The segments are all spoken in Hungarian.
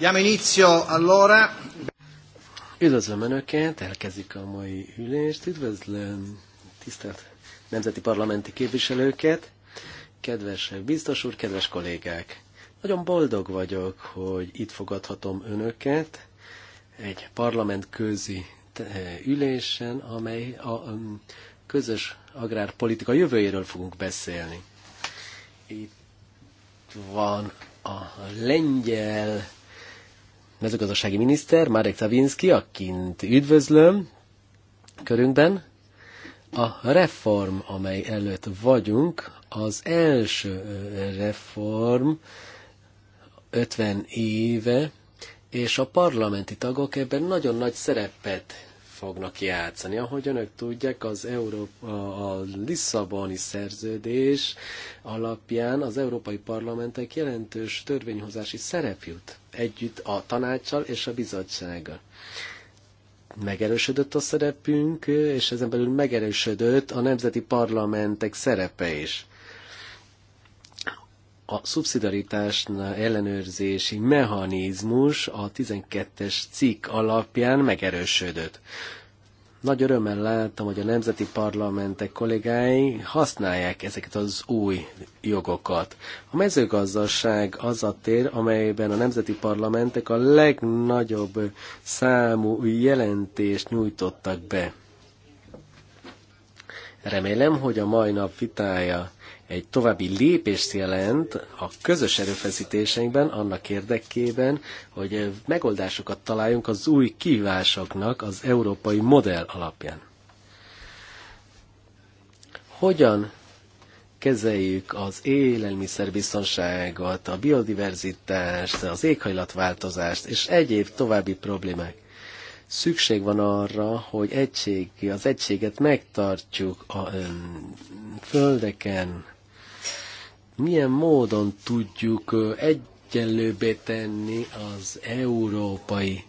Diamo inizio allora. Üdvözlöm Önöket, elkezdjük a mai ülést. Üdvözlöm tisztelt nemzeti parlamenti képviselőket, kedves biztos úr, kedves kollégák. Nagyon boldog vagyok, hogy itt fogadhatom Önöket egy parlament közi ülésen, amely a um, közös agrárpolitika jövőjéről fogunk beszélni. Itt van a lengyel mezőgazdasági miniszter, Marek Tavinski, akint üdvözlöm körünkben. A reform, amely előtt vagyunk, az első reform 50 éve, és a parlamenti tagok ebben nagyon nagy szerepet fognak játszani. Ahogy önök tudják, az Európa, a Lisszaboni szerződés alapján az európai parlamentek jelentős törvényhozási szerep jut együtt a tanácssal és a bizottsággal megerősödött a szerepünk, és ezen belül megerősödött a nemzeti parlamentek szerepe is a szubszidaritás ellenőrzési mechanizmus a 12-es cikk alapján megerősödött. Nagy örömmel láttam, hogy a nemzeti parlamentek kollégái használják ezeket az új jogokat. A mezőgazdaság az a tér, amelyben a nemzeti parlamentek a legnagyobb számú jelentést nyújtottak be. Remélem, hogy a mai nap vitája egy további lépést jelent a közös erőfeszítéseinkben annak érdekében, hogy megoldásokat találjunk az új kívásoknak az európai modell alapján. Hogyan kezeljük az élelmiszerbiztonságot, a biodiverzitást, az éghajlatváltozást és egyéb további problémák. Szükség van arra, hogy egység, az egységet megtartjuk a öm, földeken, milyen módon tudjuk egyenlőbbé tenni az európai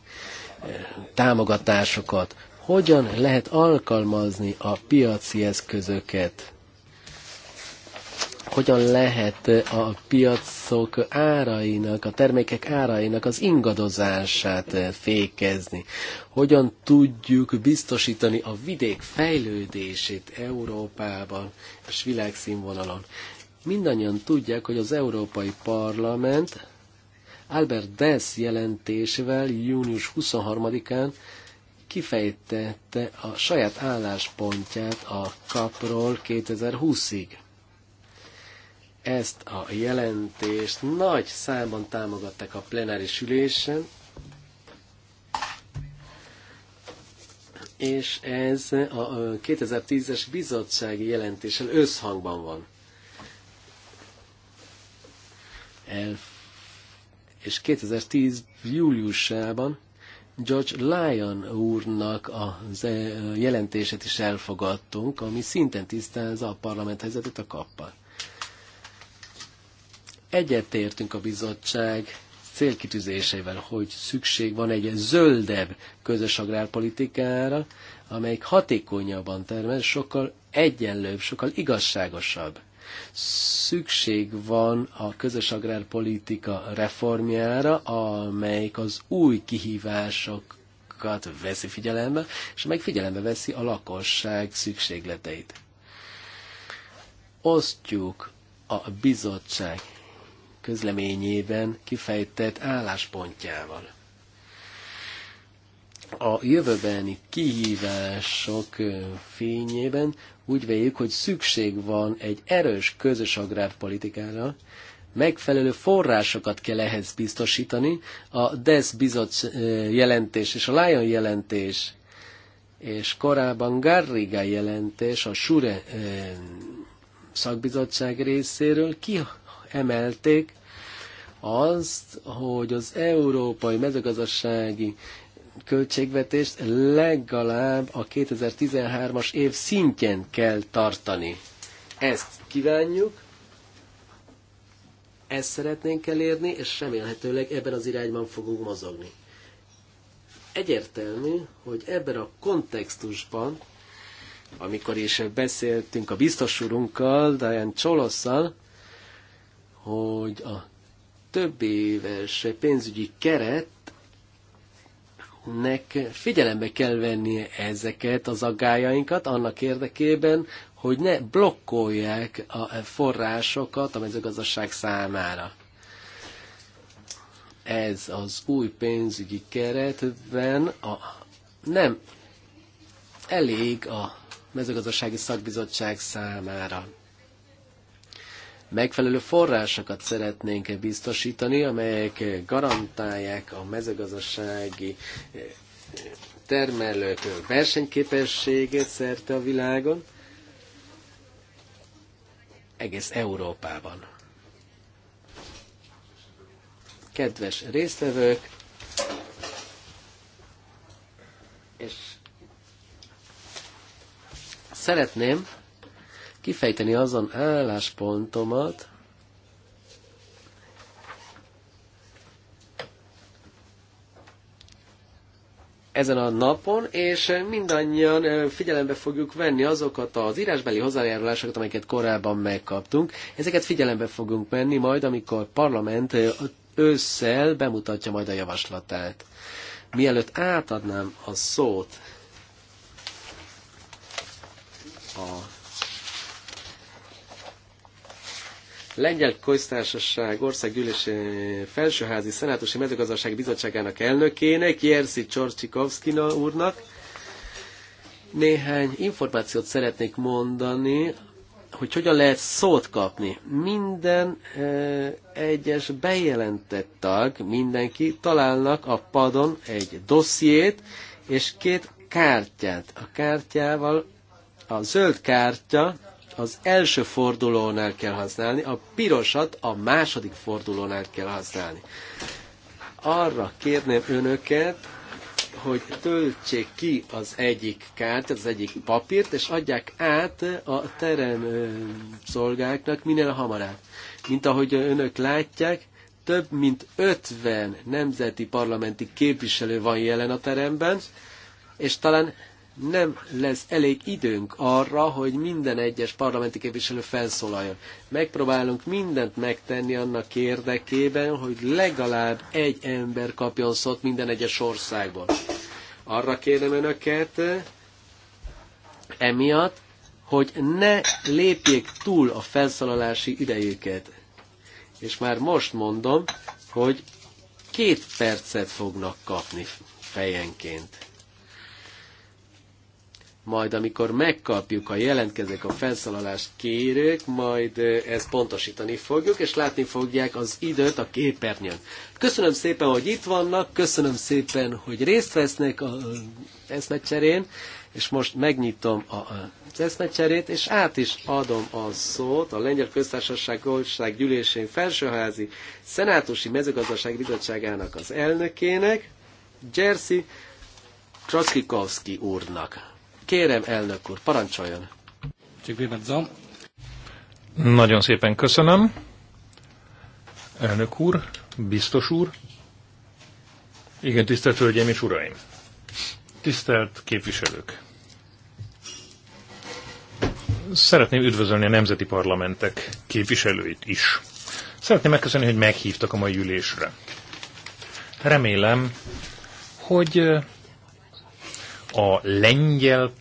támogatásokat, hogyan lehet alkalmazni a piaci eszközöket, hogyan lehet a piacok árainak, a termékek árainak az ingadozását fékezni, hogyan tudjuk biztosítani a vidék fejlődését Európában és világszínvonalon. Mindannyian tudják, hogy az Európai Parlament Albert Dess jelentésével június 23-án kifejtette a saját álláspontját a kapról 2020-ig. Ezt a jelentést nagy számban támogatták a plenáris ülésen, és ez a 2010-es bizottsági jelentéssel összhangban van. el, és 2010. júliusában George Lyon úrnak a jelentését is elfogadtunk, ami szinten tisztázza a parlament helyzetét a kappal. Egyetértünk a bizottság célkitűzésével, hogy szükség van egy zöldebb közös agrárpolitikára, amelyik hatékonyabban termel, sokkal egyenlőbb, sokkal igazságosabb. Szükség van a közös agrárpolitika reformjára, amelyik az új kihívásokat veszi figyelembe, és meg figyelembe veszi a lakosság szükségleteit. Osztjuk a bizottság közleményében kifejtett álláspontjával a jövőbeni kihívások fényében úgy véljük, hogy szükség van egy erős közös agrárpolitikára, megfelelő forrásokat kell ehhez biztosítani. A DESZ bizott jelentés és a Lion jelentés és korábban Garriga jelentés a Sure szakbizottság részéről kiemelték azt, hogy az európai mezőgazdasági költségvetést legalább a 2013-as év szintjén kell tartani. Ezt kívánjuk, ezt szeretnénk elérni, és remélhetőleg ebben az irányban fogunk mozogni. Egyértelmű, hogy ebben a kontextusban, amikor is beszéltünk a biztos urunkkal, Diane Csolosszal, hogy a több éves pénzügyi keret nek figyelembe kell vennie ezeket az aggájainkat annak érdekében, hogy ne blokkolják a forrásokat a mezőgazdaság számára. Ez az új pénzügyi keretben a, nem elég a mezőgazdasági szakbizottság számára megfelelő forrásokat szeretnénk biztosítani, amelyek garantálják a mezőgazdasági eh, termelők versenyképességét szerte a világon, egész Európában. Kedves résztvevők, és szeretném, kifejteni azon álláspontomat, ezen a napon, és mindannyian figyelembe fogjuk venni azokat az írásbeli hozzájárulásokat, amelyeket korábban megkaptunk. Ezeket figyelembe fogunk venni majd, amikor parlament ősszel bemutatja majd a javaslatát. Mielőtt átadnám a szót a Lengyel Köztársaság országgyűlési felsőházi szenátusi mezőgazdasági bizottságának elnökének, Jerzy Csorcsikovszkina úrnak. Néhány információt szeretnék mondani, hogy hogyan lehet szót kapni. Minden e, egyes bejelentett tag, mindenki találnak a padon egy dossziét és két kártyát. A kártyával a zöld kártya az első fordulónál kell használni, a pirosat a második fordulónál kell használni. Arra kérném önöket, hogy töltsék ki az egyik kártyát, az egyik papírt, és adják át a terem szolgáknak minél hamarabb. Mint ahogy önök látják, több mint 50 nemzeti parlamenti képviselő van jelen a teremben, és talán nem lesz elég időnk arra, hogy minden egyes parlamenti képviselő felszólaljon. Megpróbálunk mindent megtenni annak érdekében, hogy legalább egy ember kapjon szót minden egyes országból. Arra kérem önöket emiatt, hogy ne lépjék túl a felszólalási idejüket. És már most mondom, hogy két percet fognak kapni fejenként majd amikor megkapjuk a jelentkezők, a felszólalást kérők, majd ezt pontosítani fogjuk, és látni fogják az időt a képernyőn. Köszönöm szépen, hogy itt vannak, köszönöm szépen, hogy részt vesznek az eszmecserén, és most megnyitom a, eszmecserét, és át is adom a szót a Lengyel Köztársaság Gólság Gyűlésén felsőházi Szenátusi Mezőgazdaság Bizottságának az elnökének, Jerzy Kraszkikowski úrnak. Kérem, elnök úr, parancsoljon. Nagyon szépen köszönöm. Elnök úr, biztos úr. Igen, tisztelt Hölgyeim és Uraim. Tisztelt képviselők. Szeretném üdvözölni a nemzeti parlamentek képviselőit is. Szeretném megköszönni, hogy meghívtak a mai ülésre. Remélem, hogy a lengyel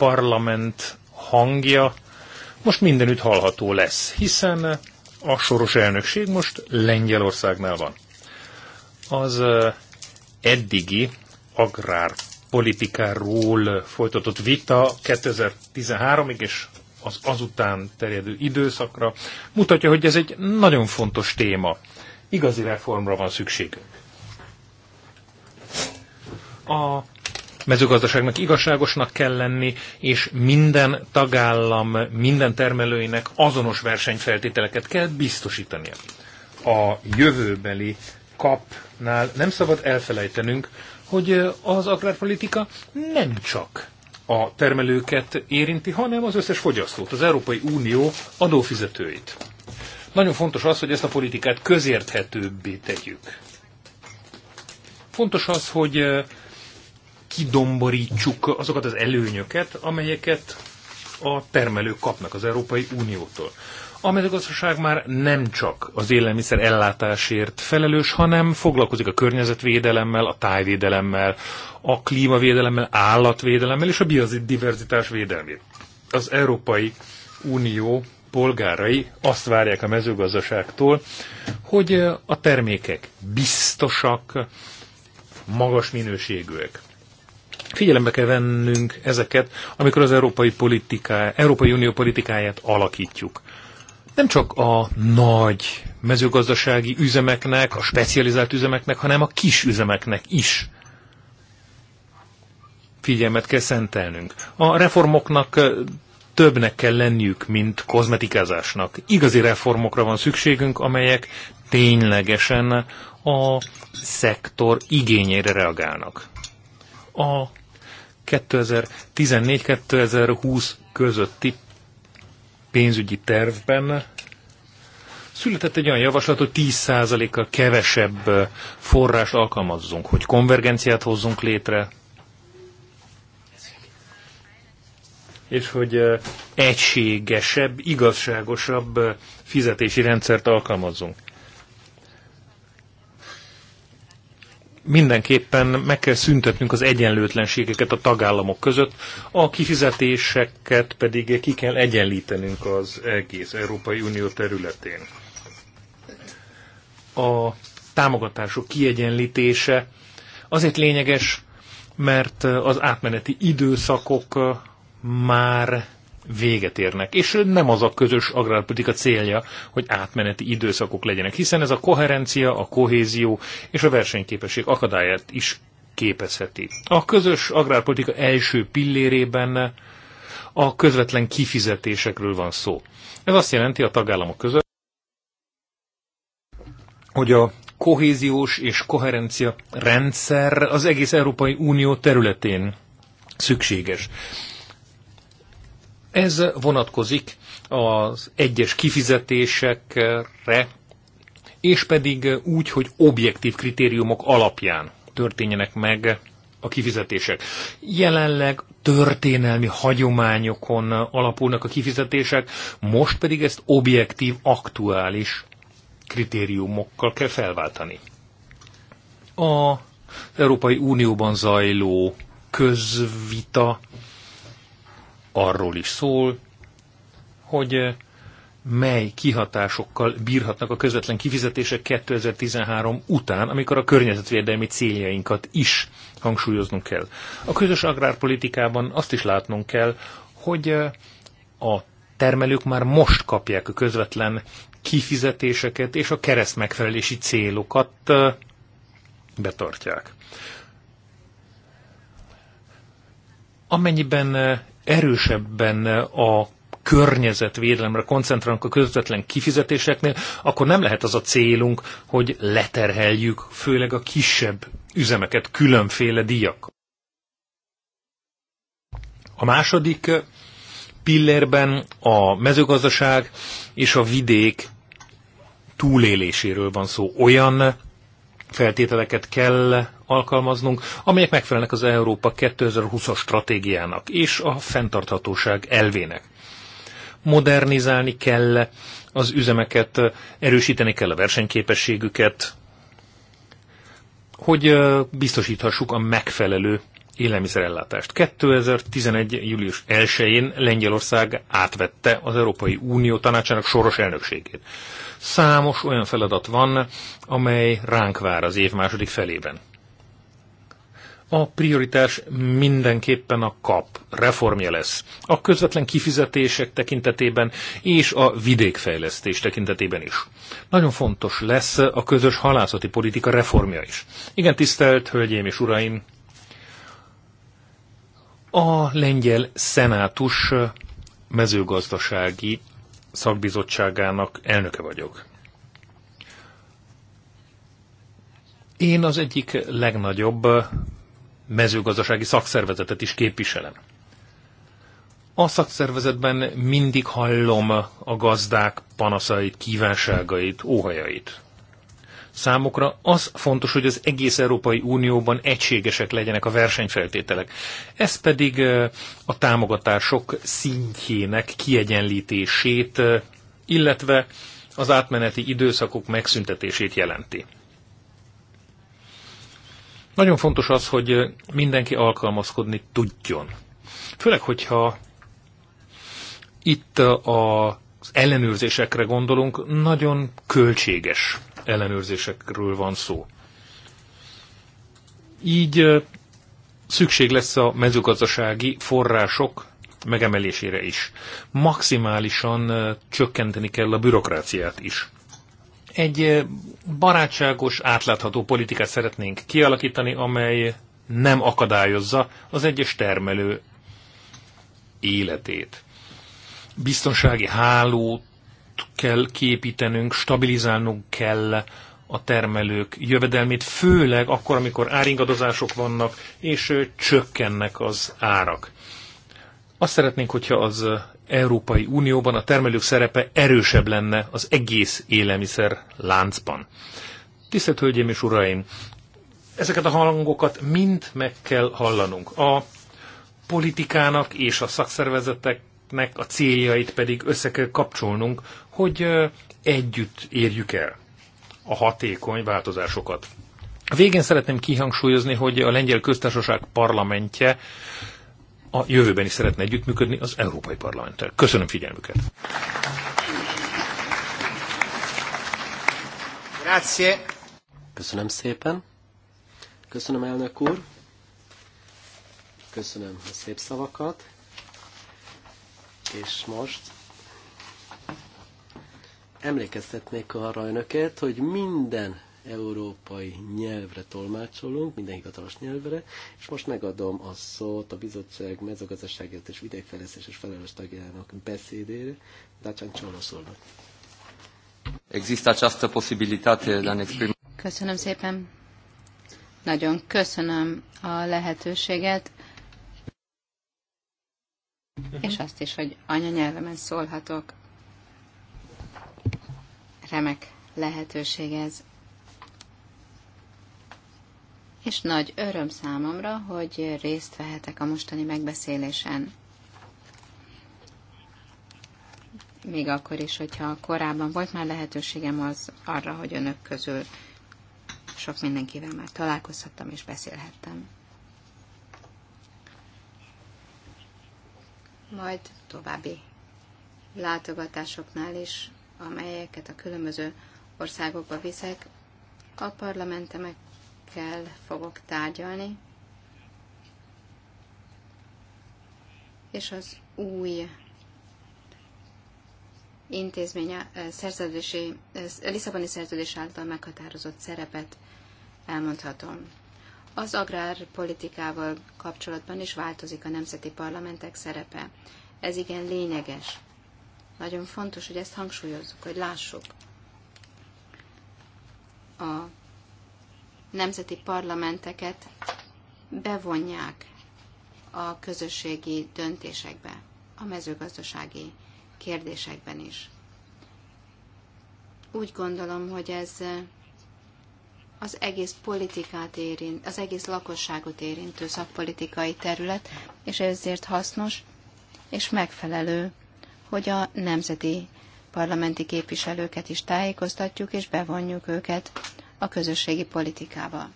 parlament hangja most mindenütt hallható lesz, hiszen a soros elnökség most Lengyelországnál van. Az eddigi agrárpolitikáról folytatott vita 2013-ig és az azután terjedő időszakra mutatja, hogy ez egy nagyon fontos téma. Igazi reformra van szükségünk. A mezőgazdaságnak igazságosnak kell lenni, és minden tagállam, minden termelőinek azonos versenyfeltételeket kell biztosítania. A jövőbeli kapnál nem szabad elfelejtenünk, hogy az agrárpolitika nem csak a termelőket érinti, hanem az összes fogyasztót, az Európai Unió adófizetőit. Nagyon fontos az, hogy ezt a politikát közérthetőbbé tegyük. Fontos az, hogy kidomborítsuk azokat az előnyöket, amelyeket a termelők kapnak az Európai Uniótól. A mezőgazdaság már nem csak az élelmiszer ellátásért felelős, hanem foglalkozik a környezetvédelemmel, a tájvédelemmel, a klímavédelemmel, állatvédelemmel és a biodiverzitás védelmét. Az Európai Unió polgárai azt várják a mezőgazdaságtól, hogy a termékek biztosak, magas minőségűek. Figyelembe kell vennünk ezeket, amikor az európai, politiká, európai Unió politikáját alakítjuk. Nem csak a nagy mezőgazdasági üzemeknek, a specializált üzemeknek, hanem a kis üzemeknek is figyelmet kell szentelnünk. A reformoknak többnek kell lenniük, mint kozmetikázásnak. Igazi reformokra van szükségünk, amelyek ténylegesen a szektor igényére reagálnak. A 2014-2020 közötti pénzügyi tervben született egy olyan javaslat, hogy 10%-kal kevesebb forrás alkalmazzunk, hogy konvergenciát hozzunk létre, és hogy egységesebb, igazságosabb fizetési rendszert alkalmazzunk. mindenképpen meg kell szüntetnünk az egyenlőtlenségeket a tagállamok között, a kifizetéseket pedig ki kell egyenlítenünk az egész Európai Unió területén. A támogatások kiegyenlítése azért lényeges, mert az átmeneti időszakok már véget érnek. És nem az a közös agrárpolitika célja, hogy átmeneti időszakok legyenek, hiszen ez a koherencia, a kohézió és a versenyképesség akadályát is képezheti. A közös agrárpolitika első pillérében a közvetlen kifizetésekről van szó. Ez azt jelenti a tagállamok között, hogy a kohéziós és koherencia rendszer az egész Európai Unió területén szükséges. Ez vonatkozik az egyes kifizetésekre, és pedig úgy, hogy objektív kritériumok alapján történjenek meg a kifizetések. Jelenleg történelmi hagyományokon alapulnak a kifizetések, most pedig ezt objektív, aktuális kritériumokkal kell felváltani. A Európai Unióban zajló közvita arról is szól, hogy eh, mely kihatásokkal bírhatnak a közvetlen kifizetések 2013 után, amikor a környezetvédelmi céljainkat is hangsúlyoznunk kell. A közös agrárpolitikában azt is látnunk kell, hogy eh, a termelők már most kapják a közvetlen kifizetéseket és a kereszt megfelelési célokat eh, betartják. Amennyiben erősebben a környezetvédelemre koncentrálunk a közvetlen kifizetéseknél, akkor nem lehet az a célunk, hogy leterheljük főleg a kisebb üzemeket különféle díjak. A második pillérben a mezőgazdaság és a vidék túléléséről van szó. Olyan feltételeket kell alkalmaznunk, amelyek megfelelnek az Európa 2020-as stratégiának és a fenntarthatóság elvének. Modernizálni kell az üzemeket, erősíteni kell a versenyképességüket, hogy biztosíthassuk a megfelelő élelmiszerellátást. 2011. július 1-én Lengyelország átvette az Európai Unió tanácsának soros elnökségét. Számos olyan feladat van, amely ránk vár az év második felében. A prioritás mindenképpen a kap reformja lesz. A közvetlen kifizetések tekintetében és a vidékfejlesztés tekintetében is. Nagyon fontos lesz a közös halászati politika reformja is. Igen, tisztelt Hölgyeim és Uraim! A lengyel szenátus mezőgazdasági szakbizottságának elnöke vagyok. Én az egyik legnagyobb mezőgazdasági szakszervezetet is képviselem. A szakszervezetben mindig hallom a gazdák panaszait, kívánságait, óhajait. Számukra az fontos, hogy az egész Európai Unióban egységesek legyenek a versenyfeltételek. Ez pedig a támogatások szintjének kiegyenlítését, illetve az átmeneti időszakok megszüntetését jelenti. Nagyon fontos az, hogy mindenki alkalmazkodni tudjon. Főleg, hogyha itt az ellenőrzésekre gondolunk, nagyon költséges ellenőrzésekről van szó. Így szükség lesz a mezőgazdasági források megemelésére is. Maximálisan csökkenteni kell a bürokráciát is. Egy barátságos, átlátható politikát szeretnénk kialakítani, amely nem akadályozza az egyes termelő életét. Biztonsági hálót kell képítenünk, stabilizálnunk kell a termelők jövedelmét, főleg akkor, amikor áringadozások vannak, és csökkennek az árak. Azt szeretnénk, hogyha az Európai Unióban a termelők szerepe erősebb lenne az egész élelmiszer láncban. Tisztelt Hölgyeim és Uraim! Ezeket a hangokat mind meg kell hallanunk. A politikának és a szakszervezeteknek a céljait pedig össze kell kapcsolnunk, hogy együtt érjük el a hatékony változásokat. Végén szeretném kihangsúlyozni, hogy a lengyel köztársaság parlamentje a jövőben is szeretne együttműködni az Európai Parlamenttel. Köszönöm figyelmüket! Grazie. Köszönöm szépen! Köszönöm elnök úr! Köszönöm a szép szavakat! És most emlékeztetnék arra önöket, hogy minden európai nyelvre tolmácsolunk, minden hivatalos nyelvre, és most megadom a szót a bizottság mezőgazdaságért és vidékfejlesztés és felelős tagjának beszédére, Dacsán Csolnoszolnak. Există această posibilitate de a Köszönöm szépen. Nagyon köszönöm a lehetőséget, és azt is, hogy anyanyelvemen szólhatok. Remek lehetőség ez és nagy öröm számomra, hogy részt vehetek a mostani megbeszélésen. Még akkor is, hogyha korábban volt már lehetőségem az arra, hogy önök közül sok mindenkivel már találkozhattam és beszélhettem. Majd további látogatásoknál is, amelyeket a különböző országokba viszek, a parlamentemek akikkel fogok tárgyalni, és az új intézménye szerződési, e, Lisszaboni szerződés által meghatározott szerepet elmondhatom. Az agrárpolitikával kapcsolatban is változik a nemzeti parlamentek szerepe. Ez igen lényeges. Nagyon fontos, hogy ezt hangsúlyozzuk, hogy lássuk. A nemzeti parlamenteket bevonják a közösségi döntésekbe, a mezőgazdasági kérdésekben is. Úgy gondolom, hogy ez az egész politikát érint, az egész lakosságot érintő szakpolitikai terület, és ezért hasznos és megfelelő, hogy a nemzeti parlamenti képviselőket is tájékoztatjuk és bevonjuk őket a közösségi politikával.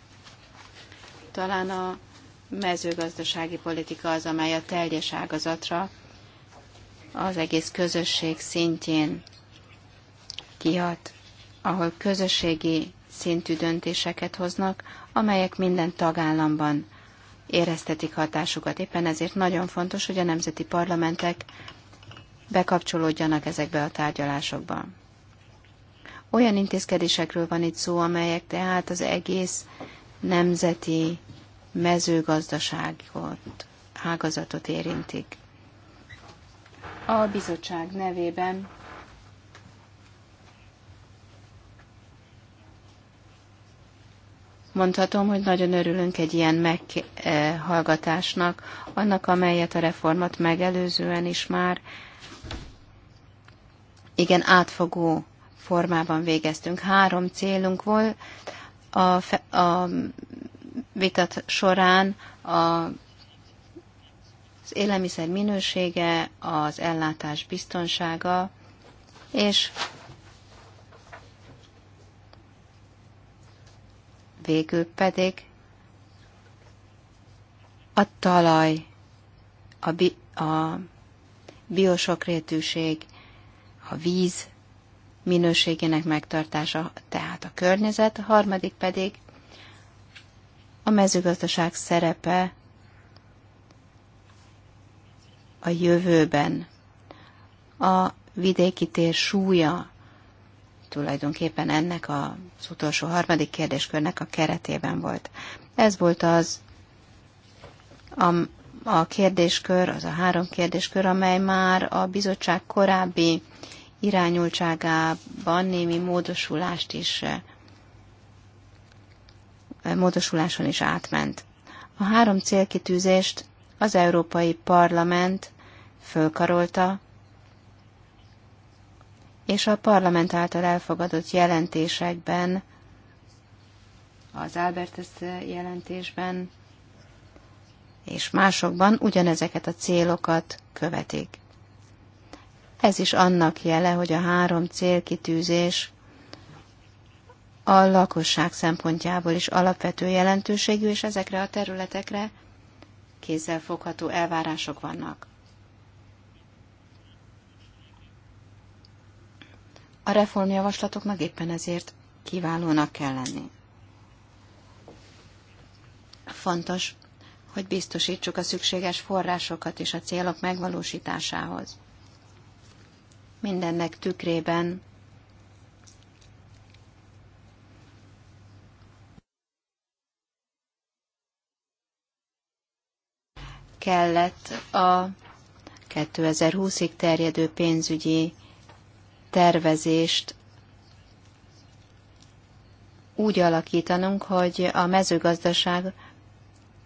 Talán a mezőgazdasági politika az, amely a teljes ágazatra az egész közösség szintjén kihat, ahol közösségi szintű döntéseket hoznak, amelyek minden tagállamban éreztetik hatásukat. Éppen ezért nagyon fontos, hogy a nemzeti parlamentek bekapcsolódjanak ezekbe a tárgyalásokba. Olyan intézkedésekről van itt szó, amelyek tehát az egész nemzeti mezőgazdaságot, ágazatot érintik. A bizottság nevében Mondhatom, hogy nagyon örülünk egy ilyen meghallgatásnak, eh, annak, amelyet a reformat megelőzően is már igen átfogó formában végeztünk. Három célunk volt a, a vitat során a, az élelmiszer minősége, az ellátás biztonsága, és végül pedig a talaj, a, bi, a biosokrétűség, a víz minőségének megtartása, tehát a környezet, a harmadik pedig a mezőgazdaság szerepe a jövőben, a vidéki tér súlya tulajdonképpen ennek az utolsó harmadik kérdéskörnek a keretében volt. Ez volt az a, a kérdéskör, az a három kérdéskör, amely már a bizottság korábbi irányultságában némi módosulást is módosuláson is átment. A három célkitűzést az Európai Parlament fölkarolta, és a parlament által elfogadott jelentésekben, az Albertes jelentésben és másokban ugyanezeket a célokat követik. Ez is annak jele, hogy a három célkitűzés a lakosság szempontjából is alapvető jelentőségű, és ezekre a területekre fogható elvárások vannak. A reformjavaslatoknak éppen ezért kiválónak kell lenni. Fontos, hogy biztosítsuk a szükséges forrásokat és a célok megvalósításához mindennek tükrében kellett a 2020-ig terjedő pénzügyi tervezést úgy alakítanunk, hogy a mezőgazdaság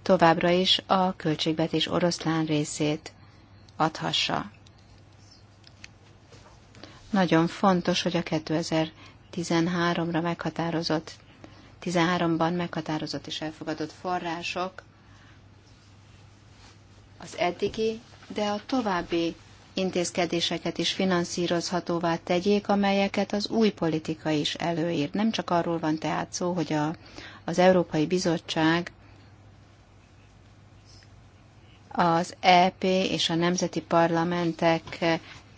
továbbra is a költségvetés oroszlán részét adhassa. Nagyon fontos, hogy a 2013-ra meghatározott, 13-ban meghatározott és elfogadott források az eddigi, de a további intézkedéseket is finanszírozhatóvá tegyék, amelyeket az új politika is előír. Nem csak arról van tehát szó, hogy a, az Európai Bizottság az EP és a nemzeti parlamentek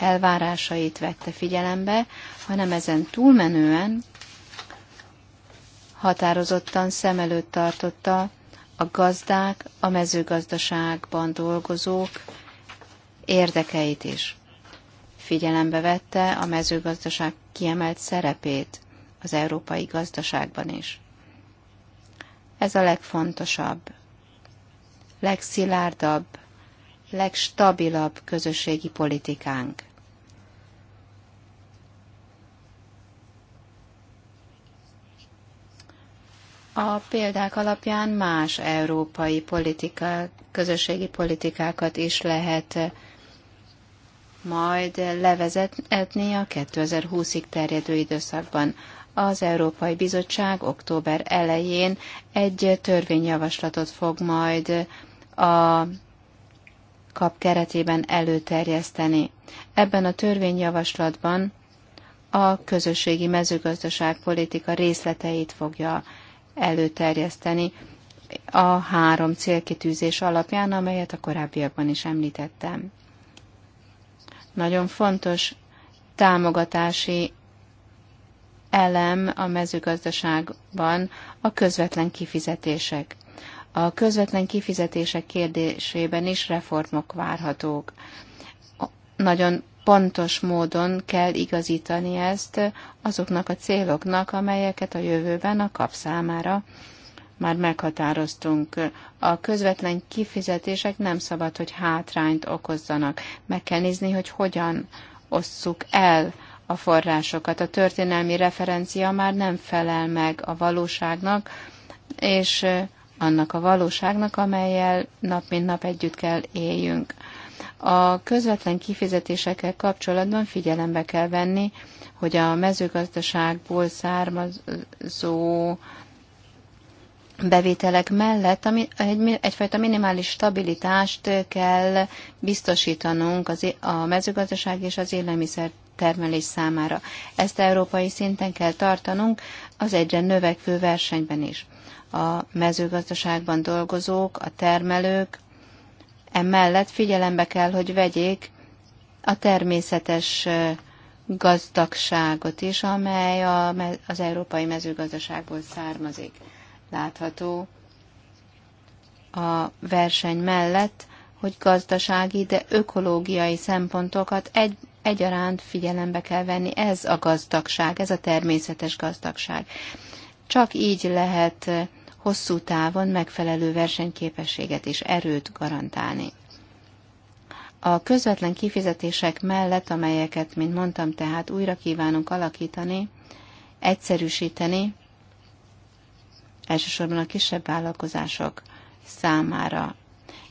elvárásait vette figyelembe, hanem ezen túlmenően határozottan szem előtt tartotta a gazdák, a mezőgazdaságban dolgozók érdekeit is. Figyelembe vette a mezőgazdaság kiemelt szerepét az európai gazdaságban is. Ez a legfontosabb, legszilárdabb, legstabilabb közösségi politikánk. a példák alapján más európai politika közösségi politikákat is lehet majd levezetni a 2020-ig terjedő időszakban. Az Európai Bizottság október elején egy törvényjavaslatot fog majd a kap keretében előterjeszteni. Ebben a törvényjavaslatban a közösségi politika részleteit fogja előterjeszteni a három célkitűzés alapján, amelyet a korábbiakban is említettem. Nagyon fontos támogatási elem a mezőgazdaságban a közvetlen kifizetések. A közvetlen kifizetések kérdésében is reformok várhatók. Nagyon pontos módon kell igazítani ezt azoknak a céloknak, amelyeket a jövőben a kap számára már meghatároztunk. A közvetlen kifizetések nem szabad, hogy hátrányt okozzanak. Meg kell nézni, hogy hogyan osszuk el a forrásokat. A történelmi referencia már nem felel meg a valóságnak, és annak a valóságnak, amelyel nap mint nap együtt kell éljünk. A közvetlen kifizetésekkel kapcsolatban figyelembe kell venni, hogy a mezőgazdaságból származó bevételek mellett ami, egy, egyfajta minimális stabilitást kell biztosítanunk az, a mezőgazdaság és az élelmiszer termelés számára. Ezt európai szinten kell tartanunk az egyre növekvő versenyben is. A mezőgazdaságban dolgozók, a termelők, Emellett figyelembe kell, hogy vegyék a természetes gazdagságot is, amely a, az európai mezőgazdaságból származik. Látható a verseny mellett, hogy gazdasági, de ökológiai szempontokat egy, egyaránt figyelembe kell venni. Ez a gazdagság, ez a természetes gazdagság. Csak így lehet hosszú távon megfelelő versenyképességet és erőt garantálni. A közvetlen kifizetések mellett, amelyeket, mint mondtam, tehát újra kívánunk alakítani, egyszerűsíteni, elsősorban a kisebb vállalkozások számára.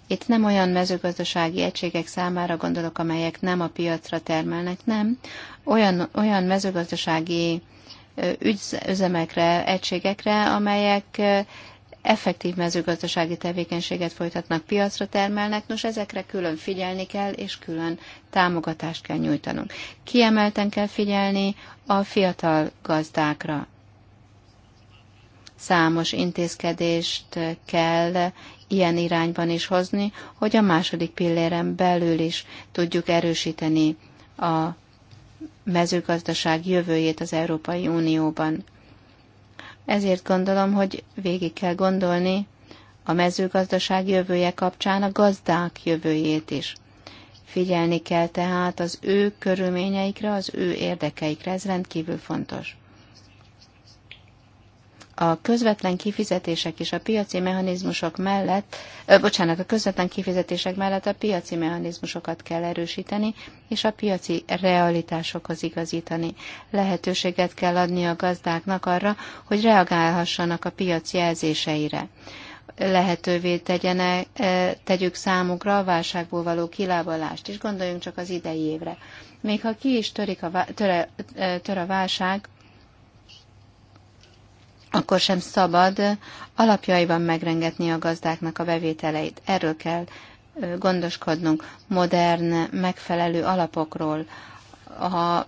Itt nem olyan mezőgazdasági egységek számára gondolok, amelyek nem a piacra termelnek, nem. Olyan, olyan mezőgazdasági üzemekre, egységekre, amelyek effektív mezőgazdasági tevékenységet folytatnak, piacra termelnek, nos ezekre külön figyelni kell, és külön támogatást kell nyújtanunk. Kiemelten kell figyelni a fiatal gazdákra. Számos intézkedést kell ilyen irányban is hozni, hogy a második pilléren belül is tudjuk erősíteni a mezőgazdaság jövőjét az Európai Unióban. Ezért gondolom, hogy végig kell gondolni a mezőgazdaság jövője kapcsán a gazdák jövőjét is. Figyelni kell tehát az ő körülményeikre, az ő érdekeikre, ez rendkívül fontos a közvetlen kifizetések és a piaci mechanizmusok mellett, ö, bocsánat, a közvetlen kifizetések mellett a piaci mechanizmusokat kell erősíteni, és a piaci realitásokhoz igazítani. Lehetőséget kell adni a gazdáknak arra, hogy reagálhassanak a piac jelzéseire lehetővé tegyene, tegyük számukra a válságból való kilábalást, és gondoljunk csak az idei évre. Még ha ki is törik a, tör, tör a válság, akkor sem szabad alapjaiban megrengetni a gazdáknak a bevételeit. Erről kell gondoskodnunk, modern, megfelelő alapokról. A,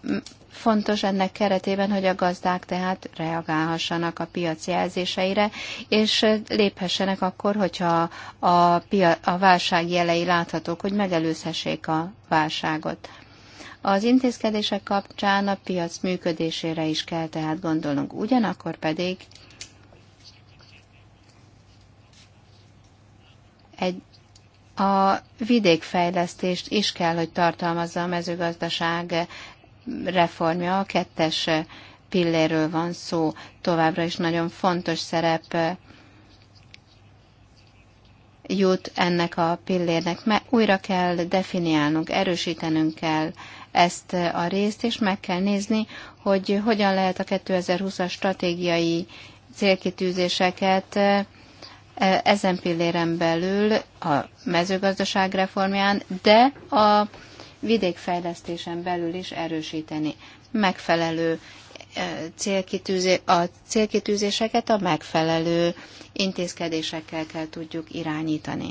fontos ennek keretében, hogy a gazdák tehát reagálhassanak a piac jelzéseire, és léphessenek akkor, hogyha a, pia, a válság jelei láthatók, hogy megelőzhessék a válságot. Az intézkedések kapcsán a piac működésére is kell tehát gondolnunk. Ugyanakkor pedig egy, a vidékfejlesztést is kell, hogy tartalmazza a mezőgazdaság reformja. A kettes pilléről van szó. Továbbra is nagyon fontos szerep jut ennek a pillérnek, mert újra kell definiálnunk, erősítenünk kell ezt a részt, és meg kell nézni, hogy hogyan lehet a 2020-as stratégiai célkitűzéseket e, ezen pilléren belül a mezőgazdaság reformján, de a vidékfejlesztésen belül is erősíteni. Megfelelő e, célkitűzé- a célkitűzéseket a megfelelő intézkedésekkel kell tudjuk irányítani.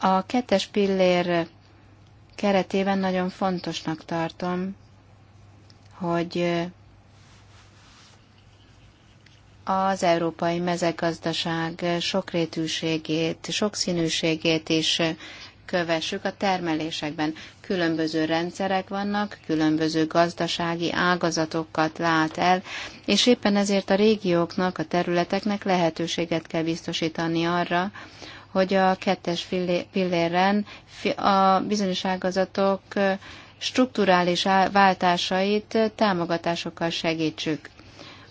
A kettes pillér keretében nagyon fontosnak tartom, hogy az európai mezegazdaság sokrétűségét, sokszínűségét is kövessük a termelésekben. Különböző rendszerek vannak, különböző gazdasági ágazatokat lát el, és éppen ezért a régióknak, a területeknek lehetőséget kell biztosítani arra, hogy a kettes pilléren a bizonyos ágazatok strukturális váltásait támogatásokkal segítsük.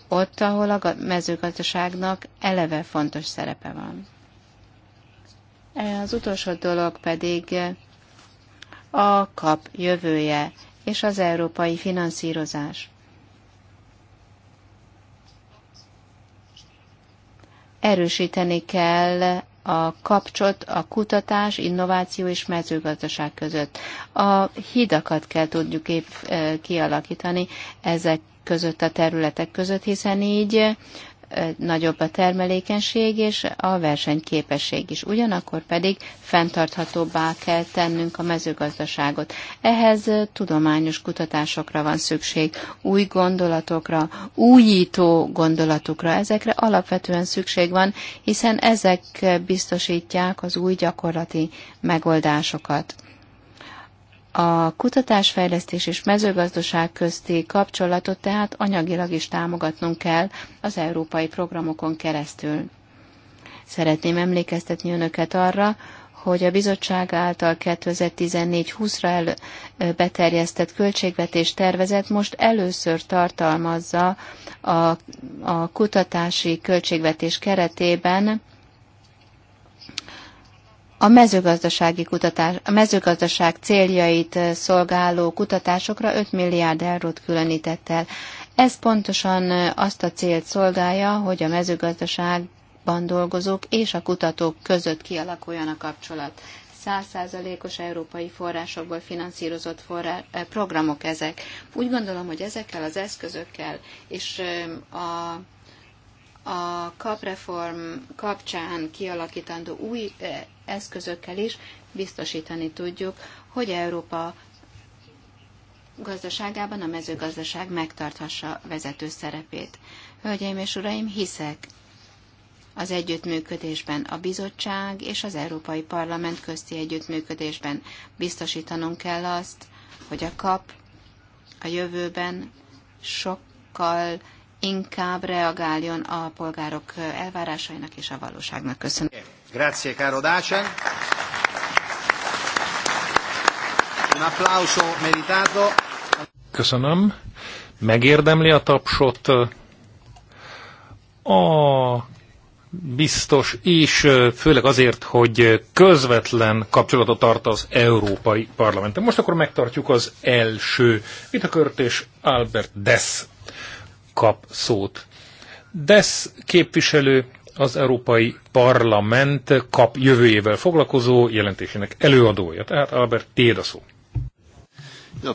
Ott, ahol a mezőgazdaságnak eleve fontos szerepe van. E, az utolsó dolog pedig a kap jövője és az európai finanszírozás. Erősíteni kell a kapcsot a kutatás, innováció és mezőgazdaság között. A hidakat kell tudjuk épp eh, kialakítani ezek között a területek között, hiszen így nagyobb a termelékenység és a versenyképesség is. Ugyanakkor pedig fenntarthatóbbá kell tennünk a mezőgazdaságot. Ehhez tudományos kutatásokra van szükség, új gondolatokra, újító gondolatokra. Ezekre alapvetően szükség van, hiszen ezek biztosítják az új gyakorlati megoldásokat a kutatásfejlesztés és mezőgazdaság közti kapcsolatot tehát anyagilag is támogatnunk kell az európai programokon keresztül. Szeretném emlékeztetni önöket arra, hogy a bizottság által 2014-20-ra beterjesztett költségvetés tervezet most először tartalmazza a, a kutatási költségvetés keretében a mezőgazdasági kutatás, a mezőgazdaság céljait eh, szolgáló kutatásokra 5 milliárd eurót különített el. Ez pontosan eh, azt a célt szolgálja, hogy a mezőgazdaságban dolgozók és a kutatók között kialakuljon a kapcsolat. Százszázalékos európai forrásokból finanszírozott forrás, eh, programok ezek. Úgy gondolom, hogy ezekkel az eszközökkel és a a kapreform kapcsán kialakítandó új eszközökkel is biztosítani tudjuk, hogy Európa gazdaságában a mezőgazdaság megtarthassa vezető szerepét. Hölgyeim és uraim, hiszek az együttműködésben, a bizottság és az Európai Parlament közti együttműködésben. Biztosítanunk kell azt, hogy a kap a jövőben sokkal inkább reagáljon a polgárok elvárásainak és a valóságnak. Köszönöm. Grazie caro Dacen. Un applauso meritato. Köszönöm. Megérdemli a tapsot a biztos, és főleg azért, hogy közvetlen kapcsolatot tart az Európai Parlamenten. Most akkor megtartjuk az első vitakört, és Albert Dess kap szót. Dess képviselő az Európai Parlament kap jövőjével foglalkozó jelentésének előadója. Tehát Albert, tiéd a szó. Ja,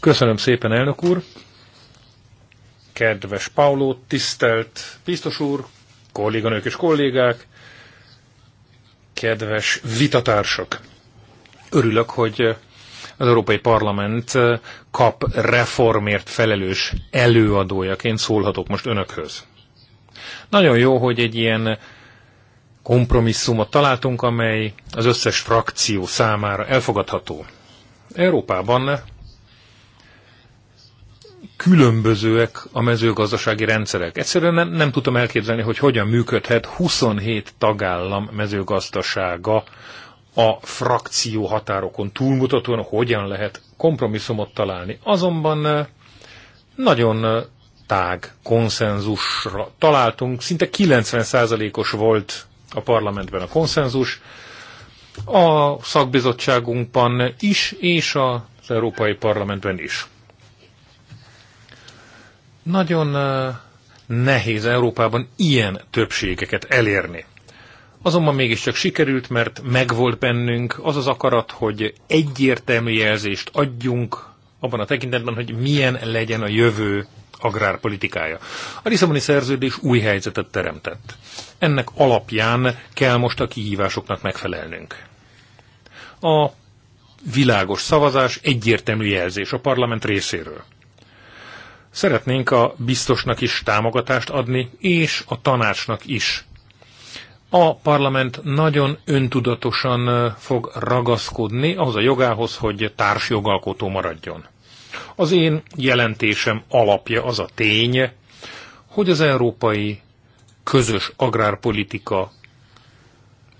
Köszönöm szépen, elnök úr. Kedves Pauló, tisztelt biztos úr, kolléganők és kollégák, kedves vitatársak. Örülök, hogy az Európai Parlament kap reformért felelős előadójaként szólhatok most önökhöz. Nagyon jó, hogy egy ilyen kompromisszumot találtunk, amely az összes frakció számára elfogadható. Európában különbözőek a mezőgazdasági rendszerek. Egyszerűen nem, nem tudom elképzelni, hogy hogyan működhet 27 tagállam mezőgazdasága a frakció határokon túlmutatóan, hogyan lehet kompromisszumot találni. Azonban eh, nagyon eh, tág konszenzusra találtunk. Szinte 90%-os volt a parlamentben a konszenzus, a szakbizottságunkban is, és az Európai Parlamentben is. Nagyon nehéz Európában ilyen többségeket elérni. Azonban mégiscsak sikerült, mert megvolt bennünk az az akarat, hogy egyértelmű jelzést adjunk abban a tekintetben, hogy milyen legyen a jövő agrárpolitikája. A Lisszaboni szerződés új helyzetet teremtett. Ennek alapján kell most a kihívásoknak megfelelnünk. A világos szavazás egyértelmű jelzés a parlament részéről. Szeretnénk a biztosnak is támogatást adni, és a tanácsnak is. A parlament nagyon öntudatosan fog ragaszkodni ahhoz a jogához, hogy társjogalkotó maradjon. Az én jelentésem alapja az a tény, hogy az európai közös agrárpolitika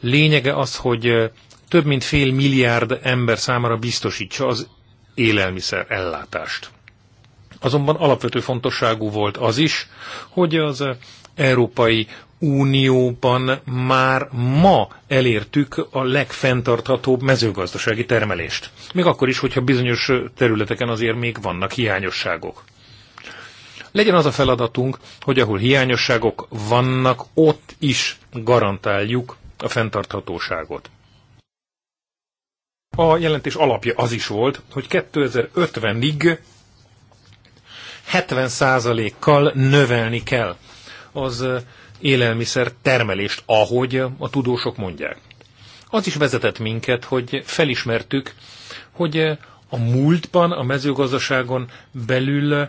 lényege az, hogy eh, több mint fél milliárd ember számára biztosítsa az élelmiszer ellátást. Azonban alapvető fontosságú volt az is, hogy az eh, Európai Unióban már ma elértük a legfenntarthatóbb mezőgazdasági termelést. Még akkor is, hogyha bizonyos területeken azért még vannak hiányosságok. Legyen az a feladatunk, hogy ahol hiányosságok vannak, ott is garantáljuk a fenntarthatóságot. A jelentés alapja az is volt, hogy 2050-ig 70%-kal növelni kell az élelmiszer termelést, ahogy a tudósok mondják. Az is vezetett minket, hogy felismertük, hogy a múltban a mezőgazdaságon belül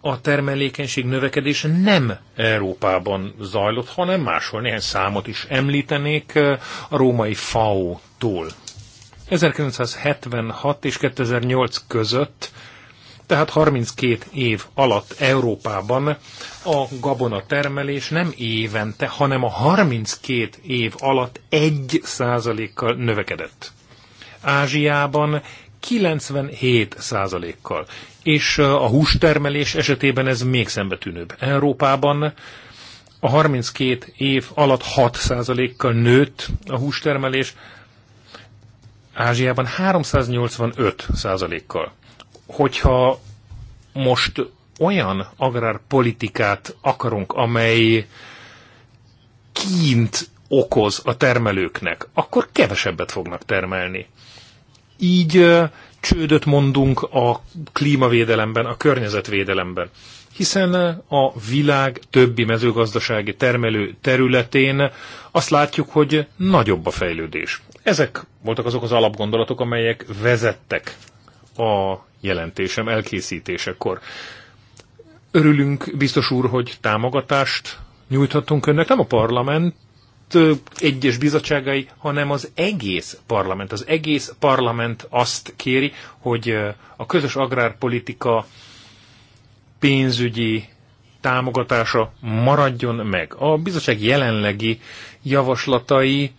a termelékenység növekedése nem Európában zajlott, hanem máshol. Néhány számot is említenék a római FAO-tól. 1976 és 2008 között tehát 32 év alatt Európában a gabona termelés nem évente, hanem a 32 év alatt 1 százalékkal növekedett. Ázsiában 97 százalékkal, és a hústermelés esetében ez még szembetűnőbb. Európában a 32 év alatt 6 százalékkal nőtt a hústermelés, Ázsiában 385 százalékkal hogyha most olyan agrárpolitikát akarunk, amely kint okoz a termelőknek, akkor kevesebbet fognak termelni. Így csődöt mondunk a klímavédelemben, a környezetvédelemben, hiszen a világ többi mezőgazdasági termelő területén azt látjuk, hogy nagyobb a fejlődés. Ezek voltak azok az alapgondolatok, amelyek vezettek a jelentésem elkészítésekor. Örülünk, biztos úr, hogy támogatást nyújthatunk önnek, nem a parlament egyes bizottságai, hanem az egész parlament. Az egész parlament azt kéri, hogy a közös agrárpolitika pénzügyi támogatása maradjon meg. A bizottság jelenlegi javaslatai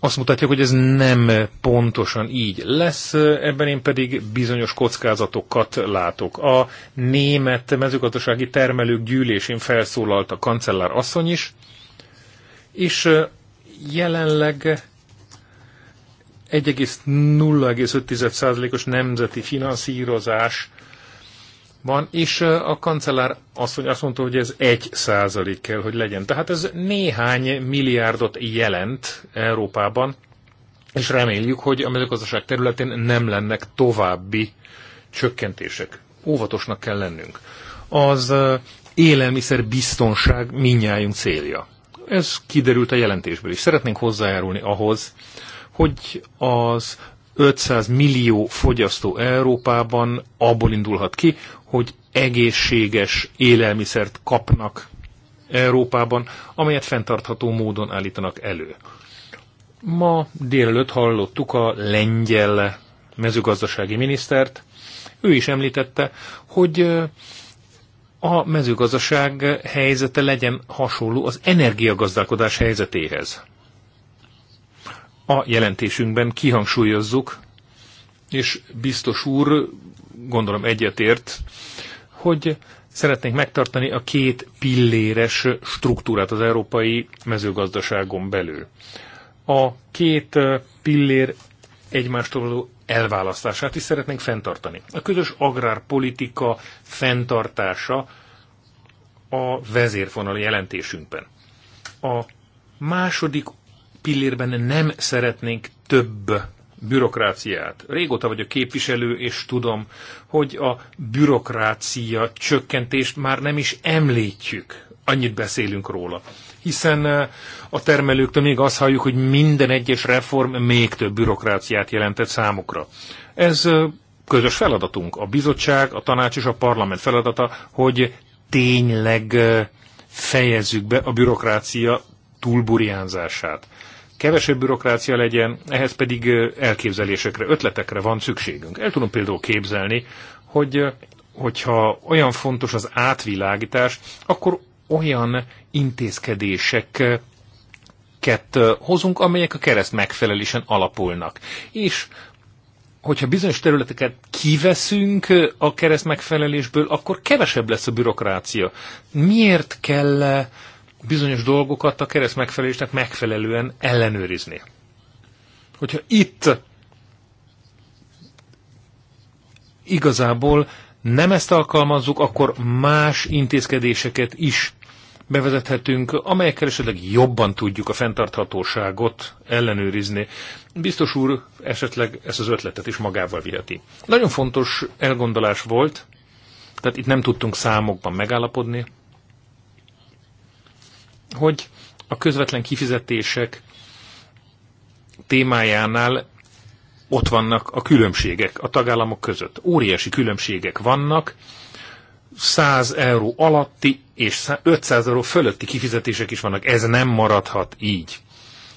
azt mutatja, hogy ez nem pontosan így lesz, ebben én pedig bizonyos kockázatokat látok. A német mezőgazdasági termelők gyűlésén felszólalt a kancellár asszony is, és jelenleg 1,0,5%-os nemzeti finanszírozás van, és a kancellár hogy azt mondta, hogy ez egy százalék kell, hogy legyen. Tehát ez néhány milliárdot jelent Európában, és reméljük, hogy a mezőgazdaság területén nem lennek további csökkentések. Óvatosnak kell lennünk. Az élelmiszer biztonság minnyájunk célja. Ez kiderült a jelentésből is. Szeretnénk hozzájárulni ahhoz, hogy az 500 millió fogyasztó Európában abból indulhat ki, hogy egészséges élelmiszert kapnak Európában, amelyet fenntartható módon állítanak elő. Ma délelőtt hallottuk a lengyel mezőgazdasági minisztert. Ő is említette, hogy a mezőgazdaság helyzete legyen hasonló az energiagazdálkodás helyzetéhez a jelentésünkben kihangsúlyozzuk, és biztos úr, gondolom egyetért, hogy szeretnénk megtartani a két pilléres struktúrát az európai mezőgazdaságon belül. A két pillér egymástól való elválasztását is szeretnénk fenntartani. A közös agrárpolitika fenntartása a vezérfonal jelentésünkben. A második pillérben nem szeretnénk több bürokráciát. Régóta vagyok képviselő, és tudom, hogy a bürokrácia csökkentést már nem is említjük. Annyit beszélünk róla. Hiszen eh, a termelőktől még azt halljuk, hogy minden egyes reform még több bürokráciát jelentett számukra. Ez eh, közös feladatunk. A bizottság, a tanács és a parlament feladata, hogy tényleg eh, fejezzük be a bürokrácia túlburjánzását kevesebb bürokrácia legyen, ehhez pedig elképzelésekre, ötletekre van szükségünk. El tudom például képzelni, hogy hogyha olyan fontos az átvilágítás, akkor olyan intézkedések Kett hozunk, amelyek a kereszt megfelelésen alapulnak. És hogyha bizonyos területeket kiveszünk a kereszt megfelelésből, akkor kevesebb lesz a bürokrácia. Miért kell bizonyos dolgokat a kereszt megfelelésnek megfelelően ellenőrizni. Hogyha itt igazából nem ezt alkalmazzuk, akkor más intézkedéseket is bevezethetünk, amelyekkel esetleg jobban tudjuk a fenntarthatóságot ellenőrizni. Biztos úr esetleg ezt az ötletet is magával viheti. Nagyon fontos elgondolás volt, tehát itt nem tudtunk számokban megállapodni, hogy a közvetlen kifizetések témájánál ott vannak a különbségek a tagállamok között. Óriási különbségek vannak, 100 euró alatti és 500 euró fölötti kifizetések is vannak. Ez nem maradhat így.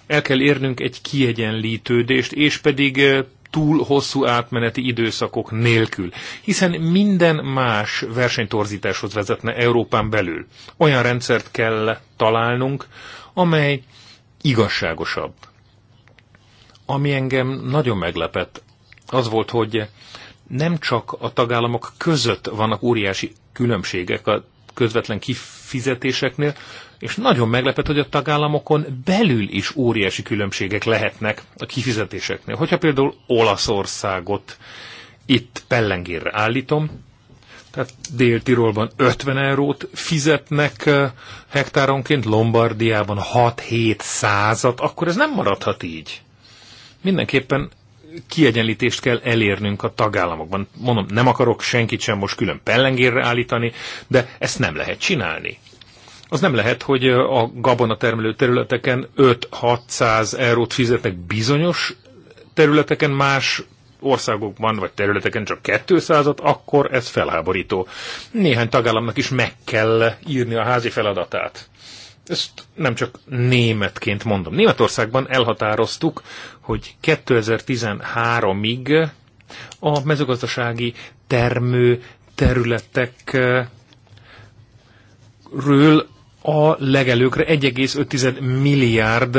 El kell érnünk egy kiegyenlítődést, és pedig eh, túl hosszú átmeneti időszakok nélkül, hiszen minden más versenytorzításhoz vezetne Európán belül. Olyan rendszert kell találnunk, amely igazságosabb. Ami engem nagyon meglepett, az volt, hogy nem csak a tagállamok között vannak óriási különbségek a közvetlen kifizetéseknél, és nagyon meglepett, hogy a tagállamokon belül is óriási különbségek lehetnek a kifizetéseknél. Hogyha például Olaszországot itt pellengérre állítom, tehát Dél-Tirolban 50 eurót fizetnek hektáronként, Lombardiában 6-7 százat, akkor ez nem maradhat így. Mindenképpen kiegyenlítést kell elérnünk a tagállamokban. Mondom, nem akarok senkit sem most külön pellengérre állítani, de ezt nem lehet csinálni. Az nem lehet, hogy a gabona termelő területeken 5-600 eurót fizetnek bizonyos területeken, más országokban vagy területeken csak 200-at, akkor ez felháborító. Néhány tagállamnak is meg kell írni a házi feladatát. Ezt nem csak németként mondom. Németországban elhatároztuk, hogy 2013-ig a mezőgazdasági termő területekről a legelőkre 1,5 milliárd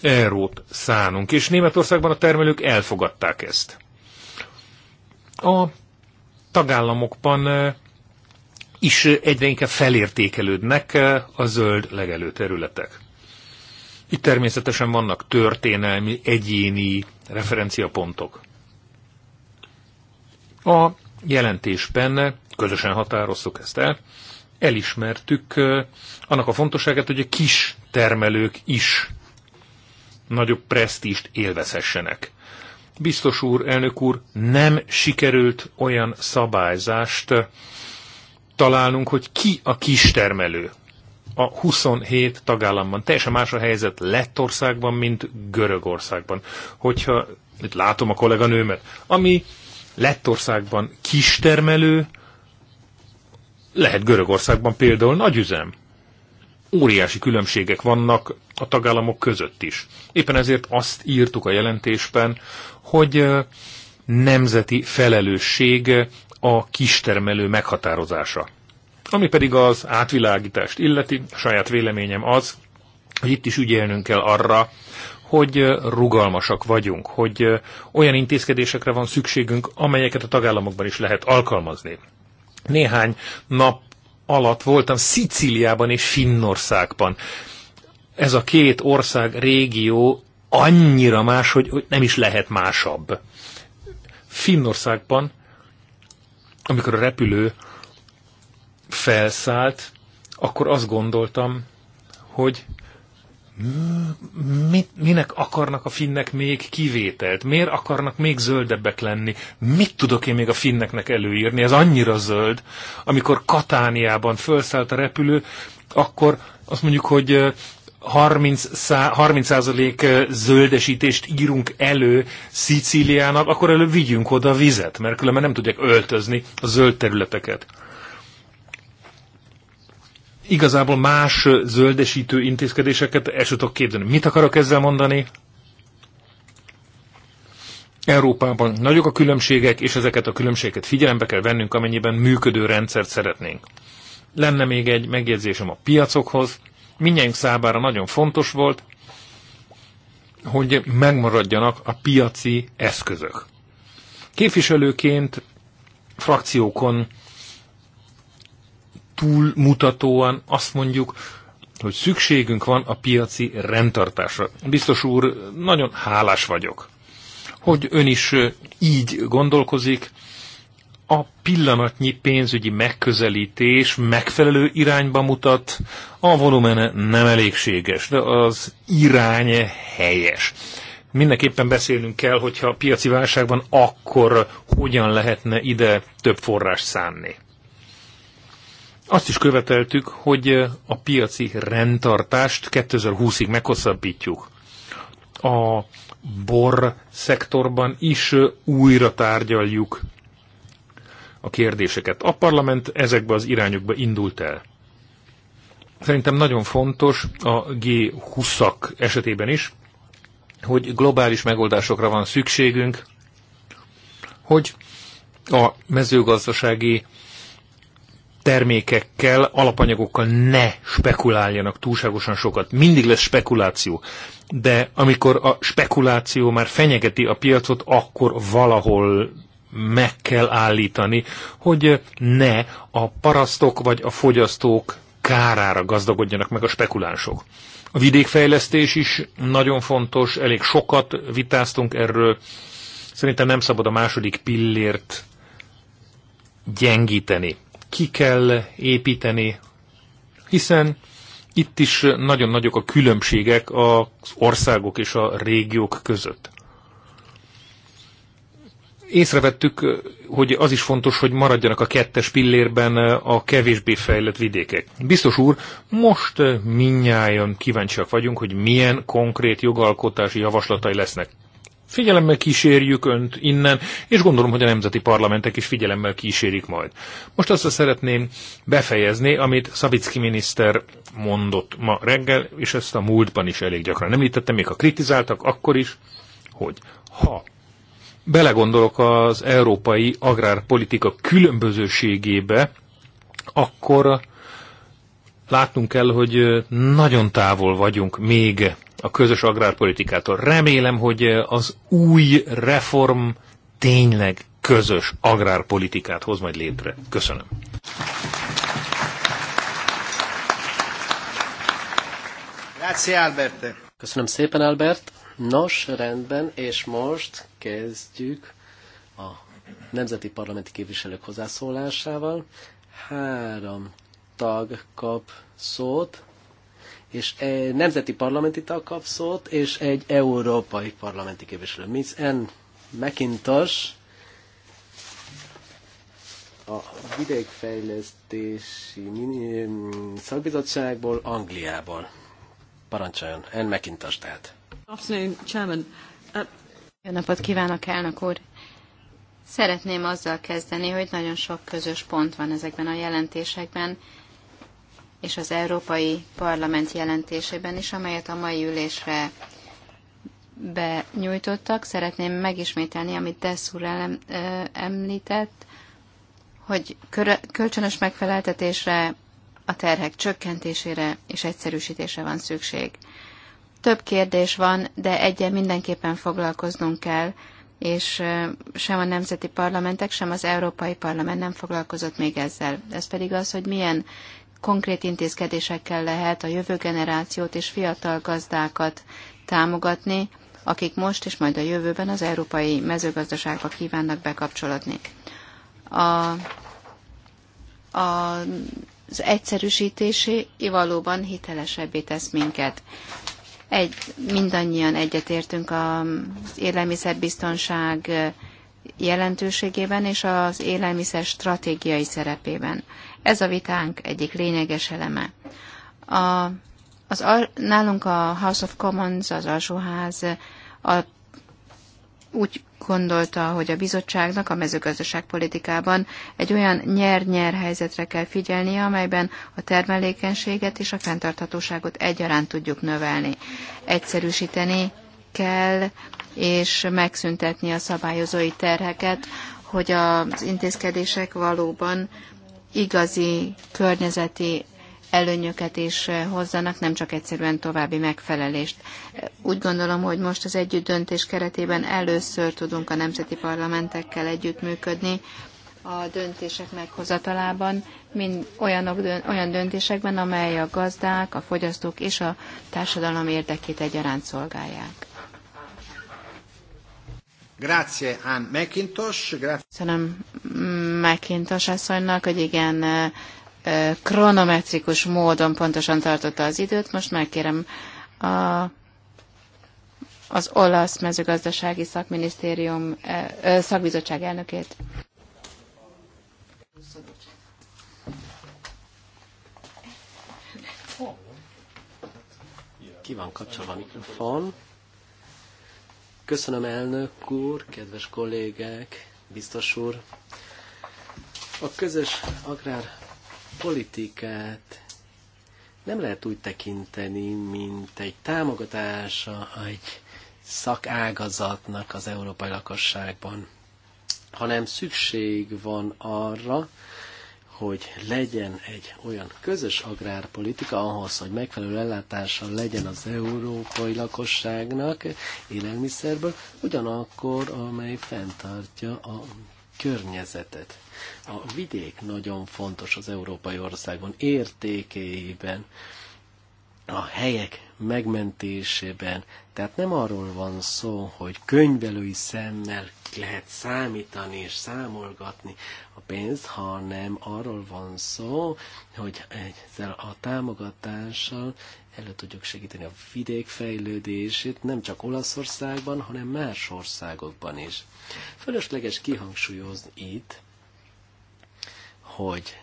eurót szánunk, és Németországban a termelők elfogadták ezt. A tagállamokban is egyre inkább felértékelődnek a zöld területek. Itt természetesen vannak történelmi, egyéni referenciapontok. A jelentésben közösen határoztuk ezt el, elismertük annak a fontosságát, hogy a kis termelők is nagyobb presztíst élvezhessenek. Biztos úr, elnök úr, nem sikerült olyan szabályzást találnunk, hogy ki a kis termelő. A 27 tagállamban teljesen más a helyzet Lettországban, mint Görögországban. Hogyha, itt látom a kolléganőmet, ami Lettországban kistermelő, lehet Görögországban például nagyüzem. Óriási különbségek vannak a tagállamok között is. Éppen ezért azt írtuk a jelentésben, hogy nemzeti felelősség a kistermelő meghatározása. Ami pedig az átvilágítást illeti, saját véleményem az, hogy itt is ügyelnünk kell arra, hogy rugalmasak vagyunk, hogy olyan intézkedésekre van szükségünk, amelyeket a tagállamokban is lehet alkalmazni. Néhány nap alatt voltam Szicíliában és Finnországban. Ez a két ország régió annyira más, hogy, hogy nem is lehet másabb. Finnországban, amikor a repülő felszállt, akkor azt gondoltam, hogy mit, minek akarnak a finnek még kivételt? Miért akarnak még zöldebbek lenni? Mit tudok én még a finneknek előírni? Ez annyira zöld. Amikor Katániában felszállt a repülő, akkor azt mondjuk, hogy 30%, 30 zöldesítést írunk elő Szicíliának, akkor előbb vigyünk oda a vizet, mert különben nem tudják öltözni a zöld területeket igazából más zöldesítő intézkedéseket el sem tudok képzelni. Mit akarok ezzel mondani? Európában nagyok a különbségek, és ezeket a különbségeket figyelembe kell vennünk, amennyiben működő rendszert szeretnénk. Lenne még egy megjegyzésem a piacokhoz. Mindjárt számára nagyon fontos volt, hogy megmaradjanak a piaci eszközök. Képviselőként frakciókon túlmutatóan azt mondjuk, hogy szükségünk van a piaci rendtartásra. Biztos úr, nagyon hálás vagyok, hogy ön is így gondolkozik, a pillanatnyi pénzügyi megközelítés megfelelő irányba mutat, a volumene nem elégséges, de az irány helyes. Mindenképpen beszélnünk kell, hogyha a piaci válságban, akkor hogyan lehetne ide több forrás szánni. Azt is követeltük, hogy a piaci rendtartást 2020-ig meghosszabbítjuk. A bor szektorban is újra tárgyaljuk a kérdéseket. A parlament ezekbe az irányokba indult el. Szerintem nagyon fontos a G20-ak esetében is, hogy globális megoldásokra van szükségünk, hogy a mezőgazdasági termékekkel, alapanyagokkal ne spekuláljanak túlságosan sokat. Mindig lesz spekuláció, de amikor a spekuláció már fenyegeti a piacot, akkor valahol meg kell állítani, hogy ne a parasztok vagy a fogyasztók kárára gazdagodjanak meg a spekulánsok. A vidékfejlesztés is nagyon fontos, elég sokat vitáztunk erről. Szerintem nem szabad a második pillért gyengíteni ki kell építeni, hiszen itt is nagyon nagyok a különbségek az országok és a régiók között. Észrevettük, hogy az is fontos, hogy maradjanak a kettes pillérben a kevésbé fejlett vidékek. Biztos úr, most minnyáján kíváncsiak vagyunk, hogy milyen konkrét jogalkotási javaslatai lesznek figyelemmel kísérjük önt innen, és gondolom, hogy a nemzeti parlamentek is figyelemmel kísérik majd. Most azt szeretném befejezni, amit Szabicki miniszter mondott ma reggel, és ezt a múltban is elég gyakran említettem, még ha kritizáltak, akkor is, hogy ha belegondolok az európai agrárpolitika különbözőségébe, akkor látnunk kell, hogy nagyon távol vagyunk még a közös agrárpolitikától. Remélem, hogy az új reform tényleg közös agrárpolitikát hoz majd létre. Köszönöm. Grazie, Albert. Köszönöm szépen, Albert. Nos, rendben, és most kezdjük a nemzeti parlamenti képviselők hozzászólásával. Három tag kap szót, és egy nemzeti parlamenti tag kap szót, és egy európai parlamenti képviselő. Miss N. McIntosh a vidékfejlesztési szakbizottságból, Angliából. Parancsoljon, N. McIntosh tehát. Afternoon, Chairman. Uh, Jó napot kívánok, elnök úr! Szeretném azzal kezdeni, hogy nagyon sok közös pont van ezekben a jelentésekben, és az Európai Parlament jelentésében is, amelyet a mai ülésre benyújtottak. Szeretném megismételni, amit Dess úr említett, hogy kölcsönös megfeleltetésre, a terhek csökkentésére és egyszerűsítésre van szükség. Több kérdés van, de egyen mindenképpen foglalkoznunk kell, és sem a nemzeti parlamentek, sem az Európai Parlament nem foglalkozott még ezzel. Ez pedig az, hogy milyen konkrét intézkedésekkel lehet a jövő generációt és fiatal gazdákat támogatni, akik most és majd a jövőben az európai mezőgazdaságba kívánnak bekapcsolódni. A, a, az egyszerűsítési valóban hitelesebbé tesz minket. Egy, mindannyian egyetértünk az élelmiszerbiztonság biztonság jelentőségében és az élelmiszer stratégiai szerepében. Ez a vitánk egyik lényeges eleme. A, az, nálunk a House of Commons, az alsóház a, úgy gondolta, hogy a bizottságnak a mezőgazdaságpolitikában egy olyan nyer-nyer helyzetre kell figyelnie, amelyben a termelékenységet és a fenntarthatóságot egyaránt tudjuk növelni. Egyszerűsíteni kell és megszüntetni a szabályozói terheket, hogy az intézkedések valóban igazi környezeti előnyöket is hozzanak, nem csak egyszerűen további megfelelést. Úgy gondolom, hogy most az együtt döntés keretében először tudunk a nemzeti parlamentekkel együttműködni a döntések meghozatalában, mint olyanok, olyan döntésekben, amely a gazdák, a fogyasztók és a társadalom érdekét egyaránt szolgálják. Grazie, Ann McIntosh. Grazie. Köszönöm mm, McIntosh asszonynak, hogy igen, kronometrikus módon pontosan tartotta az időt. Most megkérem a, az olasz mezőgazdasági szakminisztérium szakbizottság elnökét. Ki van kapcsolva a mikrofon? Köszönöm elnök úr, kedves kollégák, biztos úr. A közös agrárpolitikát nem lehet úgy tekinteni, mint egy támogatása egy szakágazatnak az európai lakosságban, hanem szükség van arra, hogy legyen egy olyan közös agrárpolitika ahhoz, hogy megfelelő ellátása legyen az európai lakosságnak élelmiszerből, ugyanakkor amely fenntartja a környezetet. A vidék nagyon fontos az európai országban, értékeiben a helyek megmentésében. Tehát nem arról van szó, hogy könyvelői szemmel lehet számítani és számolgatni a pénzt, hanem arról van szó, hogy ezzel a támogatással elő tudjuk segíteni a vidék fejlődését, nem csak Olaszországban, hanem más országokban is. Fölösleges kihangsúlyozni itt, hogy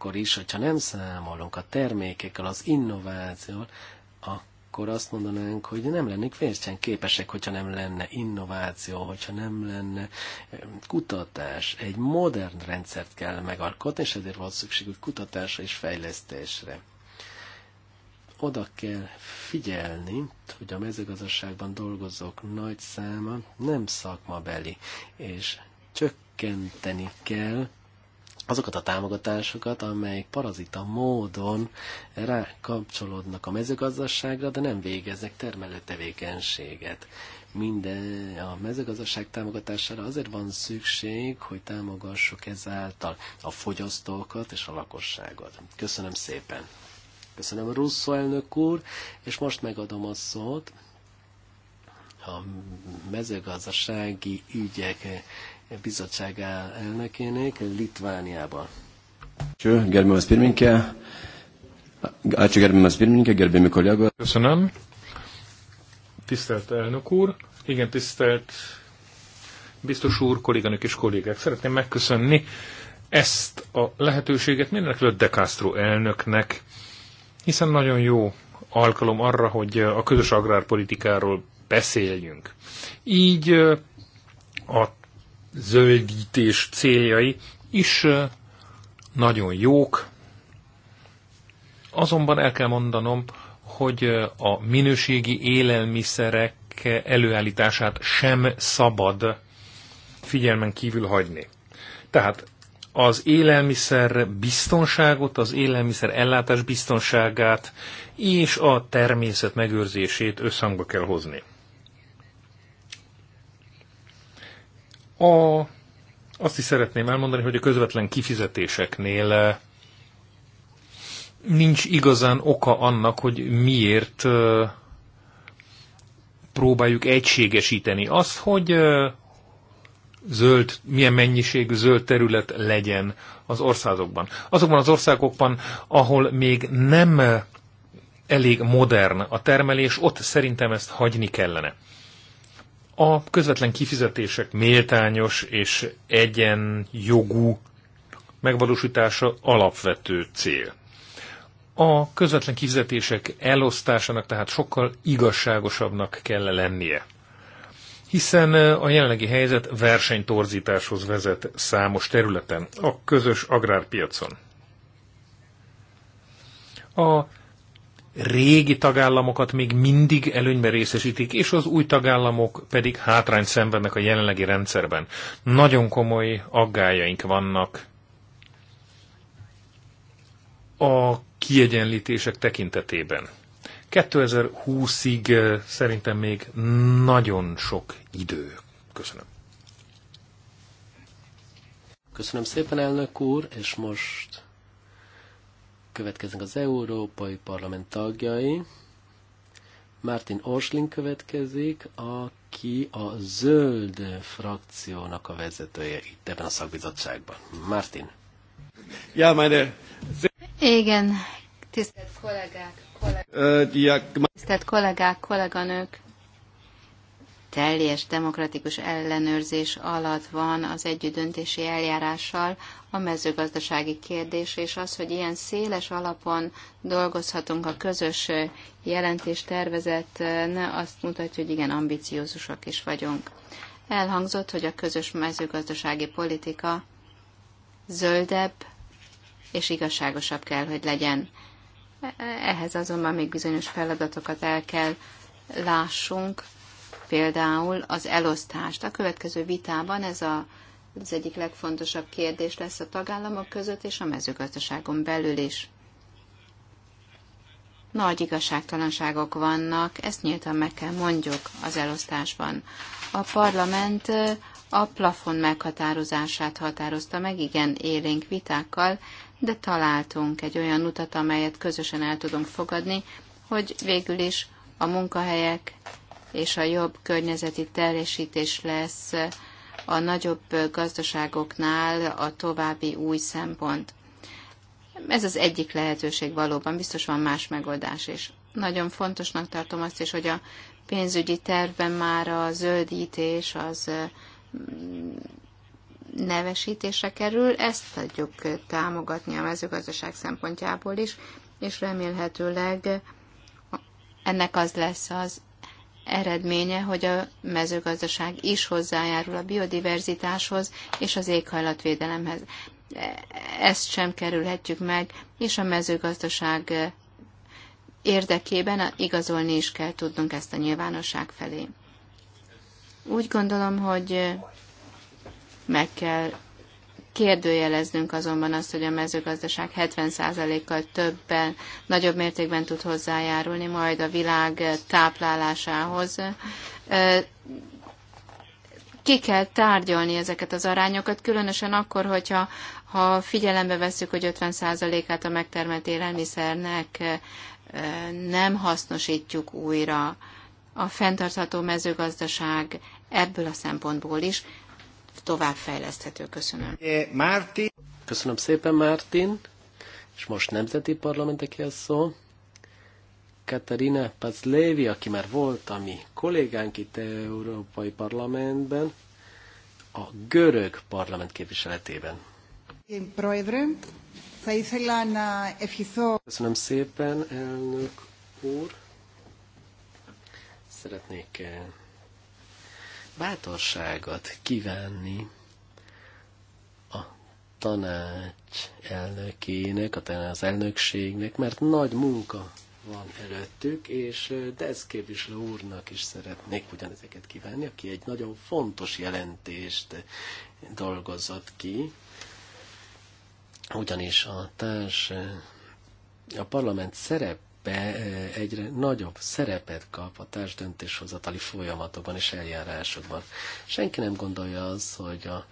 akkor is, hogyha nem számolunk a termékekkel, az innovációval, akkor azt mondanánk, hogy nem lennénk képesek, hogyha nem lenne innováció, hogyha nem lenne kutatás. Egy modern rendszert kell megalkotni, és ezért volt szükségük kutatásra és fejlesztésre oda kell figyelni, hogy a mezőgazdaságban dolgozók nagy száma nem szakmabeli, és csökkenteni kell azokat a támogatásokat, amelyek parazita módon rákapcsolódnak a mezőgazdaságra, de nem végeznek termelő tevékenységet. Minden a mezőgazdaság támogatására azért van szükség, hogy támogassuk ezáltal a fogyasztókat és a lakosságot. Köszönöm szépen! Köszönöm Russzó elnök úr, és most megadom a szót a mezőgazdasági ügyek bizottság elnökének Litvániában. Köszönöm. Tisztelt elnök úr, igen, tisztelt biztos úr, kolléganők és kollégák. Szeretném megköszönni ezt a lehetőséget mindenekről De Castro elnöknek, hiszen nagyon jó alkalom arra, hogy a közös agrárpolitikáról beszéljünk. Így a zöldítés céljai is nagyon jók, azonban el kell mondanom, hogy a minőségi élelmiszerek előállítását sem szabad figyelmen kívül hagyni. Tehát az élelmiszer biztonságot, az élelmiszer ellátás biztonságát és a természet megőrzését összhangba kell hozni. A, azt is szeretném elmondani, hogy a közvetlen kifizetéseknél eh, nincs igazán oka annak, hogy miért eh, próbáljuk egységesíteni azt, hogy eh, zöld, milyen mennyiségű zöld terület legyen az országokban. Azokban az országokban, ahol még nem elég modern a termelés, ott szerintem ezt hagyni kellene a közvetlen kifizetések méltányos és egyen jogú megvalósítása alapvető cél. A közvetlen kifizetések elosztásának tehát sokkal igazságosabbnak kell lennie. Hiszen eh, a jelenlegi helyzet versenytorzításhoz vezet számos területen, a közös agrárpiacon. A régi tagállamokat még mindig előnyben részesítik, és az új tagállamok pedig hátrányt szenvednek a jelenlegi rendszerben. Nagyon komoly aggájaink vannak a kiegyenlítések tekintetében. 2020-ig eh, szerintem még nagyon sok idő. Köszönöm. Köszönöm szépen, elnök úr, és most Következnek az Európai Parlament tagjai. Martin Orsling következik, aki a zöld frakciónak a vezetője itt ebben a szakbizottságban. Martin. Ja, meine... Igen, tisztelt kollégák, kollégák. Tisztelt kollégák, kolléganők, teljes demokratikus ellenőrzés alatt van az együttdöntési eljárással a mezőgazdasági kérdés, és az, hogy ilyen széles alapon dolgozhatunk a közös jelentés ne azt mutatja, hogy igen, ambiciózusak is vagyunk. Elhangzott, hogy a közös mezőgazdasági politika zöldebb és igazságosabb kell, hogy legyen. Ehhez azonban még bizonyos feladatokat el kell lássunk, például az elosztást. A következő vitában ez a az egyik legfontosabb kérdés lesz a tagállamok között és a mezőgazdaságon belül is. Nagy igazságtalanságok vannak, ezt nyíltan meg kell mondjuk az elosztásban. A parlament a plafon meghatározását határozta meg, igen, élénk vitákkal, de találtunk egy olyan utat, amelyet közösen el tudunk fogadni, hogy végül is a munkahelyek és a jobb környezeti teljesítés lesz a nagyobb gazdaságoknál a további új szempont. Ez az egyik lehetőség valóban, biztos van más megoldás is. Nagyon fontosnak tartom azt is, hogy a pénzügyi tervben már a zöldítés az mm, nevesítésre kerül, ezt tudjuk támogatni a mezőgazdaság szempontjából is, és remélhetőleg ennek az lesz az eredménye, hogy a mezőgazdaság is hozzájárul a biodiverzitáshoz és az éghajlatvédelemhez. Ezt sem kerülhetjük meg, és a mezőgazdaság érdekében igazolni is kell tudnunk ezt a nyilvánosság felé. Úgy gondolom, hogy meg kell Kérdőjeleznünk azonban azt, hogy a mezőgazdaság 70%-kal többen, nagyobb mértékben tud hozzájárulni majd a világ táplálásához. Ki kell tárgyalni ezeket az arányokat, különösen akkor, hogyha ha figyelembe veszük, hogy 50%-át a megtermelt élelmiszernek nem hasznosítjuk újra. A fenntartható mezőgazdaság ebből a szempontból is továbbfejleszthető. Köszönöm. Márti. Köszönöm szépen, Mártin. És most nemzeti parlamentekihez szó. Katarina Pazlévi, aki már volt a mi kollégánk itt Európai Parlamentben, a görög parlament képviseletében. Köszönöm szépen, elnök úr. Szeretnék eh, bátorságot kívánni a tanács elnökének, a az elnökségnek, mert nagy munka van előttük, és Dez képviselő úrnak is szeretnék ugyanezeket kívánni, aki egy nagyon fontos jelentést dolgozott ki, ugyanis a társ, a parlament szerep be egyre nagyobb szerepet kap a társdöntéshozatali folyamatokban és eljárásokban. Senki nem gondolja az, hogy a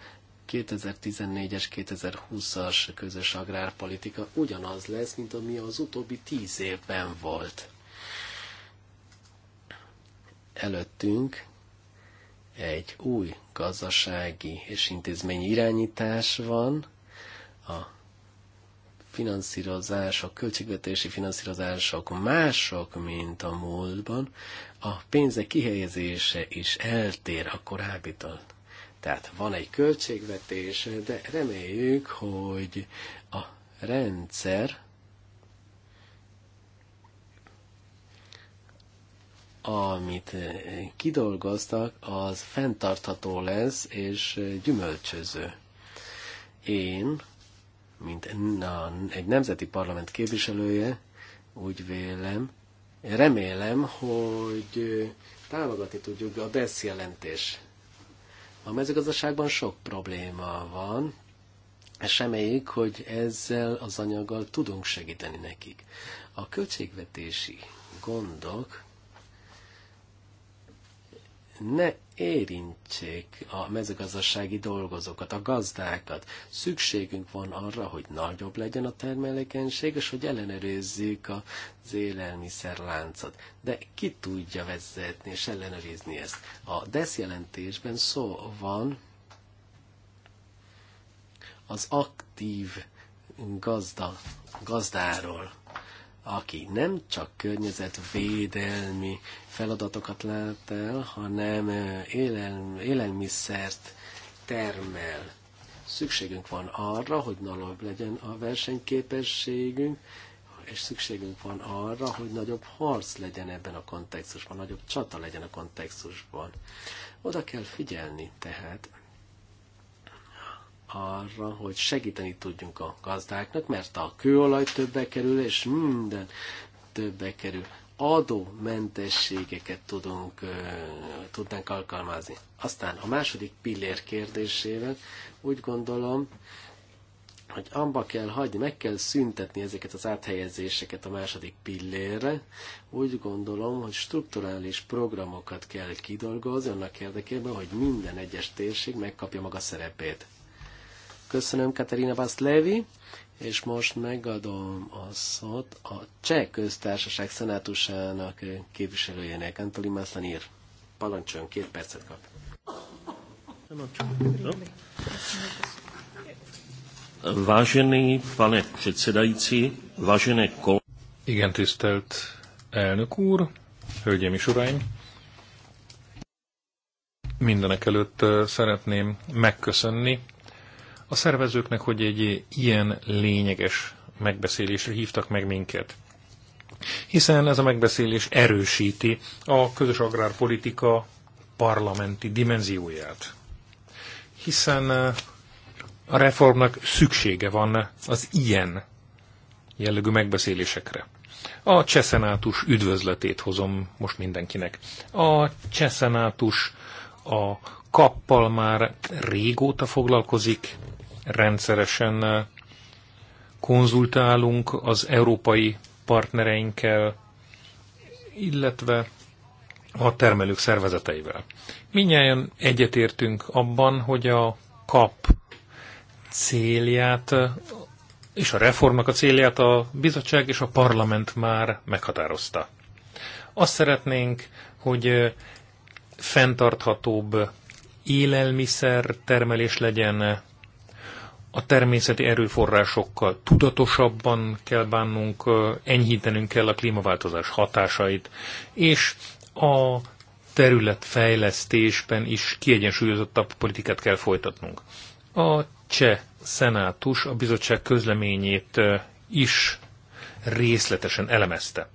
2014-es, 2020-as közös agrárpolitika ugyanaz lesz, mint ami az utóbbi tíz évben volt. Előttünk egy új gazdasági és intézményi irányítás van, a finanszírozások, költségvetési finanszírozások mások, mint a múltban, a pénzek kihelyezése is eltér a korábbitól. Tehát van egy költségvetés, de reméljük, hogy a rendszer amit kidolgoztak, az fenntartható lesz és gyümölcsöző. Én mint na, egy nemzeti parlament képviselője, úgy vélem, remélem, hogy támogatni tudjuk a DESZ jelentés. A mezőgazdaságban sok probléma van, és reméljük, hogy ezzel az anyaggal tudunk segíteni nekik. A költségvetési gondok ne érintsék a mezőgazdasági dolgozókat, a gazdákat. Szükségünk van arra, hogy nagyobb legyen a termelékenység, és hogy ellenőrizzük az élelmiszerláncot. De ki tudja vezetni és ellenőrizni ezt? A DESZ jelentésben szó van az aktív gazda, gazdáról aki nem csak környezetvédelmi feladatokat lát el, hanem élel, élelmiszert termel. Szükségünk van arra, hogy nagyobb legyen a versenyképességünk, és szükségünk van arra, hogy nagyobb harc legyen ebben a kontextusban, nagyobb csata legyen a kontextusban. Oda kell figyelni tehát arra, hogy segíteni tudjunk a gazdáknak, mert a kőolaj többe kerül, és minden többe kerül. Adómentességeket tudunk, tudnánk alkalmazni. Aztán a második pillér kérdésével úgy gondolom, hogy amba kell hagyni, meg kell szüntetni ezeket az áthelyezéseket a második pillérre. Úgy gondolom, hogy strukturális programokat kell kidolgozni annak érdekében, hogy minden egyes térség megkapja maga szerepét. Köszönöm Katerina Vaszlevi, és most megadom a szót a Cseh Köztársaság Szenátusának képviselőjének, Antoli Maszlanir. Palancsön, két percet kap. Vážený pane předsedající, vážené kol... Igen, tisztelt elnök úr, hölgyeim és uraim! Mindenek előtt szeretném megköszönni a szervezőknek, hogy egy ilyen lényeges megbeszélésre hívtak meg minket. Hiszen ez a megbeszélés erősíti a közös agrárpolitika parlamenti dimenzióját. Hiszen eh, a reformnak szüksége van az ilyen jellegű megbeszélésekre. A cseszenátus üdvözletét hozom most mindenkinek. A cseszenátus a kappal már régóta foglalkozik, rendszeresen eh, konzultálunk az európai partnereinkkel, illetve a termelők szervezeteivel. Minnyáján egyetértünk abban, hogy a kap célját eh, és a reformnak a célját a bizottság és a parlament már meghatározta. Azt szeretnénk, hogy eh, fenntarthatóbb élelmiszer termelés legyen, a természeti erőforrásokkal tudatosabban kell bánnunk, enyhítenünk kell a klímaváltozás hatásait, és a területfejlesztésben is kiegyensúlyozottabb politikát kell folytatnunk. A cseh szenátus a bizottság közleményét is részletesen elemezte.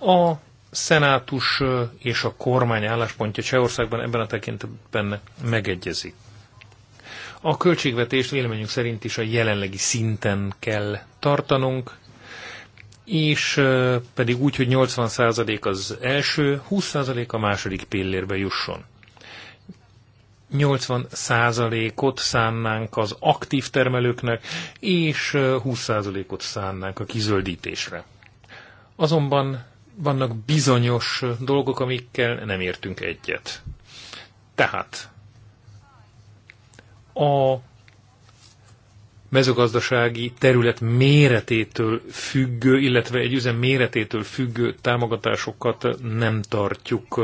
A szenátus és a kormány álláspontja Csehországban ebben a tekintetben megegyezik. A költségvetést véleményünk szerint is a jelenlegi szinten kell tartanunk, és pedig úgy, hogy 80% az első, 20% a második pillérbe jusson. 80%-ot szánnánk az aktív termelőknek, és 20%-ot szánnánk a kizöldítésre. Azonban vannak bizonyos dolgok, amikkel nem értünk egyet. Tehát a mezőgazdasági terület méretétől függő, illetve egy üzem méretétől függő támogatásokat nem tartjuk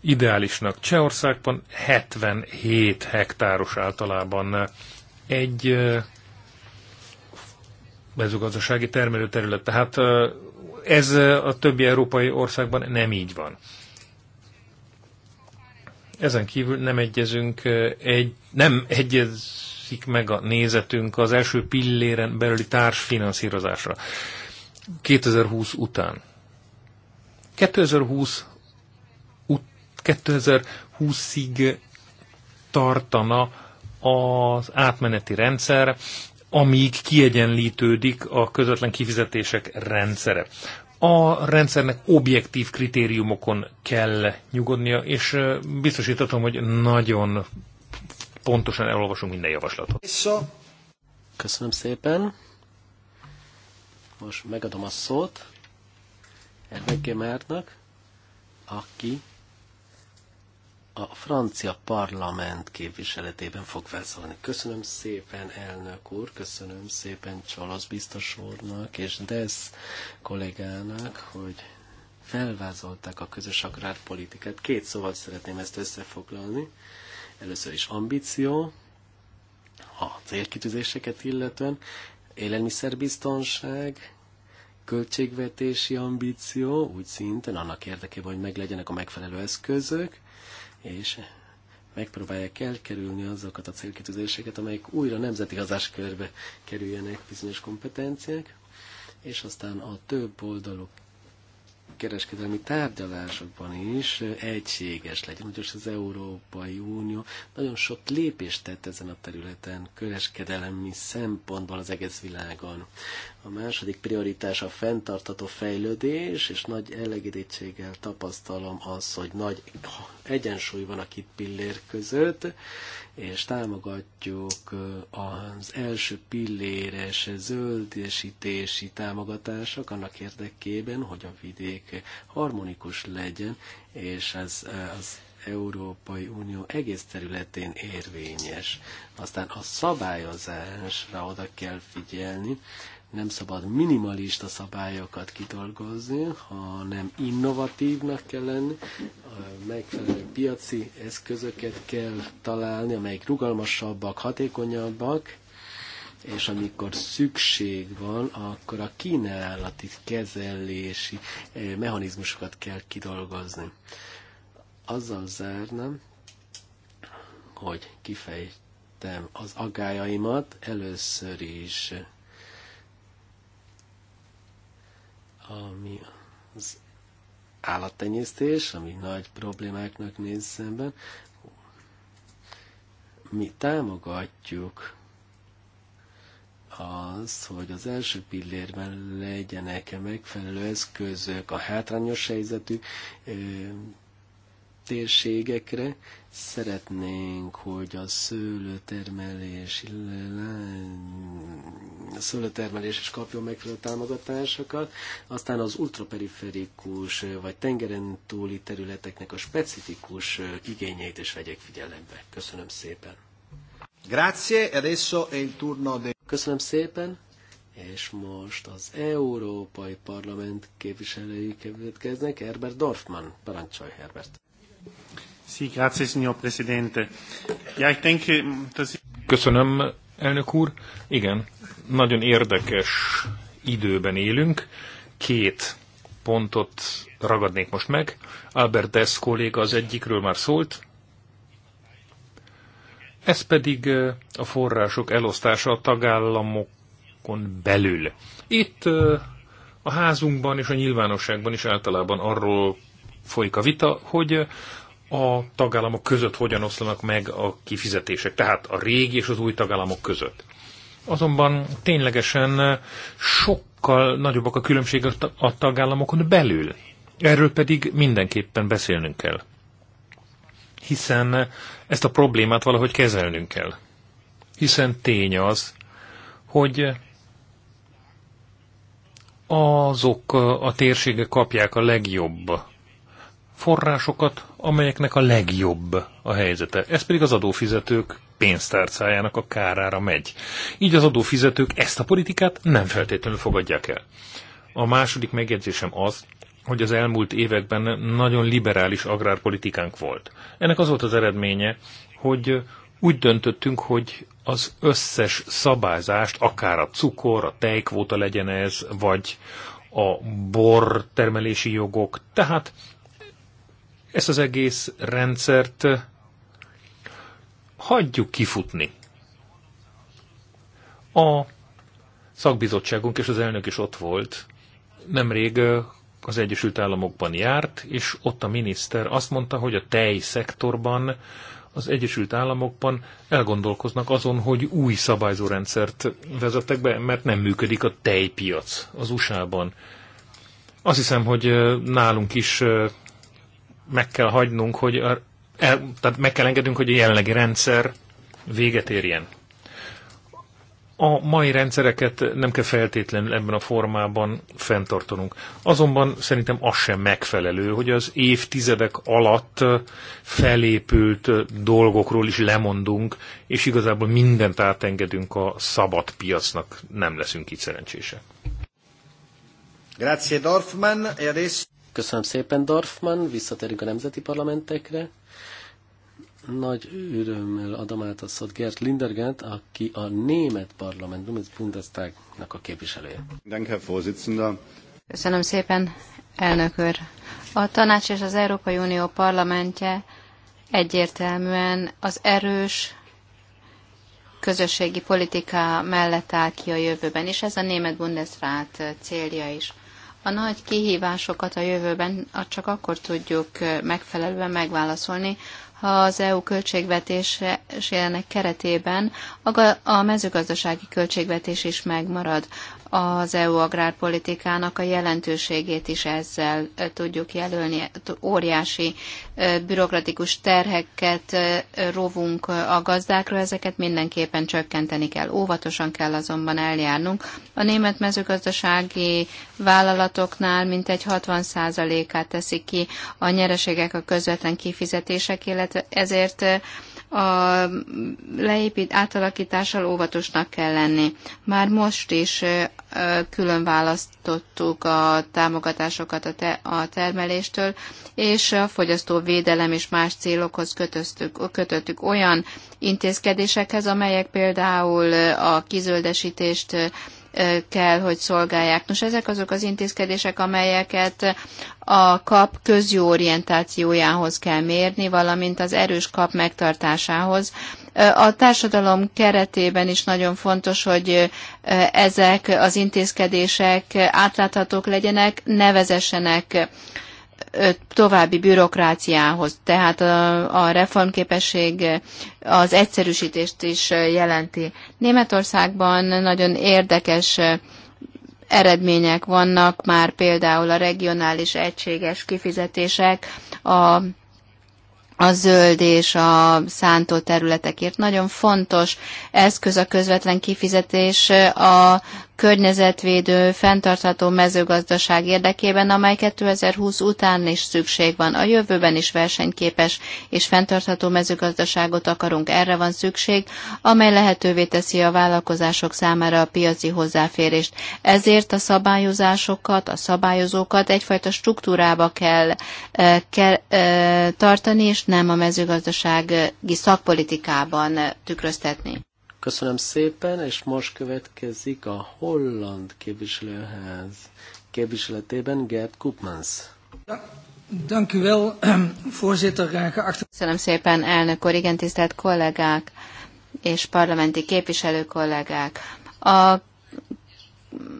ideálisnak. Csehországban 77 hektáros általában egy mezőgazdasági termelőterület. Tehát ez a többi európai országban nem így van. Ezen kívül nem egyezünk, egy, nem egyezik meg a nézetünk az első pilléren belüli társfinanszírozásra 2020 után. 2020 2020-ig tartana az átmeneti rendszer, amíg kiegyenlítődik a közvetlen kifizetések rendszere a rendszernek objektív kritériumokon kell nyugodnia, és biztosítatom, hogy nagyon pontosan elolvasunk minden javaslatot. Köszönöm szépen. Most megadom a szót Ervegge Gemárnak, aki a francia parlament képviseletében fog felszólni. Köszönöm szépen, elnök úr, köszönöm szépen Csalasz biztos úrnak és Desz kollégának, hogy felvázolták a közös agrárpolitikát. Két szóval szeretném ezt összefoglalni. Először is ambíció, a célkitűzéseket illetően, élelmiszerbiztonság, költségvetési ambíció, úgy szinten annak érdekében, hogy meglegyenek a megfelelő eszközök, és megpróbálják elkerülni azokat a célkitűzéseket, amelyek újra nemzeti hazáskörbe kerüljenek bizonyos kompetenciák, és aztán a több oldalú kereskedelmi tárgyalásokban is egységes legyen. Ugyanis az Európai Unió nagyon sok lépést tett ezen a területen, kereskedelmi szempontból az egész világon. A második prioritás a fenntartató fejlődés, és nagy elégedétséggel tapasztalom az, hogy nagy egyensúly van a két pillér között, és támogatjuk az első pilléres zöldesítési támogatások annak érdekében, hogy a vidék harmonikus legyen, és ez az Európai Unió egész területén érvényes. Aztán a szabályozásra oda kell figyelni, nem szabad minimalista szabályokat kidolgozni, hanem innovatívnak kell lenni, megfelelő piaci eszközöket kell találni, amelyek rugalmasabbak, hatékonyabbak, és amikor szükség van, akkor a kínálati kezelési eh, mechanizmusokat kell kidolgozni. Azzal zárnám, hogy kifejtem az agájaimat először is, ami az állattenyésztés, ami nagy problémáknak néz szemben. Mi támogatjuk az, hogy az első pillérben legyenek megfelelő eszközök a hátrányos helyzetű térségekre. Szeretnénk, hogy a szőlőtermelés, a szőlőtermelés is kapjon megfelelő támogatásokat, aztán az ultraperiferikus vagy tengeren túli területeknek a specifikus igényeit is vegyek figyelembe. Köszönöm szépen! Grazie, e adesso è il turno de... Köszönöm szépen, és most az Európai Parlament képviselői következnek, Herbert Dorfmann, Parancsolj, Herbert. Sí, grazie, signor Presidente. Ja, ich denke, dass... Köszönöm, elnök úr. Igen, nagyon érdekes időben élünk. Két pontot ragadnék most meg. Albert Dess kolléga az egyikről már szólt, ez pedig a források elosztása a tagállamokon belül. Itt a házunkban és a nyilvánosságban is általában arról folyik a vita, hogy a tagállamok között hogyan oszlanak meg a kifizetések, tehát a régi és az új tagállamok között. Azonban ténylegesen sokkal nagyobbak a különbségek a tagállamokon belül. Erről pedig mindenképpen beszélnünk kell hiszen ezt a problémát valahogy kezelnünk kell. Hiszen tény az, hogy azok a térségek kapják a legjobb forrásokat, amelyeknek a legjobb a helyzete. Ez pedig az adófizetők pénztárcájának a kárára megy. Így az adófizetők ezt a politikát nem feltétlenül fogadják el. A második megjegyzésem az, hogy az elmúlt években nagyon liberális agrárpolitikánk volt. Ennek az volt az eredménye, hogy úgy döntöttünk, hogy az összes szabályzást, akár a cukor, a tejkvóta legyen ez, vagy a bor termelési jogok, tehát ezt az egész rendszert hagyjuk kifutni. A szakbizottságunk és az elnök is ott volt, nemrég az Egyesült Államokban járt, és ott a miniszter azt mondta, hogy a tej szektorban az Egyesült Államokban elgondolkoznak azon, hogy új szabályzórendszert vezettek be, mert nem működik a tejpiac az USA-ban. Azt hiszem, hogy nálunk is meg kell hagynunk, hogy el, tehát meg kell engednünk, hogy a jelenlegi rendszer véget érjen a mai rendszereket nem kell feltétlenül ebben a formában fenntartanunk. Azonban szerintem az sem megfelelő, hogy az évtizedek alatt felépült dolgokról is lemondunk, és igazából mindent átengedünk a szabad piacnak, nem leszünk itt szerencsések. Grazie Dorfman, e Köszönöm szépen Dorfman, visszatérünk a nemzeti parlamentekre. Nagy örömmel adom át a szót Gert Lindergent, aki a német parlamentum, ez Bundestagnak a képviselője. Köszönöm szépen, elnök úr. A tanács és az Európai Unió parlamentje egyértelműen az erős közösségi politika mellett áll ki a jövőben, és ez a német Bundesrat célja is. A nagy kihívásokat a jövőben csak akkor tudjuk megfelelően megválaszolni, ha az EU költségvetésének keretében a mezőgazdasági költségvetés is megmarad az EU agrárpolitikának a jelentőségét is ezzel tudjuk jelölni. Óriási bürokratikus terheket rovunk a gazdákra, ezeket mindenképpen csökkenteni kell. Óvatosan kell azonban eljárnunk. A német mezőgazdasági vállalatoknál mintegy 60%-át teszik ki a nyereségek a közvetlen kifizetések, illetve ezért a leépít átalakítással óvatosnak kell lenni. Már most is külön választottuk a támogatásokat a, te, a termeléstől, és a fogyasztóvédelem és más célokhoz kötöztük, kötöttük olyan intézkedésekhez, amelyek például a kizöldesítést kell, hogy szolgálják. Nos, ezek azok az intézkedések, amelyeket a kap orientációjához kell mérni, valamint az erős kap megtartásához. A társadalom keretében is nagyon fontos, hogy ezek az intézkedések átláthatók legyenek, nevezessenek további bürokráciához. Tehát a, a reformképesség az egyszerűsítést is jelenti. Németországban nagyon érdekes eredmények vannak, már például a regionális egységes kifizetések, a a zöld és a szántó területekért. Nagyon fontos eszköz a közvetlen kifizetés a környezetvédő, fenntartható mezőgazdaság érdekében, amely 2020 után is szükség van. A jövőben is versenyképes és fenntartható mezőgazdaságot akarunk, erre van szükség, amely lehetővé teszi a vállalkozások számára a piaci hozzáférést. Ezért a szabályozásokat, a szabályozókat egyfajta struktúrába kell, eh, kell eh, tartani, és nem a mezőgazdasági szakpolitikában tükröztetni. Köszönöm szépen, és most következik a holland képviselőház képviseletében Gerd Koopmans. Dank u wel, ehm, voorzitter. Eh, Köszönöm szépen, elnök úr, igen tisztelt kollégák és parlamenti képviselő kollégák. A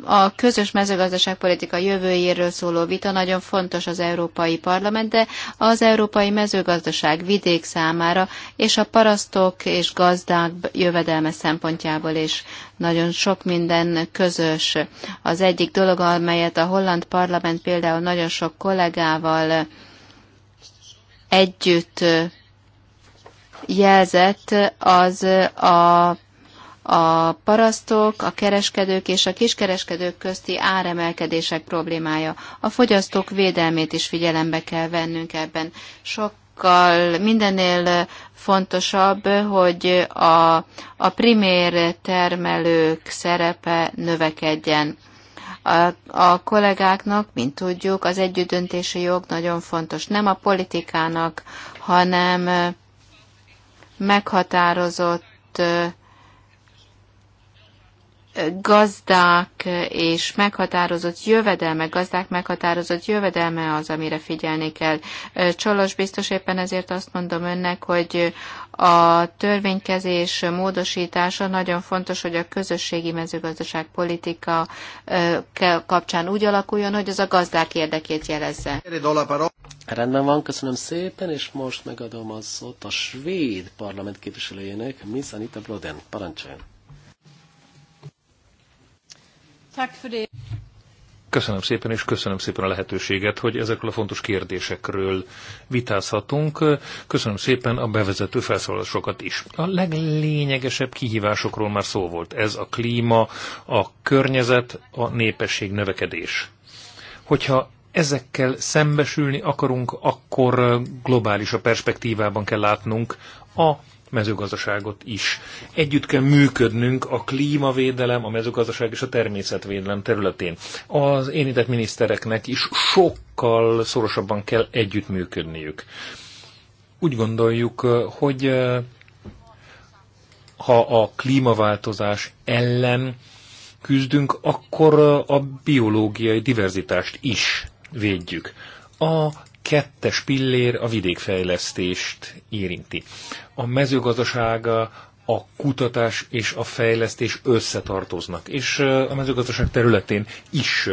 a közös mezőgazdaságpolitika jövőjéről szóló vita nagyon fontos az Európai Parlament, de az európai mezőgazdaság vidék számára és a parasztok és gazdák jövedelme szempontjából is nagyon sok minden közös. Az egyik dolog, amelyet a holland parlament például nagyon sok kollégával együtt jelzett, az a a parasztok, a kereskedők és a kiskereskedők közti áremelkedések problémája. A fogyasztók védelmét is figyelembe kell vennünk ebben. Sokkal mindennél fontosabb, hogy a, a primér termelők szerepe növekedjen. A, a kollégáknak, mint tudjuk, az együttdöntési jog nagyon fontos. Nem a politikának, hanem meghatározott gazdák és meghatározott jövedelme, gazdák meghatározott jövedelme az, amire figyelni kell. Csolos biztos éppen ezért azt mondom önnek, hogy a törvénykezés módosítása nagyon fontos, hogy a közösségi mezőgazdaság politika kapcsán úgy alakuljon, hogy az a gazdák érdekét jelezze. Rendben van, köszönöm szépen, és most megadom az szót a svéd parlament képviselőjének, Miss Anita Broden. Parancsoljon! Köszönöm szépen, és köszönöm szépen a lehetőséget, hogy ezekről a fontos kérdésekről vitázhatunk. Köszönöm szépen a bevezető felszólalásokat is. A leglényegesebb kihívásokról már szó volt. Ez a klíma, a környezet, a népesség növekedés. Hogyha ezekkel szembesülni akarunk, akkor globális a perspektívában kell látnunk a mezőgazdaságot is. Együtt kell működnünk a klímavédelem, a mezőgazdaság és a természetvédelem területén. Az érintett minisztereknek is sokkal szorosabban kell együttműködniük. Úgy gondoljuk, hogy ha a klímaváltozás ellen küzdünk, akkor a biológiai diverzitást is védjük. A kettes pillér a vidékfejlesztést érinti. A mezőgazdasága, a kutatás és a fejlesztés összetartoznak, és a mezőgazdaság területén is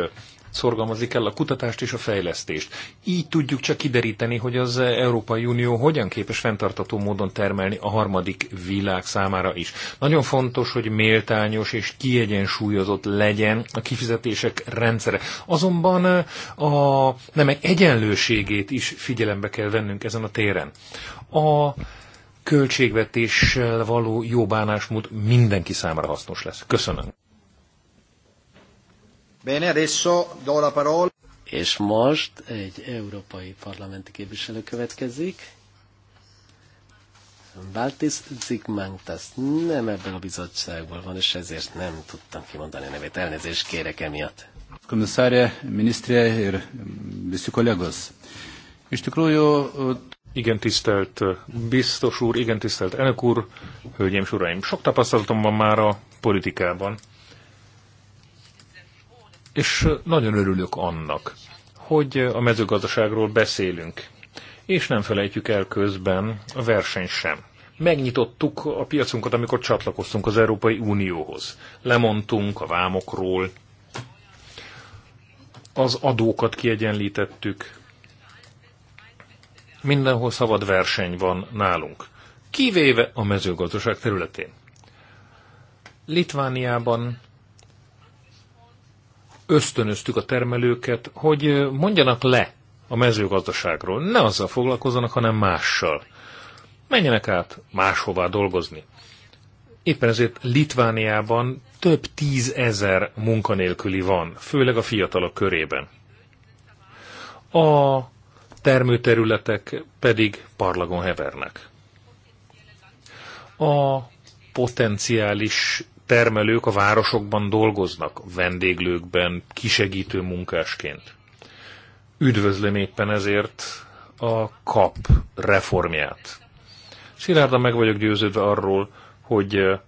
szorgalmazik el a kutatást és a fejlesztést. Így tudjuk csak kideríteni, hogy az Európai Unió hogyan képes fenntartató módon termelni a harmadik világ számára is. Nagyon fontos, hogy méltányos és kiegyensúlyozott legyen a kifizetések rendszere. Azonban eh, a nemek egyenlőségét is figyelembe kell vennünk ezen a téren. A költségvetéssel való jó bánásmód mindenki számára hasznos lesz. Köszönöm. Bene, adesso do la parola. És most egy európai parlamenti képviselő következik. Baltis Zigmantas nem ebből a bizottságból van, és ezért nem tudtam kimondani a nevét. Elnézést kérek emiatt. Komisszárja, minisztrie és visi kollégos. És tikrųjų... Igen, tisztelt biztos úr, igen, tisztelt elnök úr, hölgyeim és uraim. Sok tapasztalatom van már a politikában, és nagyon örülök annak, hogy a mezőgazdaságról beszélünk, és nem felejtjük el közben a verseny sem. Megnyitottuk a piacunkat, amikor csatlakoztunk az Európai Unióhoz. Lemondtunk a vámokról, az adókat kiegyenlítettük. Mindenhol szabad verseny van nálunk, kivéve a mezőgazdaság területén. Litvániában ösztönöztük a termelőket, hogy mondjanak le a mezőgazdaságról. Ne azzal foglalkozzanak, hanem mással. Menjenek át máshová dolgozni. Éppen ezért Litvániában több tízezer munkanélküli van, főleg a fiatalok körében. A termőterületek pedig parlagon hevernek. A potenciális termelők a városokban dolgoznak, vendéglőkben, kisegítő munkásként. Üdvözlöm éppen ezért a kap reformját. Szilárdan meg vagyok győződve arról, hogy eh,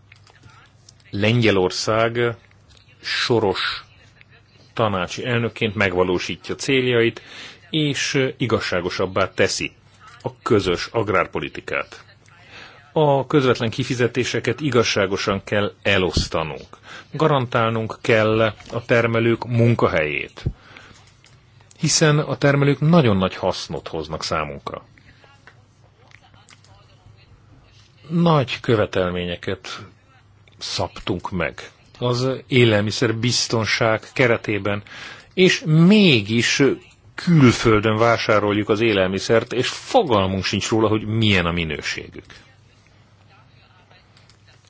Lengyelország soros tanácsi elnökként megvalósítja céljait, és eh, igazságosabbá teszi a közös agrárpolitikát a közvetlen kifizetéseket igazságosan kell elosztanunk. Garantálnunk kell a termelők munkahelyét, hiszen a termelők nagyon nagy hasznot hoznak számunkra. Nagy követelményeket szabtunk meg az élelmiszer biztonság keretében, és mégis külföldön vásároljuk az élelmiszert, és fogalmunk sincs róla, hogy milyen a minőségük.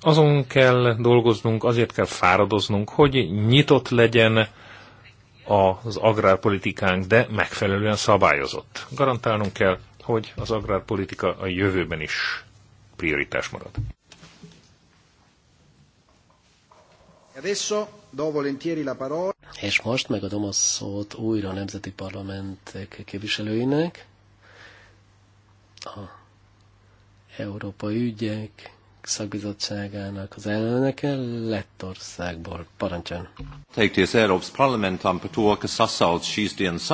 Azon kell dolgoznunk, azért kell fáradoznunk, hogy nyitott legyen az agrárpolitikánk, de megfelelően szabályozott. Garantálnunk kell, hogy az agrárpolitika a jövőben is prioritás marad. És most megadom a szót újra a nemzeti parlamentek képviselőinek, a európai ügyek szakbizottságának az elnöke Lettországból. Parancsoljon! Teikties Eiropas parlamentam par to, ka sasauc šīs dienas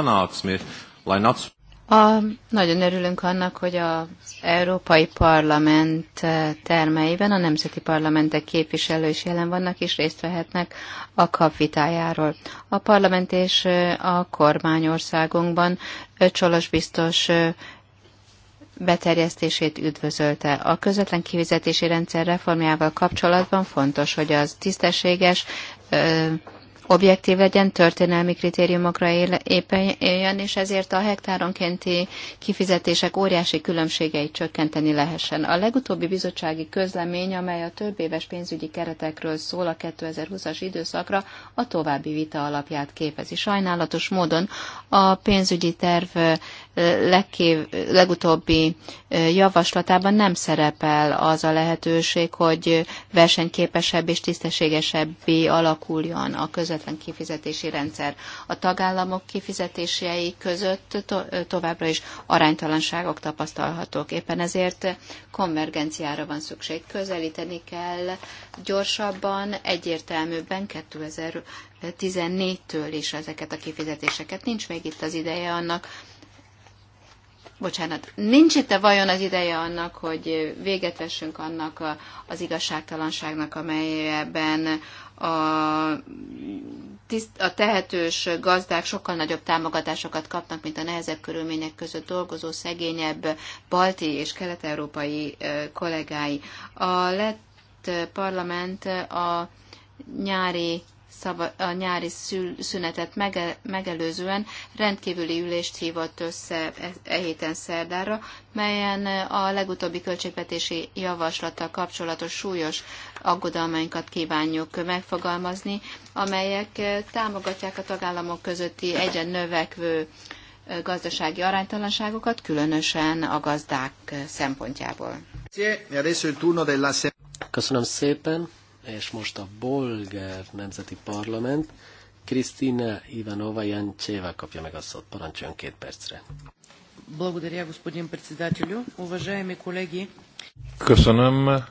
A, nagyon örülünk annak, hogy az Európai Parlament eh, termeiben a nemzeti parlamentek képviselői is jelen vannak és részt vehetnek a kap vitájáról. A parlament és eh, a kormányországunkban eh, Csolos biztos beterjesztését üdvözölte. A közvetlen kifizetési rendszer reformjával kapcsolatban fontos, hogy az tisztességes, objektív legyen, történelmi kritériumokra épüljön, és ezért a hektáronkénti kifizetések óriási különbségeit csökkenteni lehessen. A legutóbbi bizottsági közlemény, amely a több éves pénzügyi keretekről szól a 2020-as időszakra, a további vita alapját képezi. Sajnálatos módon a pénzügyi terv legkév, legutóbbi javaslatában nem szerepel az a lehetőség, hogy versenyképesebb és tisztességesebbé alakuljon a közvetlen kifizetési rendszer. A tagállamok kifizetései között to- továbbra is aránytalanságok tapasztalhatók. Éppen ezért konvergenciára van szükség. Közelíteni kell gyorsabban, egyértelműbben 2014-től is ezeket a kifizetéseket. Nincs még itt az ideje annak, bocsánat, nincs itt -e vajon az ideje annak, hogy véget vessünk annak a, az igazságtalanságnak, amelyben a, tiszt, a tehetős gazdák sokkal nagyobb támogatásokat kapnak, mint a nehezebb körülmények között dolgozó, szegényebb balti és kelet-európai kollégái. A lett parlament a nyári a nyári szül- szünetet mege- megelőzően rendkívüli ülést hívott össze e, e héten szerdára, melyen a legutóbbi költségvetési javaslattal kapcsolatos súlyos aggodalmainkat kívánjuk megfogalmazni, amelyek e, támogatják a tagállamok közötti egyre növekvő e, gazdasági aránytalanságokat, különösen a gazdák e, szempontjából. Köszönöm szépen és most a bolgár nemzeti parlament. Kristina Ivanova Jancseva kapja meg a szót. Parancsoljon két percre. Köszönöm,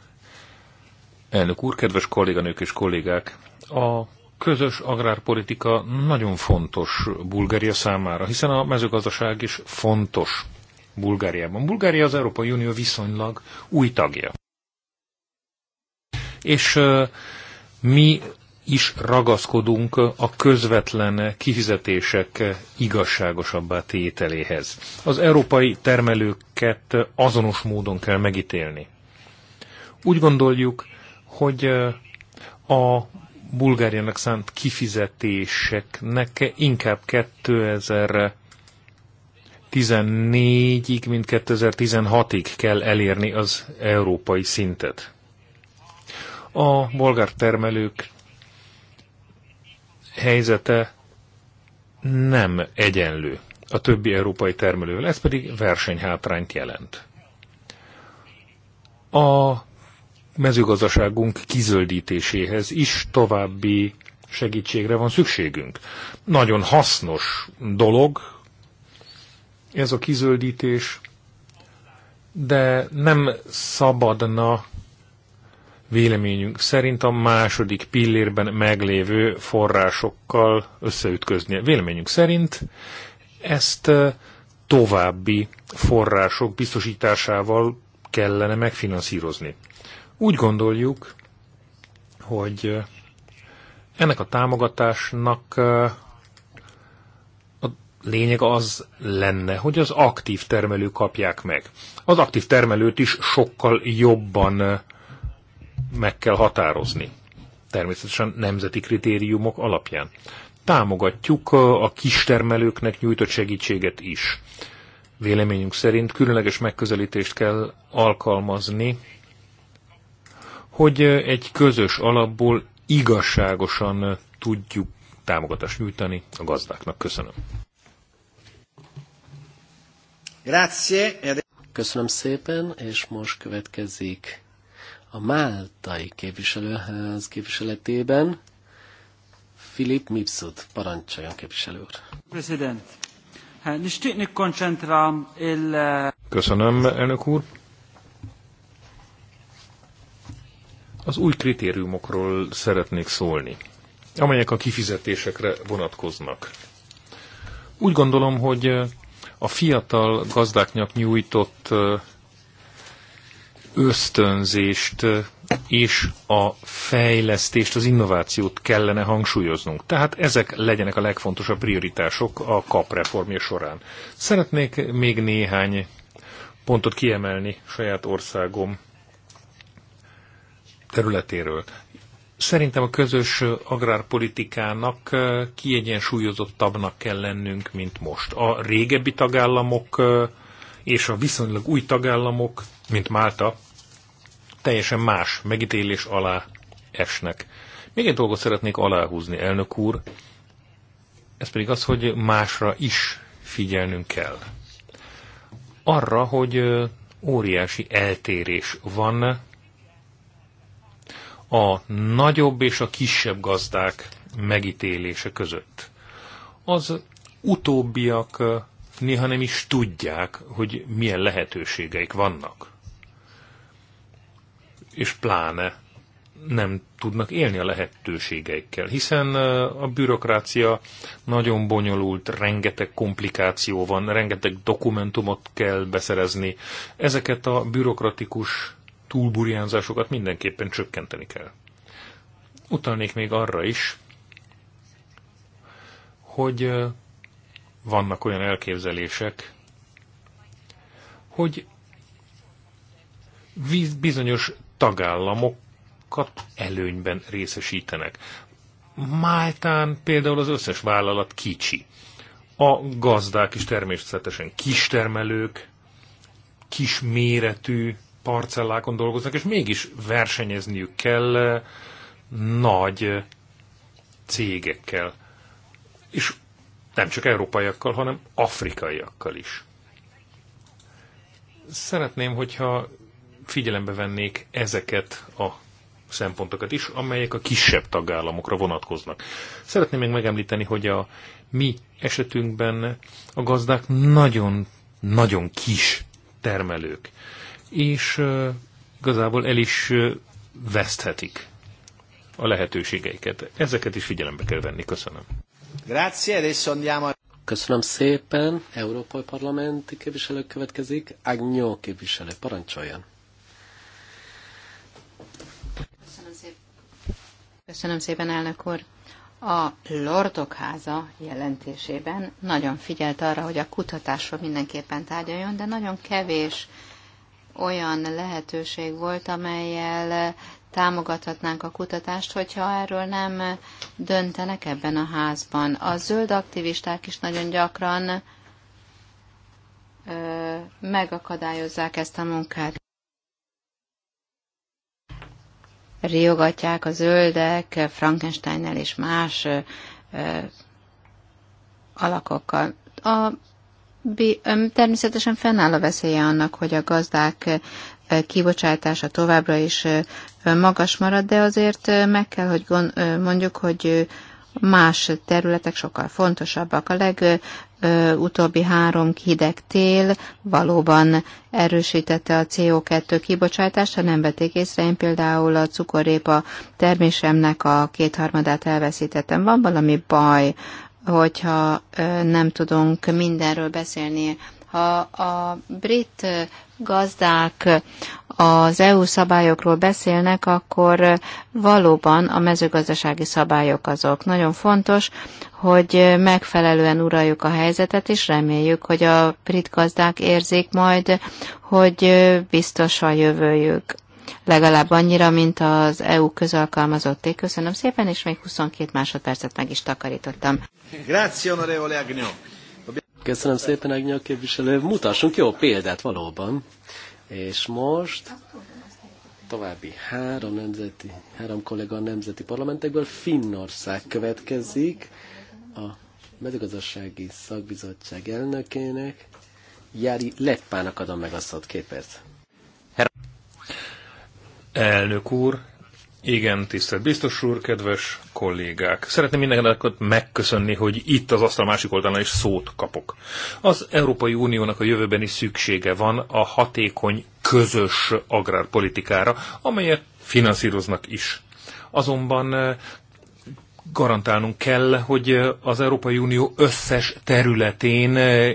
elnök úr, kedves kolléganők és kollégák. A közös agrárpolitika nagyon fontos Bulgária számára, hiszen a mezőgazdaság is fontos Bulgáriában. Bulgária az Európai Unió viszonylag új tagja és mi is ragaszkodunk a közvetlen kifizetések igazságosabbá tételéhez. Az európai termelőket azonos módon kell megítélni. Úgy gondoljuk, hogy a Bulgáriának szánt kifizetéseknek inkább 2014-ig, mint 2016-ig kell elérni az európai szintet. A bolgár termelők helyzete nem egyenlő a többi európai termelővel, ez pedig versenyhátrányt jelent. A mezőgazdaságunk kizöldítéséhez is további segítségre van szükségünk. Nagyon hasznos dolog ez a kizöldítés, de nem szabadna véleményünk szerint a második pillérben meglévő forrásokkal összeütköznie. Véleményünk szerint ezt további források biztosításával kellene megfinanszírozni. Úgy gondoljuk, hogy ennek a támogatásnak a lényeg az lenne, hogy az aktív termelők kapják meg. Az aktív termelőt is sokkal jobban meg kell határozni. Természetesen nemzeti kritériumok alapján. Támogatjuk a kistermelőknek nyújtott segítséget is. Véleményünk szerint különleges megközelítést kell alkalmazni, hogy egy közös alapból igazságosan tudjuk támogatást nyújtani a gazdáknak. Köszönöm. Grazie. E Köszönöm szépen, és most következik a máltai képviselőház képviseletében Filip Mipsud, parancsoljon képviselő úr. President, hát, Köszönöm, elnök úr. Az új kritériumokról szeretnék szólni, amelyek a kifizetésekre vonatkoznak. Úgy gondolom, hogy a fiatal gazdáknak nyújtott ösztönzést és a fejlesztést, az innovációt kellene hangsúlyoznunk. Tehát ezek legyenek a legfontosabb prioritások a KAP reformja során. Szeretnék még néhány pontot kiemelni saját országom területéről. Szerintem a közös agrárpolitikának kiegyensúlyozottabbnak kell lennünk, mint most. A régebbi tagállamok és a viszonylag új tagállamok, mint Málta, teljesen más megítélés alá esnek. Még egy dolgot szeretnék aláhúzni, elnök úr, ez pedig az, hogy másra is figyelnünk kell. Arra, hogy óriási eltérés van a nagyobb és a kisebb gazdák megítélése között. Az utóbbiak néha nem is tudják, hogy milyen lehetőségeik vannak és pláne nem tudnak élni a lehetőségeikkel, hiszen a bürokrácia nagyon bonyolult, rengeteg komplikáció van, rengeteg dokumentumot kell beszerezni. Ezeket a bürokratikus túlburjánzásokat mindenképpen csökkenteni kell. Utalnék még arra is, hogy vannak olyan elképzelések, hogy bizonyos tagállamokat előnyben részesítenek. Máltán például az összes vállalat kicsi. A gazdák is természetesen kistermelők, kisméretű parcellákon dolgoznak, és mégis versenyezniük kell eh, nagy eh, cégekkel. És nem csak európaiakkal, hanem afrikaiakkal is. Szeretném, hogyha figyelembe vennék ezeket a szempontokat is, amelyek a kisebb tagállamokra vonatkoznak. Szeretném még megemlíteni, hogy a mi esetünkben a gazdák nagyon-nagyon kis termelők, és uh, igazából el is uh, veszthetik a lehetőségeiket. Ezeket is figyelembe kell venni. Köszönöm. Grazie, adesso andiamo. Köszönöm szépen. Európai Parlamenti képviselő következik. Agnyó képviselő, parancsoljon. Köszönöm szépen. Köszönöm szépen, elnök úr. A Lordok háza jelentésében nagyon figyelt arra, hogy a kutatásról mindenképpen tárgyaljon, de nagyon kevés olyan lehetőség volt, amelyel támogathatnánk a kutatást, hogyha erről nem döntenek ebben a házban. A zöld aktivisták is nagyon gyakran ö, megakadályozzák ezt a munkát. riogatják a zöldek Frankensteinnel és más alakokkal. A, természetesen fennáll a veszélye annak, hogy a gazdák kibocsátása továbbra is magas marad, de azért meg kell, hogy mondjuk, hogy Más területek sokkal fontosabbak. A legutóbbi három hideg tél valóban erősítette a CO2 kibocsátást, ha nem vették észre, én például a cukorépa termésemnek a kétharmadát elveszítettem. Van valami baj, hogyha nem tudunk mindenről beszélni. Ha a brit gazdák az EU szabályokról beszélnek, akkor valóban a mezőgazdasági szabályok azok. Nagyon fontos, hogy megfelelően uraljuk a helyzetet, és reméljük, hogy a brit gazdák érzik majd, hogy biztos a jövőjük. Legalább annyira, mint az EU közalkalmazotté. Köszönöm szépen, és még 22 másodpercet meg is takarítottam. Köszönöm szépen, Agnew képviselő. Mutassunk jó példát valóban. És most további három, nemzeti, három kollega a nemzeti parlamentekből Finnország következik a mezőgazdasági szakbizottság elnökének, Jári Leppának adom meg a szót, két perc. Elnök úr, igen, tisztelt biztos úr, kedves kollégák! Szeretném mindenkinek megköszönni, hogy itt az asztal másik oldalán is szót kapok. Az Európai Uniónak a jövőben is szüksége van a hatékony közös agrárpolitikára, amelyet finanszíroznak is. Azonban eh, garantálnunk kell, hogy az Európai Unió összes területén eh,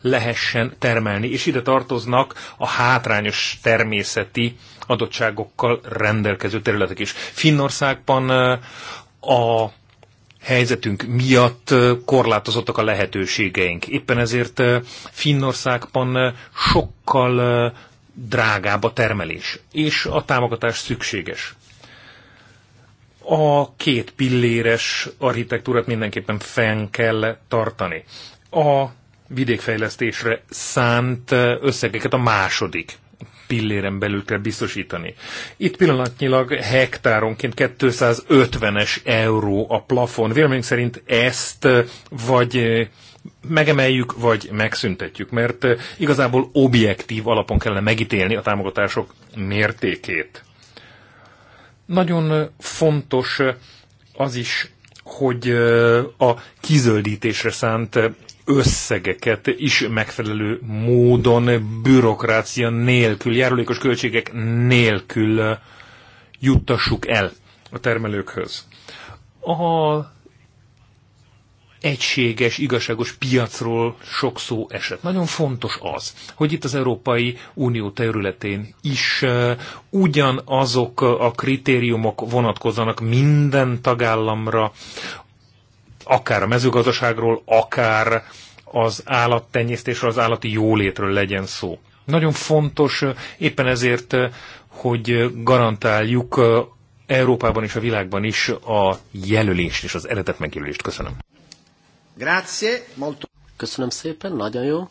lehessen termelni, és ide tartoznak a hátrányos természeti adottságokkal rendelkező területek is. Finnországban eh, a helyzetünk miatt eh, korlátozottak a lehetőségeink. Éppen ezért eh, Finnországban sokkal drágább a termelés, és a támogatás szükséges. A két pilléres architektúrát mindenképpen fenn kell tartani. A vidékfejlesztésre szánt összegeket a második pilléren belül kell biztosítani. Itt pillanatnyilag hektáronként 250-es euró a plafon. Vélemény szerint ezt eh, vagy eh, megemeljük, vagy megszüntetjük, mert eh, igazából objektív alapon kellene megítélni a támogatások mértékét. Nagyon fontos az is, hogy a kizöldítésre szánt összegeket is megfelelő módon, bürokrácia nélkül, járulékos költségek nélkül juttassuk el a termelőkhöz. A egységes, igazságos piacról sok szó esett. Nagyon fontos az, hogy itt az Európai Unió területén is eh, ugyanazok a kritériumok vonatkozzanak minden tagállamra, akár a mezőgazdaságról, akár az állattenyésztésről, az állati jólétről legyen szó. Nagyon fontos éppen ezért, hogy garantáljuk Európában és a világban is a jelölést és az eredet megjelölést. Köszönöm. Grazie, molto. Köszönöm szépen, nagyon jó.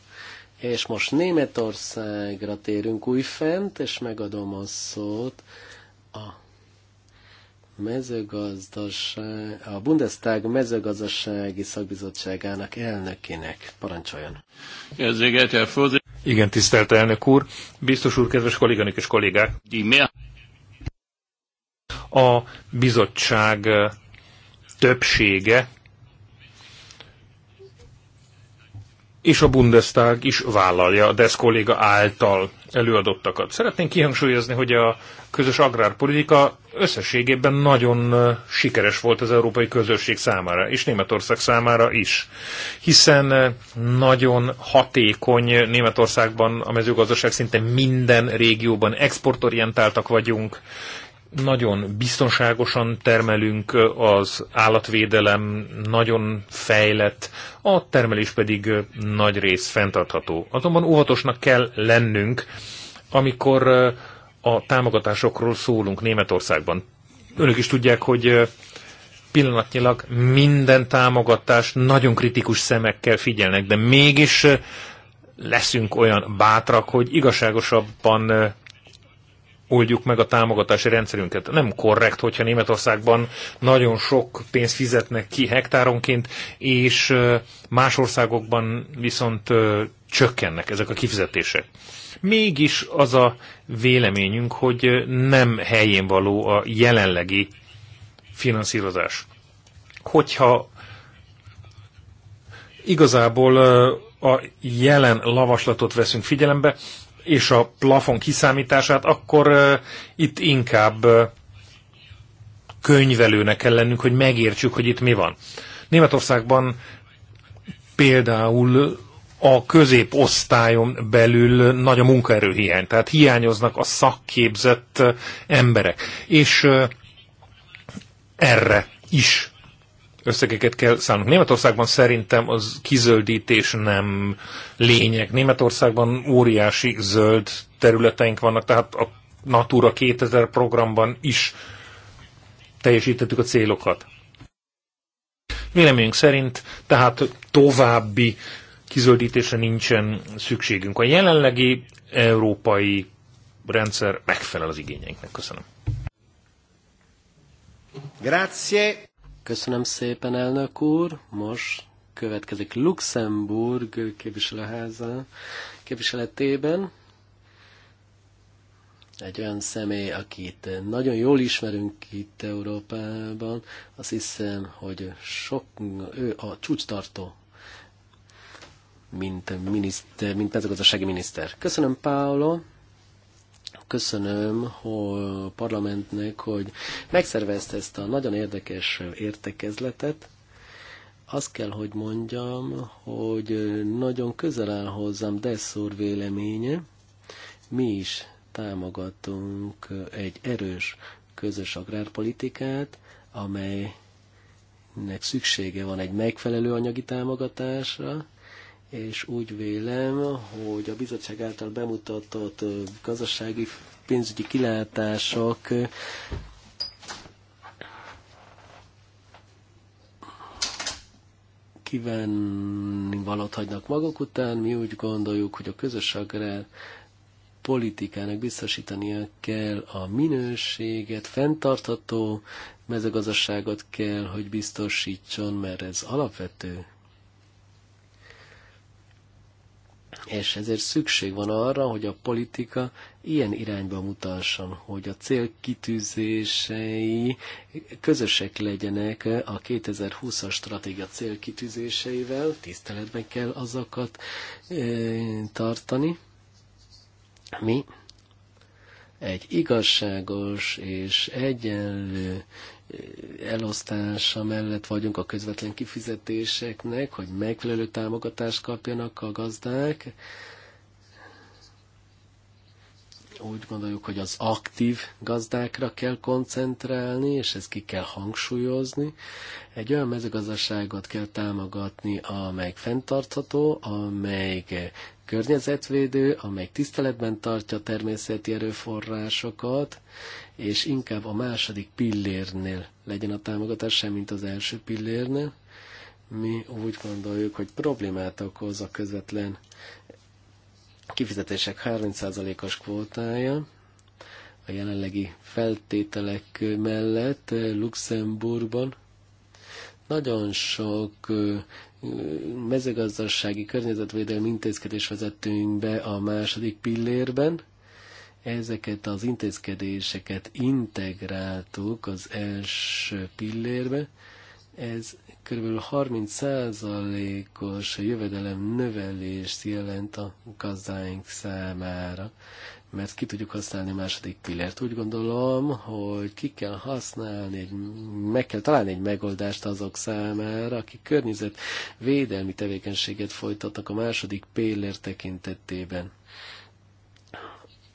És most Németországra térünk újfent, és megadom a szót a mezőgazdaság, a Bundestag mezőgazdasági szakbizottságának elnökének. Parancsoljon. Igen, tisztelt elnök úr, biztos úr, kedves kolléganik és kollégák. A bizottság többsége és a Bundestag is vállalja a DESZ kolléga által előadottakat. Szeretnénk kihangsúlyozni, hogy a közös agrárpolitika összességében nagyon sikeres volt az európai közösség számára, és Németország számára is. Hiszen nagyon hatékony Németországban a mezőgazdaság szinte minden régióban exportorientáltak vagyunk, nagyon biztonságosan termelünk, az állatvédelem nagyon fejlett, a termelés pedig nagy rész fenntartható. Azonban óvatosnak kell lennünk, amikor a támogatásokról szólunk Németországban. Önök is tudják, hogy pillanatnyilag minden támogatás nagyon kritikus szemekkel figyelnek, de mégis leszünk olyan bátrak, hogy igazságosabban oldjuk meg a támogatási rendszerünket. Nem korrekt, hogyha Németországban nagyon sok pénzt fizetnek ki hektáronként, és más országokban viszont csökkennek ezek a kifizetések. Mégis az a véleményünk, hogy nem helyén való a jelenlegi finanszírozás. Hogyha igazából a jelen lavaslatot veszünk figyelembe, és a plafon kiszámítását, akkor itt inkább könyvelőnek kell lennünk, hogy megértsük, hogy itt mi van. Németországban például a középosztályon belül nagy a munkaerőhiány, tehát hiányoznak a szakképzett emberek. És erre is összegeket kell szállnunk. Németországban szerintem az kizöldítés nem lényeg. Németországban óriási zöld területeink vannak, tehát a Natura 2000 programban is teljesítettük a célokat. Véleményünk szerint tehát további kizöldítésre nincsen szükségünk. A jelenlegi európai rendszer megfelel az igényeinknek. Köszönöm. Grazie. Köszönöm szépen, elnök úr. Most következik Luxemburg képviselőháza képviseletében. Egy olyan személy, akit nagyon jól ismerünk itt Európában. Azt hiszem, hogy sok, ő a csúcstartó mint, miniszter, mint mezőgazdasági miniszter. Köszönöm, Paolo köszönöm a parlamentnek, hogy megszervezte ezt a nagyon érdekes értekezletet. Azt kell, hogy mondjam, hogy nagyon közel áll hozzám Dessor véleménye. Mi is támogatunk egy erős közös agrárpolitikát, amelynek szüksége van egy megfelelő anyagi támogatásra, és úgy vélem, hogy a bizottság által bemutatott gazdasági pénzügyi kilátások kívánni valót hagynak maguk után. Mi úgy gondoljuk, hogy a közös agrár politikának biztosítania kell a minőséget, fenntartható mezőgazdaságot kell, hogy biztosítson, mert ez alapvető és ezért szükség van arra, hogy a politika ilyen irányba mutasson, hogy a célkitűzései közösek legyenek a 2020-as stratégia célkitűzéseivel, tiszteletben kell azokat e, tartani. Mi egy igazságos és egyenlő elosztása mellett vagyunk a közvetlen kifizetéseknek, hogy megfelelő támogatást kapjanak a gazdák. Úgy gondoljuk, hogy az aktív gazdákra kell koncentrálni, és ezt ki kell hangsúlyozni. Egy olyan mezőgazdaságot kell támogatni, amely fenntartható, amely környezetvédő, amely tiszteletben tartja a természeti erőforrásokat, és inkább a második pillérnél legyen a támogatás, sem mint az első pillérnél. Mi úgy gondoljuk, hogy problémát okoz a közvetlen kifizetések 30%-os kvótája, a jelenlegi feltételek mellett eh, Luxemburgban nagyon sok eh, mezőgazdasági környezetvédelmi intézkedés vezettünk be a második pillérben, ezeket az intézkedéseket integráltuk az első pillérbe, ez kb. 30%-os jövedelem növelést jelent a gazdáink számára, mert ki tudjuk használni a második pillért. Úgy gondolom, hogy ki kell használni, egy, meg kell találni egy megoldást azok számára, akik környezetvédelmi tevékenységet folytatnak a második pillér tekintetében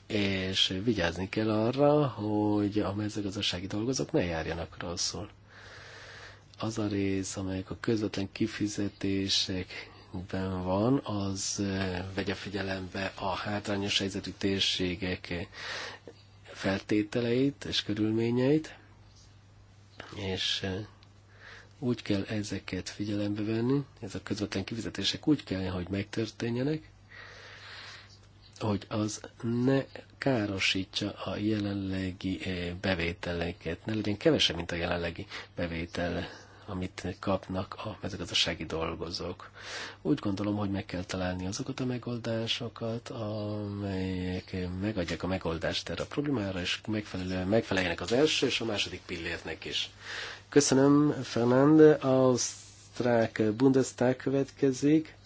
és vigyázni kell arra, hogy a mezőgazdasági dolgozók ne járjanak rosszul. Az a rész, amelyek a közvetlen kifizetések ben van, az eh, vegye figyelembe a hátrányos helyzetű térségek feltételeit és körülményeit, és eh, úgy kell ezeket figyelembe venni, ez a közvetlen kifizetések úgy kell, hogy megtörténjenek, hogy az ne károsítsa a jelenlegi eh, bevételeket, ne legyen kevesebb, mint a jelenlegi bevétel, amit kapnak a mezőgazdasági dolgozók. Úgy gondolom, hogy meg kell találni azokat a megoldásokat, amelyek megadják a megoldást erre a problémára, és megfelelően megfeleljenek az első és a második pillérnek is. Köszönöm, Fernand. Ausztrák Bundestag következik.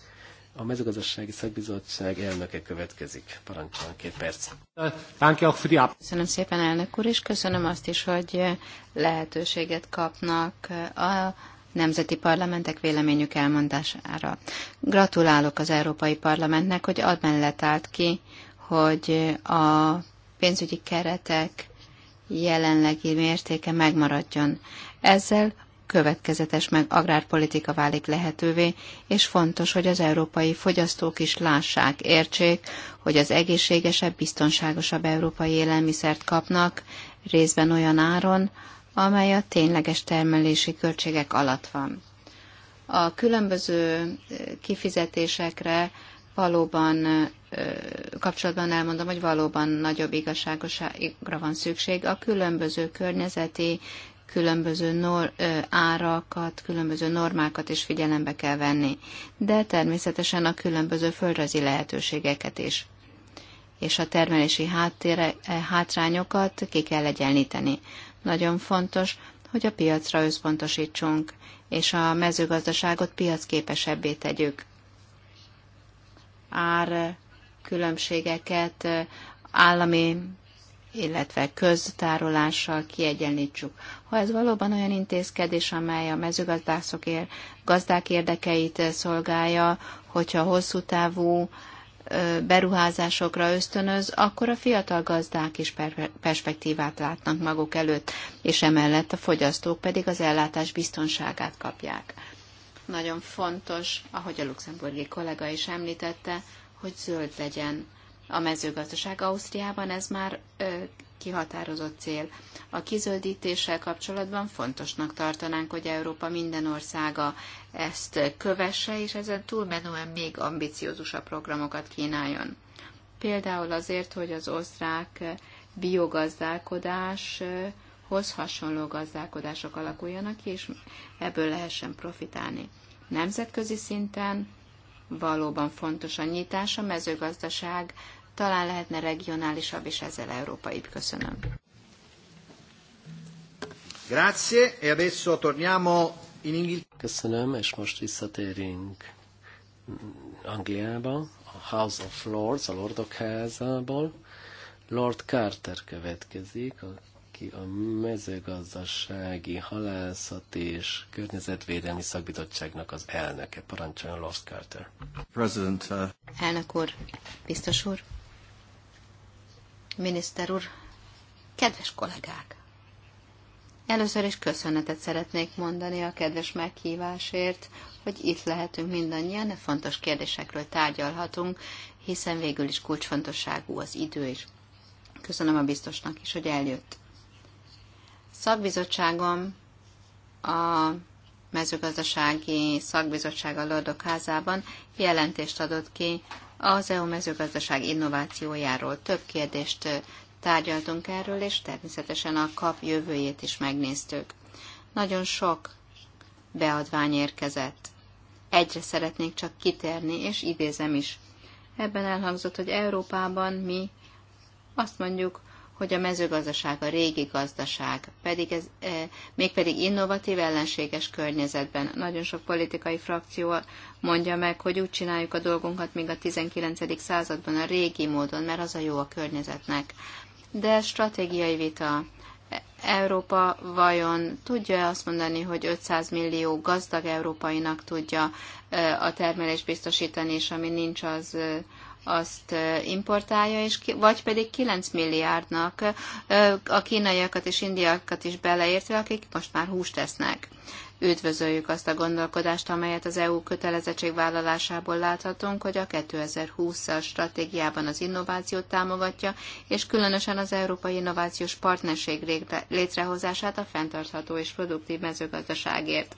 A mezőgazdasági szakbizottság elnöke következik. Parancsoljon két perc. Köszönöm szépen, elnök úr, és köszönöm azt is, hogy lehetőséget kapnak a nemzeti parlamentek véleményük elmondására. Gratulálok az Európai Parlamentnek, hogy ad mellett állt ki, hogy a pénzügyi keretek jelenlegi mértéke megmaradjon. Ezzel következetes meg agrárpolitika válik lehetővé, és fontos, hogy az európai fogyasztók is lássák, értsék, hogy az egészségesebb, biztonságosabb európai élelmiszert kapnak, részben olyan áron, amely a tényleges termelési költségek alatt van. A különböző kifizetésekre valóban kapcsolatban elmondom, hogy valóban nagyobb igazságosságra van szükség. A különböző környezeti különböző nor, ö, árakat, különböző normákat is figyelembe kell venni, de természetesen a különböző földrajzi lehetőségeket is. És a termelési háttére, hátrányokat ki kell egyenlíteni. Nagyon fontos, hogy a piacra összpontosítsunk, és a mezőgazdaságot piacképesebbé tegyük. Ár különbségeket állami illetve köztárolással kiegyenlítsük. Ha ez valóban olyan intézkedés, amely a mezőgazdászok ér, gazdák érdekeit eh, szolgálja, hogyha hosszú távú eh, beruházásokra ösztönöz, akkor a fiatal gazdák is perspektívát látnak maguk előtt, és emellett a fogyasztók pedig az ellátás biztonságát kapják. Nagyon fontos, ahogy a luxemburgi kollega is említette, hogy zöld legyen a mezőgazdaság Ausztriában ez már kihatározott cél. A kizöldítéssel kapcsolatban fontosnak tartanánk, hogy Európa minden országa ezt kövesse, és ezen túlmenően még ambiciózusabb programokat kínáljon. Például azért, hogy az osztrák biogazdálkodás hasonló gazdálkodások alakuljanak ki, és ebből lehessen profitálni. Nemzetközi szinten valóban fontos a nyitás a mezőgazdaság talán lehetne regionálisabb, és ezzel európai. Köszönöm. Grazie, e adesso torniamo in Inghilterra. Köszönöm, és most visszatérünk Angliába, a House of Lords, a Lordok házából. Lord Carter következik, aki a mezőgazdasági, halászat és környezetvédelmi szakbizottságnak az elnöke. Parancsoljon Lord Carter. President, uh... Elnök úr, biztos úr, Miniszter úr, kedves kollégák! Először is köszönetet szeretnék mondani a kedves meghívásért, hogy itt lehetünk mindannyian, fontos kérdésekről tárgyalhatunk, hiszen végül is kulcsfontosságú az idő is. Köszönöm a biztosnak is, hogy eljött. Szakbizottságom a mezőgazdasági szakbizottság a Lordok házában jelentést adott ki az EU mezőgazdaság innovációjáról több kérdést tárgyaltunk erről, és természetesen a kap jövőjét is megnéztük. Nagyon sok beadvány érkezett. Egyre szeretnék csak kitérni, és idézem is. Ebben elhangzott, hogy Európában mi azt mondjuk, hogy a mezőgazdaság a régi gazdaság, pedig ez, e, mégpedig innovatív, ellenséges környezetben. Nagyon sok politikai frakció mondja meg, hogy úgy csináljuk a dolgunkat, míg a 19. században a régi módon, mert az a jó a környezetnek. De stratégiai vita. Európa vajon tudja azt mondani, hogy 500 millió gazdag európainak tudja e, a termelést biztosítani, és ami nincs, az e, azt importálja, és ki, vagy pedig 9 milliárdnak a kínaiakat és indiakat is beleértve, akik most már húst tesznek. Üdvözöljük azt a gondolkodást, amelyet az EU kötelezettségvállalásából láthatunk, hogy a 2020-as stratégiában az innovációt támogatja, és különösen az Európai Innovációs Partnerség létrehozását a fenntartható és produktív mezőgazdaságért.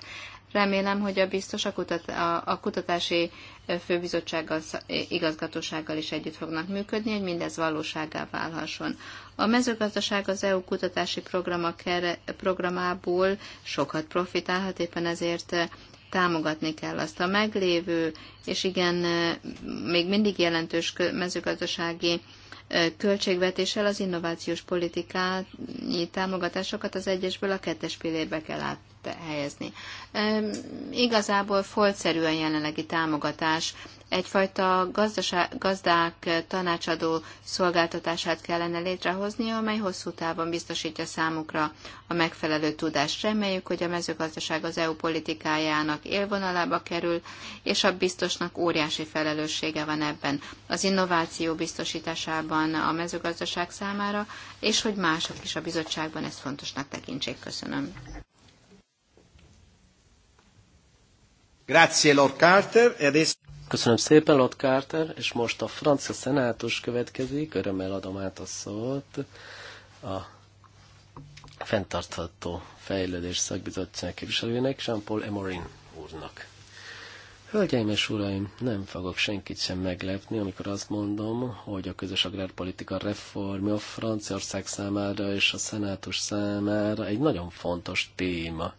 Remélem, hogy a biztos a, kutat, a, a kutatási eh, főbizottsággal, eh, igazgatósággal is együtt fognak működni, hogy mindez valóságá válhasson. A mezőgazdaság az EU kutatási programa, programából sokat profitálhat, éppen ezért eh, támogatni kell azt a meglévő, és igen, még mindig jelentős mezőgazdasági költségvetéssel az innovációs politikányi támogatásokat az egyesből a kettes pillérbe kell áthelyezni. Igazából foltszerű a jelenlegi támogatás. Egyfajta gazdaság, gazdák tanácsadó szolgáltatását kellene létrehozni, amely hosszú távon biztosítja számukra a megfelelő tudást. Reméljük, hogy a mezőgazdaság az EU politikájának élvonalába kerül, és a biztosnak óriási felelőssége van ebben. Az innováció biztosításában van a mezőgazdaság számára, és hogy mások is a bizottságban ezt fontosnak tekintsék. Köszönöm. Grazie, Lord Carter. E Köszönöm szépen, Lord Carter, és most a francia szenátus következik. Örömmel adom át a szót a fenntartható fejlődés szakbizottság képviselőjének, Jean-Paul Emorin úrnak. Hölgyeim és uraim, nem fogok senkit sem meglepni, amikor azt mondom, hogy a közös agrárpolitika reformja Franciaország számára és a szenátus számára egy nagyon fontos téma.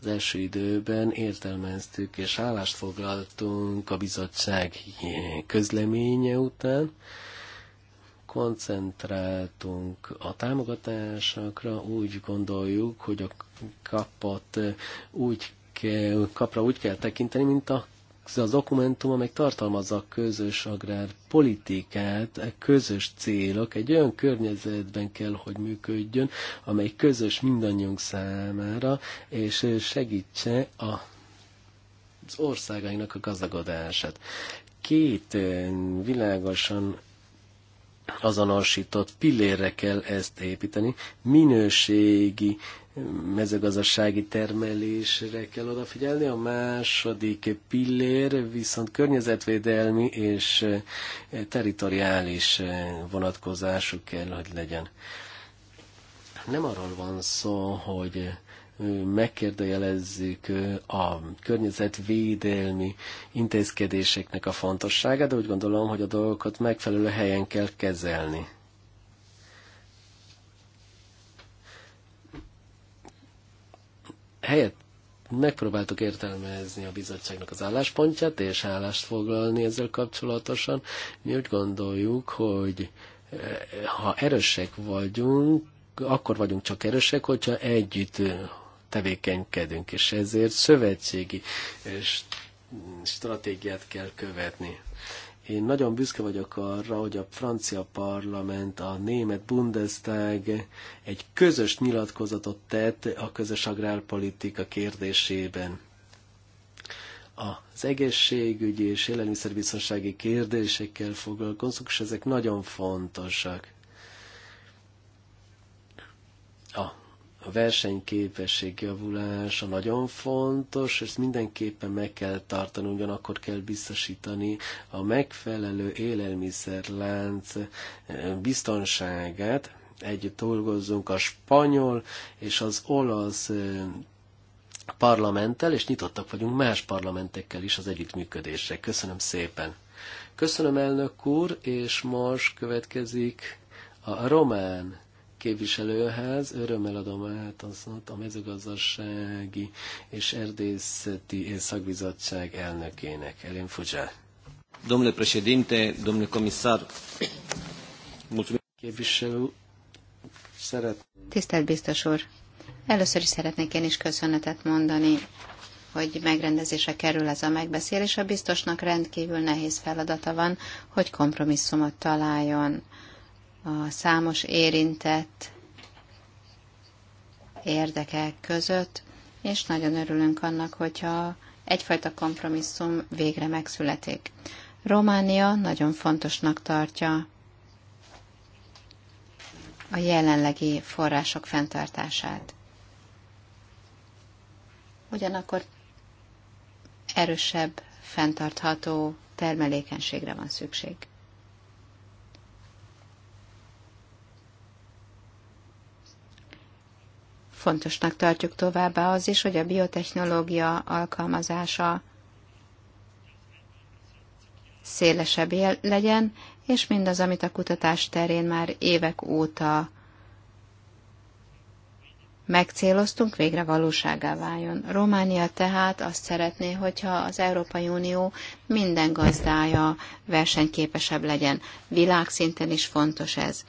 Az első időben értelmeztük és állást foglaltunk a bizottság közleménye után, koncentráltunk a támogatásokra, úgy gondoljuk, hogy a kapot úgy kell, kapra úgy kell tekinteni, mint a az a dokumentum, amely tartalmazza a közös agrárpolitikát, a e közös célok, egy olyan környezetben kell, hogy működjön, amely közös mindannyiunk számára, és segítse a, az országainak a gazdagodását. Két eh, világosan azonosított pillérre kell ezt építeni, minőségi mm, mezőgazdasági termelésre kell odafigyelni, a második pillér viszont környezetvédelmi és eh, teritoriális eh, vonatkozású kell, hogy legyen. Nem arról van szó, hogy megkérdőjelezzük a környezetvédelmi intézkedéseknek a fontosságát, de úgy gondolom, hogy a dolgokat megfelelő helyen kell kezelni. Helyett megpróbáltuk értelmezni a bizottságnak az álláspontját, és állást foglalni ezzel kapcsolatosan. Mi úgy gondoljuk, hogy eh, ha erősek vagyunk, akkor vagyunk csak erősek, hogyha együtt tevékenykedünk, és ezért szövetségi stratégiát kell követni. Én nagyon büszke vagyok arra, hogy a francia parlament, a német Bundestag egy közös nyilatkozatot tett a közös agrárpolitika kérdésében. Az egészségügyi és élelmiszerbiztonsági kérdésekkel foglalkozunk, és ezek nagyon fontosak. a versenyképesség javulása nagyon fontos, ezt mindenképpen meg kell tartani, ugyanakkor kell biztosítani a megfelelő élelmiszerlánc eh, biztonságát. Együtt dolgozzunk a spanyol és az olasz eh, parlamenttel, és nyitottak vagyunk más parlamentekkel is az együttműködésre. Köszönöm szépen! Köszönöm elnök úr, és most következik a román képviselőhez, örömmel adom át az, a mezőgazdasági és erdészeti szakbizottság elnökének, Elén Fudzsá. Domnule președinte, domnule comisar, Képviselő, szeret. Tisztelt biztos úr, először is szeretnék én is köszönetet mondani hogy megrendezése kerül ez a megbeszélés, a biztosnak rendkívül nehéz feladata van, hogy kompromisszumot találjon a számos érintett érdekek között, és nagyon örülünk annak, hogyha egyfajta kompromisszum végre megszületik. Románia nagyon fontosnak tartja a jelenlegi források fenntartását. Ugyanakkor erősebb, fenntartható termelékenységre van szükség. Fontosnak tartjuk továbbá az is, hogy a biotechnológia alkalmazása szélesebb legyen, és mindaz, amit a kutatás terén már évek óta megcéloztunk, végre valóságá váljon. Románia tehát azt szeretné, hogyha az Európai Unió minden gazdája versenyképesebb legyen. Világszinten is fontos ez.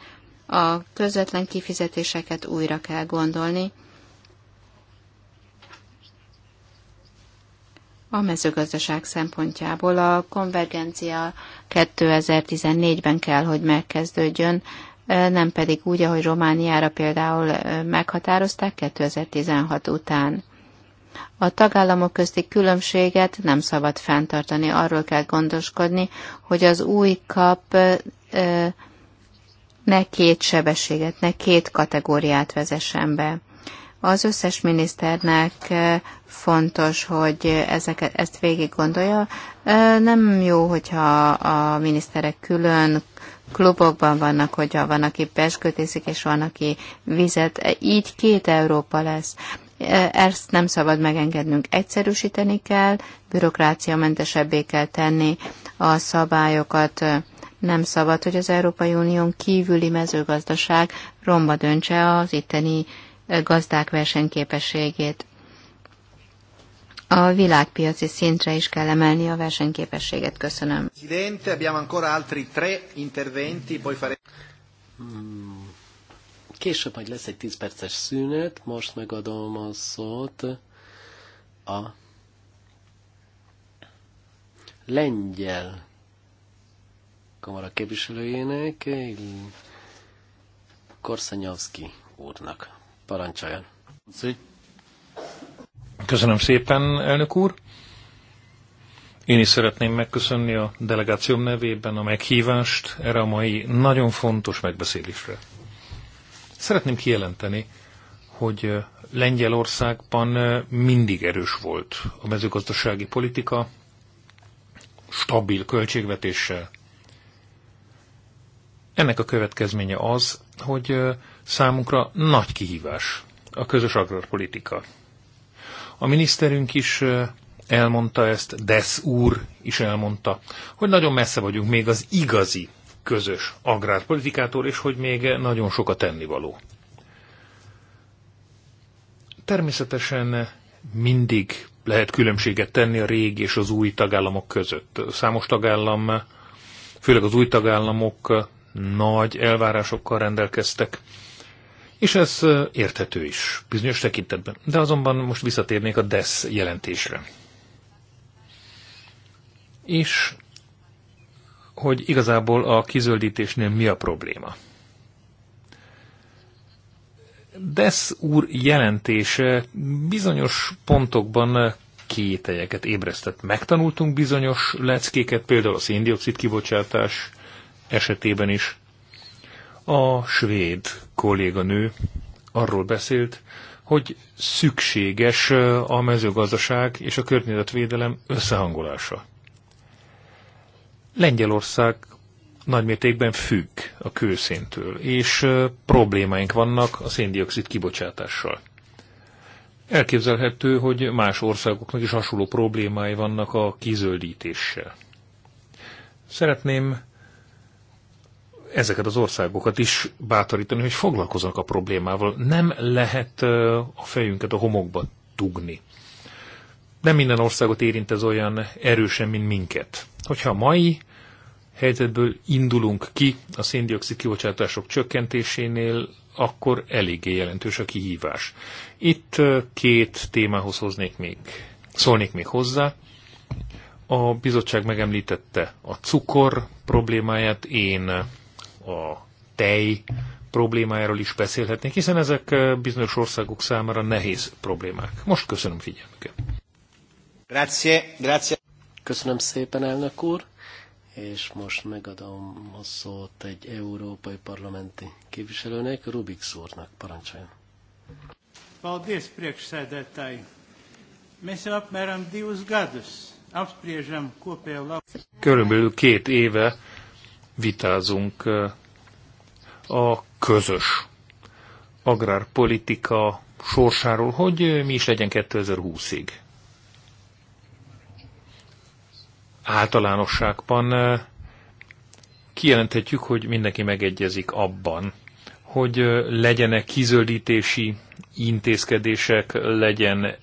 A közvetlen kifizetéseket újra kell gondolni, a mezőgazdaság szempontjából. A konvergencia 2014-ben kell, hogy megkezdődjön, nem pedig úgy, ahogy Romániára például meghatározták 2016 után. A tagállamok közti különbséget nem szabad fenntartani, arról kell gondoskodni, hogy az új kap ne két sebességet, ne két kategóriát vezessen be. Az összes miniszternek eh, fontos, hogy ezeket, ezt végig gondolja. Eh, nem jó, hogyha a miniszterek külön klubokban vannak, hogyha van, aki peskötészik, és van, aki vizet. Eh, így két Európa lesz. Ezt nem szabad megengednünk. Egyszerűsíteni kell, bürokráciamentesebbé kell tenni a szabályokat. Nem szabad, hogy az Európai Unión kívüli mezőgazdaság romba döntse az itteni gazdák versenyképességét. A világpiaci szintre is kell emelni a versenyképességet. Köszönöm. abbiamo ancora altri tre interventi, poi hmm. Később majd lesz egy 10 perces szünet, most megadom a szót a lengyel kamara képviselőjének, Korszanyovszki úrnak. Parancsoljon. Köszönöm szépen, elnök úr. Én is szeretném megköszönni a delegációm nevében a meghívást erre a mai nagyon fontos megbeszélésre. Szeretném kijelenteni, hogy Lengyelországban mindig erős volt a mezőgazdasági politika, stabil költségvetéssel. Ennek a következménye az, hogy Számunkra nagy kihívás a közös agrárpolitika. A miniszterünk is elmondta ezt, Desz úr is elmondta, hogy nagyon messze vagyunk még az igazi közös agrárpolitikától, és hogy még nagyon sok a tennivaló. Természetesen mindig lehet különbséget tenni a régi és az új tagállamok között. Számos tagállam, főleg az új tagállamok nagy elvárásokkal rendelkeztek és ez érthető is bizonyos tekintetben. De azonban most visszatérnék a DESZ jelentésre. És hogy igazából a kizöldítésnél mi a probléma. Desz úr jelentése bizonyos pontokban kételyeket ébresztett. Megtanultunk bizonyos leckéket, például a széndiokszid kibocsátás esetében is. A svéd kolléganő arról beszélt, hogy szükséges a mezőgazdaság és a környezetvédelem összehangolása. Lengyelország nagymértékben függ a kőszéntől, és problémáink vannak a széndiokszid kibocsátással. Elképzelhető, hogy más országoknak is hasonló problémái vannak a kizöldítéssel. Szeretném ezeket az országokat is bátorítani, hogy foglalkoznak a problémával. Nem lehet a fejünket a homokba dugni. Nem minden országot érint ez olyan erősen, mint minket. Hogyha a mai helyzetből indulunk ki a széndiokszid kibocsátások csökkentésénél, akkor eléggé jelentős a kihívás. Itt két témához hoznék még, szólnék még hozzá. A bizottság megemlítette a cukor problémáját, én a tej problémájáról is beszélhetnék, hiszen ezek eh, bizonyos országok számára nehéz problémák. Most köszönöm figyelmüket. Grazie, grazie. Köszönöm szépen, elnök úr, és most megadom a szót egy európai parlamenti képviselőnek, Rubik úrnak. Parancsoljon. Paldies, priekšsēdētāji. Mēs jau apmēram divus gadus apspriežam kopējo labu. Körülbelül két éve vitázunk a közös agrárpolitika sorsáról, hogy mi is legyen 2020-ig. Általánosságban kijelenthetjük, hogy mindenki megegyezik abban, hogy legyenek kizöldítési intézkedések, legyen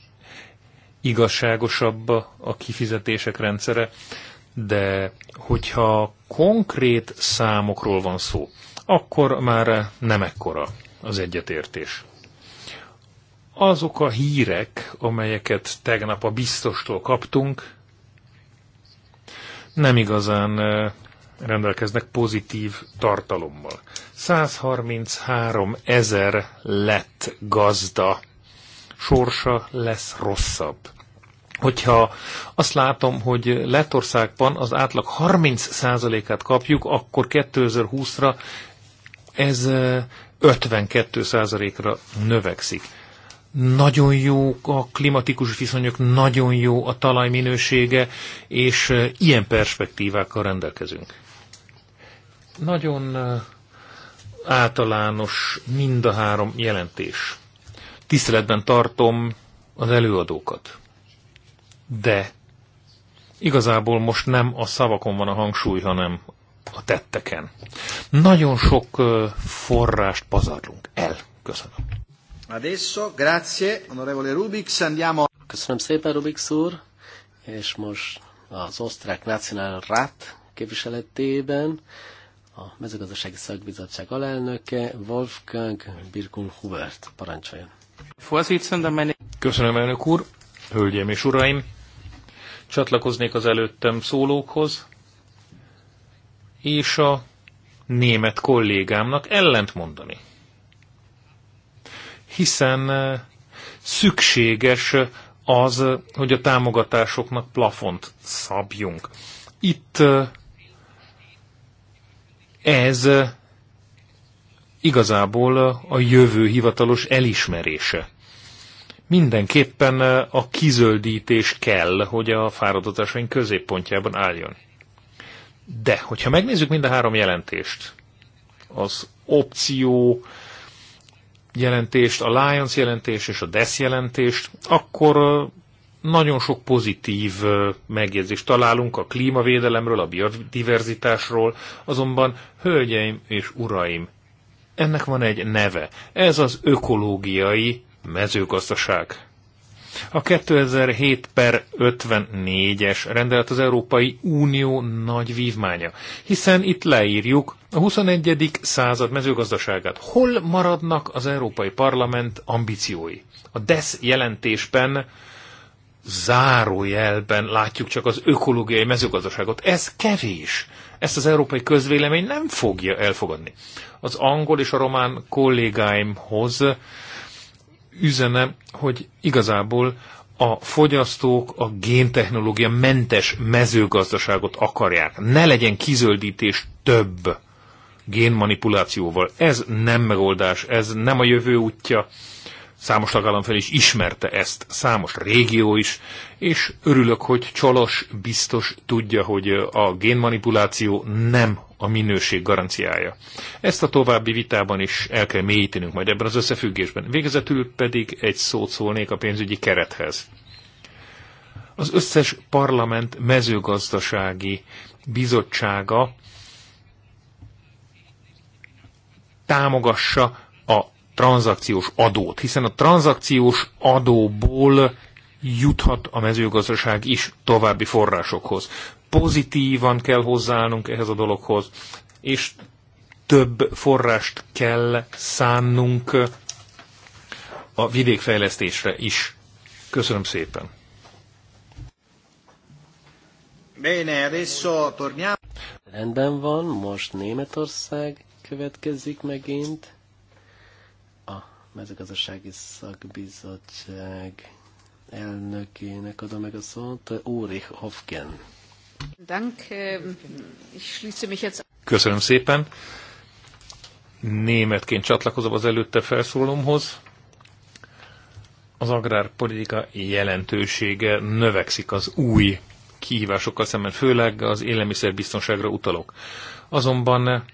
igazságosabb a kifizetések rendszere de hogyha konkrét számokról van szó, akkor már nem ekkora az egyetértés. Azok a hírek, amelyeket tegnap a biztostól kaptunk, nem igazán rendelkeznek pozitív tartalommal. 133 ezer lett gazda sorsa lesz rosszabb hogyha azt látom, hogy Lettországban az átlag 30%-át kapjuk, akkor 2020-ra ez 52%-ra növekszik. Nagyon jó a klimatikus viszonyok, nagyon jó a talaj minősége, és ilyen perspektívákkal rendelkezünk. Nagyon általános mind a három jelentés. Tiszteletben tartom az előadókat de igazából most nem a szavakon van a hangsúly, hanem a tetteken. Nagyon sok forrást pazarlunk el. Köszönöm. Adesso, grazie, onorevole Rubix, andiamo... Köszönöm szépen, Rubix úr, és most az osztrák National Rat képviseletében a mezőgazdasági szakbizottság alelnöke Wolfgang Birkun Hubert parancsoljon. Köszönöm, elnök úr, hölgyeim és uraim! csatlakoznék az előttem szólókhoz, és a német kollégámnak ellent mondani. Hiszen eh, szükséges az, hogy a támogatásoknak plafont szabjunk. Itt eh, ez eh, igazából a jövő hivatalos elismerése mindenképpen a kizöldítés kell, hogy a fáradozásaink középpontjában álljon. De, hogyha megnézzük mind a három jelentést, az opció jelentést, a Lions jelentést és a DESZ jelentést, akkor nagyon sok pozitív megjegyzést találunk a klímavédelemről, a biodiverzitásról, azonban, hölgyeim és uraim, ennek van egy neve. Ez az ökológiai mezőgazdaság. A 2007 per 54-es rendelet az Európai Unió nagy vívmánya, hiszen itt leírjuk a 21. század mezőgazdaságát. Hol maradnak az Európai Parlament ambíciói? A DESZ jelentésben zárójelben látjuk csak az ökológiai mezőgazdaságot. Ez kevés. Ezt az európai közvélemény nem fogja elfogadni. Az angol és a román kollégáimhoz üzene, hogy igazából a fogyasztók a géntechnológia mentes mezőgazdaságot akarják. Ne legyen kizöldítés több génmanipulációval. Ez nem megoldás, ez nem a jövő útja. Számos tagállam fel is ismerte ezt, számos régió is és örülök, hogy Csalas biztos tudja, hogy a génmanipuláció nem a minőség garanciája. Ezt a további vitában is el kell mélyítenünk majd ebben az összefüggésben. Végezetül pedig egy szót szólnék a pénzügyi kerethez. Az összes parlament mezőgazdasági bizottsága támogassa a tranzakciós adót, hiszen a tranzakciós adóból juthat a mezőgazdaság is további forrásokhoz. Pozitívan kell hozzáállnunk ehhez a dologhoz, és több forrást kell szánnunk a vidékfejlesztésre is. Köszönöm szépen. Bene, adesso torniamo. Rendben van, most Németország következik megint. A mezőgazdasági szakbizottság elnökének adom meg a szót, Úrich Hofgen. Eh, Köszönöm szépen. Németként csatlakozom az előtte felszólomhoz. Az agrárpolitika jelentősége növekszik az új kihívásokkal szemben, főleg az élelmiszerbiztonságra utalok. Azonban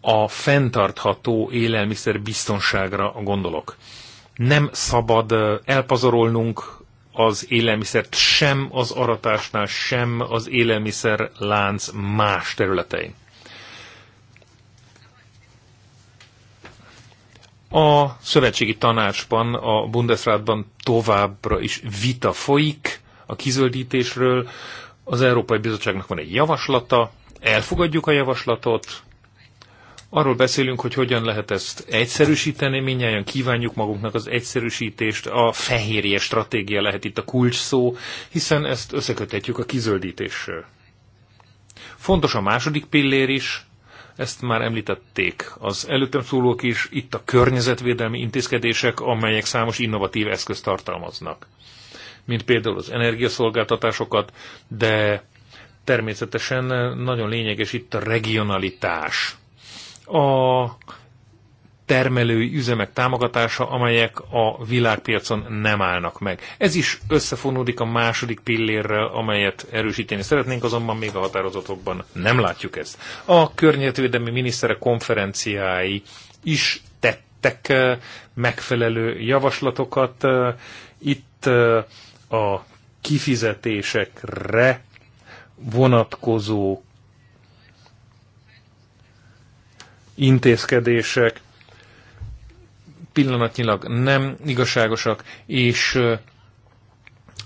a fenntartható élelmiszerbiztonságra gondolok nem szabad elpazarolnunk az élelmiszert sem az aratásnál, sem az élelmiszer lánc más területein. A szövetségi tanácsban, a Bundesrátban továbbra is vita folyik a kizöldítésről. Az Európai Bizottságnak van egy javaslata, elfogadjuk a javaslatot, Arról beszélünk, hogy hogyan lehet ezt egyszerűsíteni, minnyáján kívánjuk magunknak az egyszerűsítést, a fehérje stratégia lehet itt a kulcs szó, hiszen ezt összekötetjük a kizöldítéssel. Fontos a második pillér is, ezt már említették az előttem szólók is, itt a környezetvédelmi intézkedések, amelyek számos innovatív eszközt tartalmaznak, mint például az energiaszolgáltatásokat, de természetesen nagyon lényeges itt a regionalitás a termelői üzemek támogatása, amelyek a világpiacon nem állnak meg. Ez is összefonódik a második pillérrel, amelyet erősíteni szeretnénk, azonban még a határozatokban nem látjuk ezt. A környezetvédelmi miniszterek konferenciái is tettek eh, megfelelő javaslatokat. Eh, itt eh, a kifizetésekre vonatkozó intézkedések pillanatnyilag nem igazságosak, és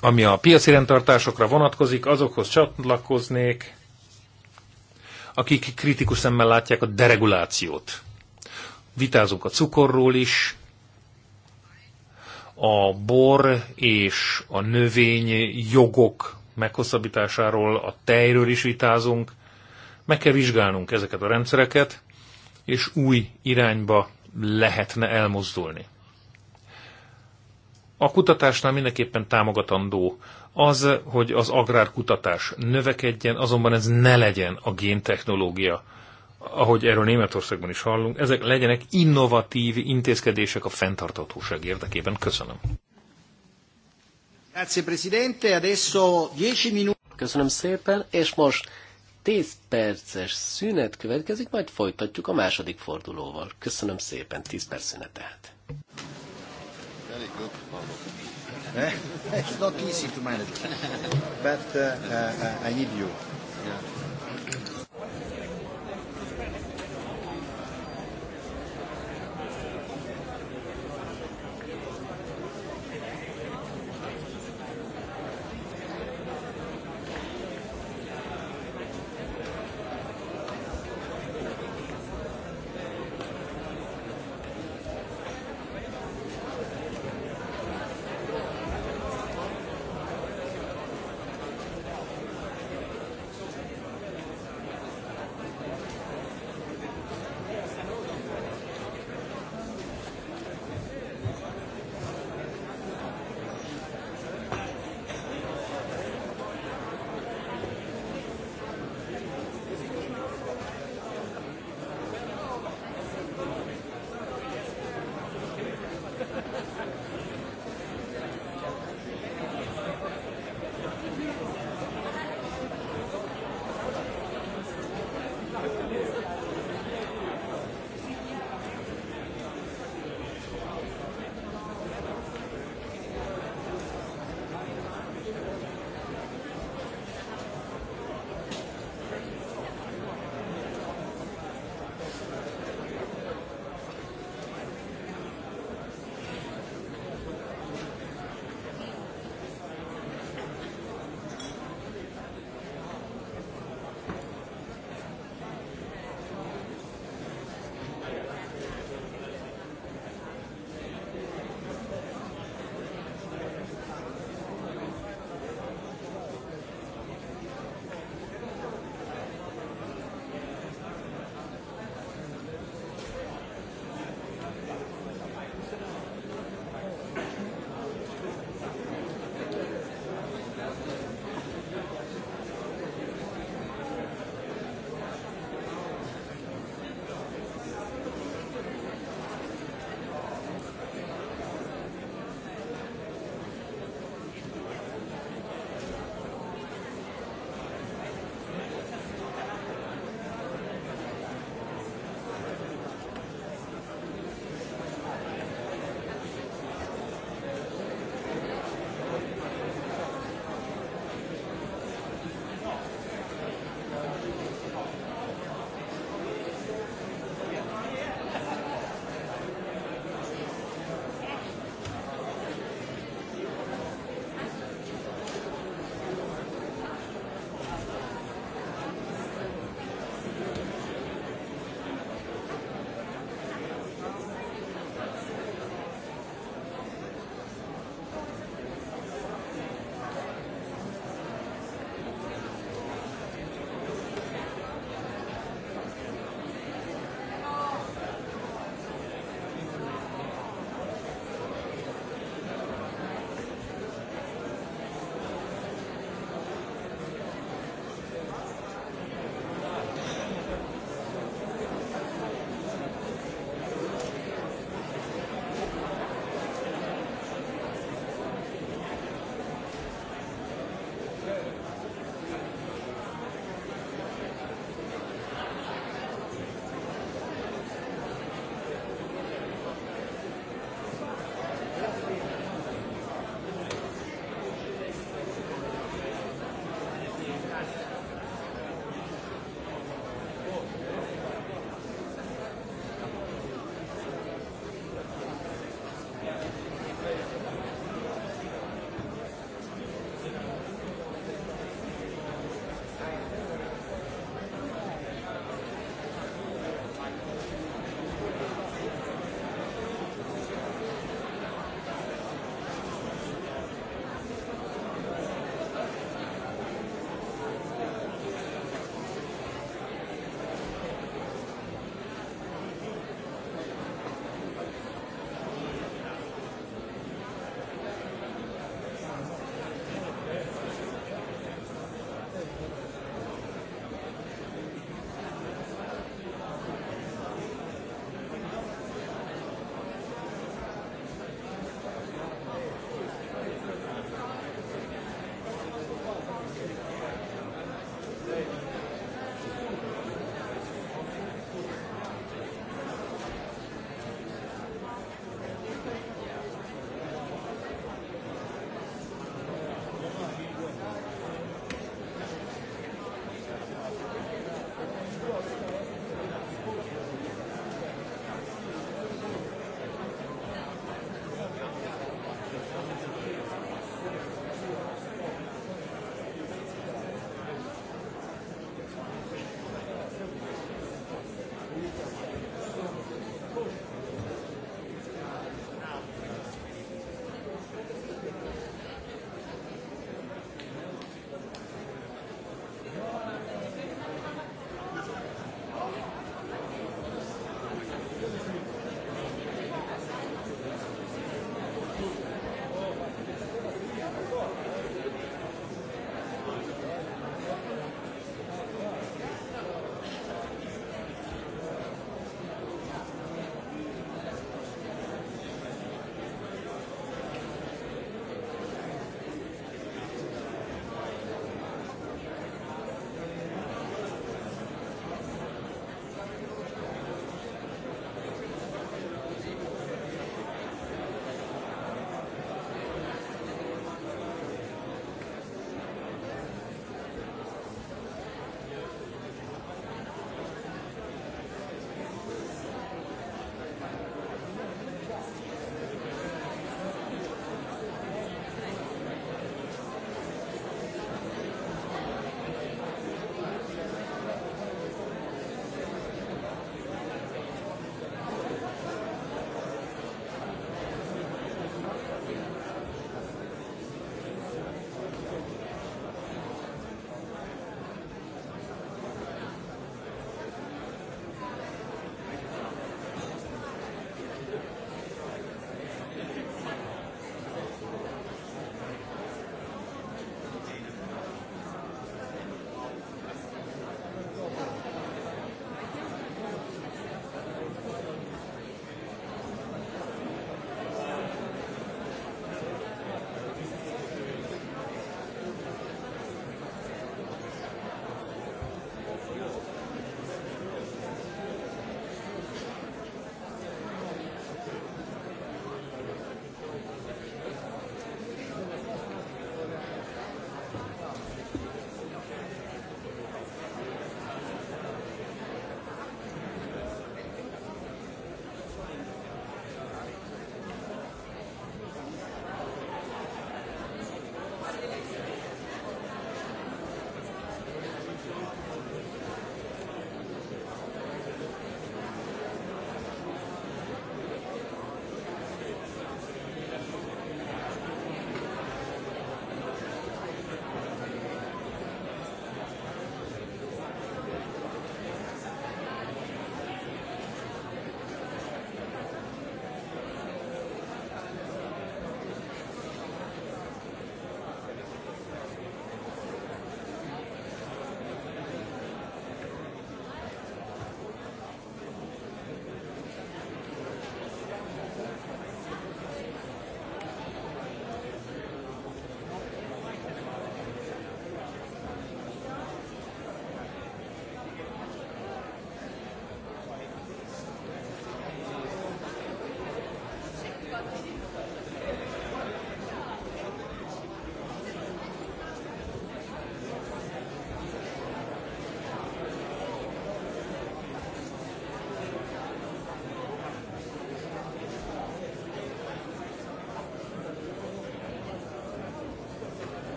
ami a piaci rendtartásokra vonatkozik, azokhoz csatlakoznék, akik kritikus szemmel látják a deregulációt. Vitázunk a cukorról is, a bor és a növény jogok meghosszabbításáról, a tejről is vitázunk. Meg kell vizsgálnunk ezeket a rendszereket, és új irányba lehetne elmozdulni. A kutatásnál mindenképpen támogatandó az, hogy az agrárkutatás növekedjen, azonban ez ne legyen a géntechnológia, ahogy erről Németországban is hallunk, ezek legyenek innovatív intézkedések a fenntarthatóság érdekében. Köszönöm. Köszönöm szépen, és most 10 perces szünet következik, majd folytatjuk a második fordulóval. Köszönöm szépen, 10 perc szünet tehát. Eh? It's not easy to manage, but uh, uh, uh I need you. Yeah.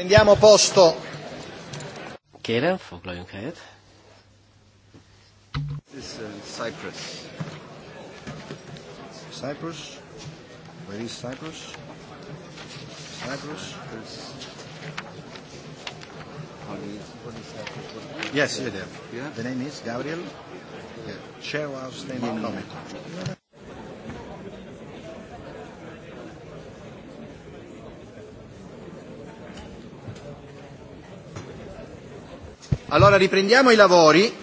Prendiamo posto. Kérem, foglaljunk helyet. This is uh, Cyprus. Cyprus? Where is Cyprus? Cyprus? There's... Yes, you do. Yeah. The name is Gabriel, the chair of standing committee. Allora riprendiamo i lavori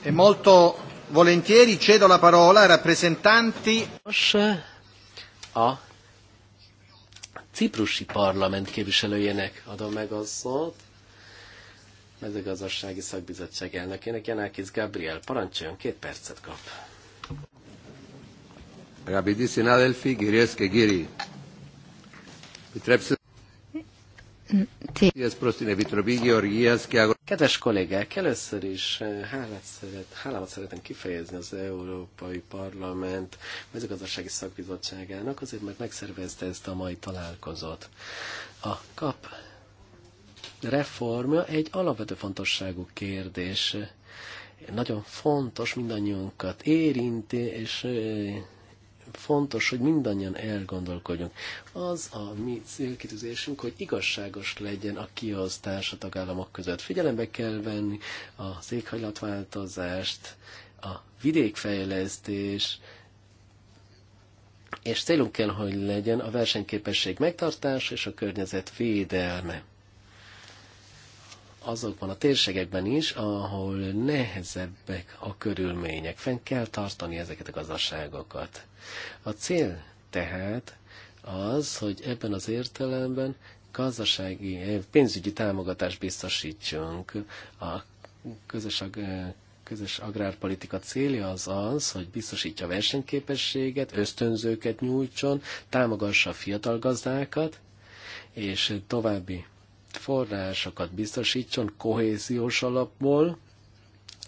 e molto volentieri cedo la parola ai rappresentanti. A ciprusi parlament képviselőjének adom meg a szót, mezőgazdasági szakbizottság elnökének, Janákis Gabriel. Parancsoljon, két percet kap. Αγαπητοί συνάδελφοι, κυρίες Giri, κύριοι, Kedves kollégák, először is eh, hálát szeret, hálámat szeretem kifejezni az Európai Parlament mezőgazdasági szakbizottságának, azért mert megszervezte ezt a mai találkozót. A kap reformja egy alapvető fontosságú kérdés. Nagyon fontos, mindannyiunkat érinti, és eh, fontos, hogy mindannyian elgondolkodjunk. Az a mi célkitűzésünk, hogy igazságos legyen a kiosztás a tagállamok között. Figyelembe kell venni a éghajlatváltozást, a vidékfejlesztés, és célunk kell, hogy legyen a versenyképesség megtartása és a környezet védelme azokban a térségekben is, ahol nehezebbek a körülmények. Fenn kell tartani ezeket a gazdaságokat. A cél tehát az, hogy ebben az értelemben gazdasági, eh, pénzügyi támogatást biztosítsunk. A közös, ag, eh, közös agrárpolitika célja az az, hogy biztosítja a versenyképességet, ösztönzőket nyújtson, támogassa a fiatal gazdákat, és további forrásokat biztosítson kohéziós alapból,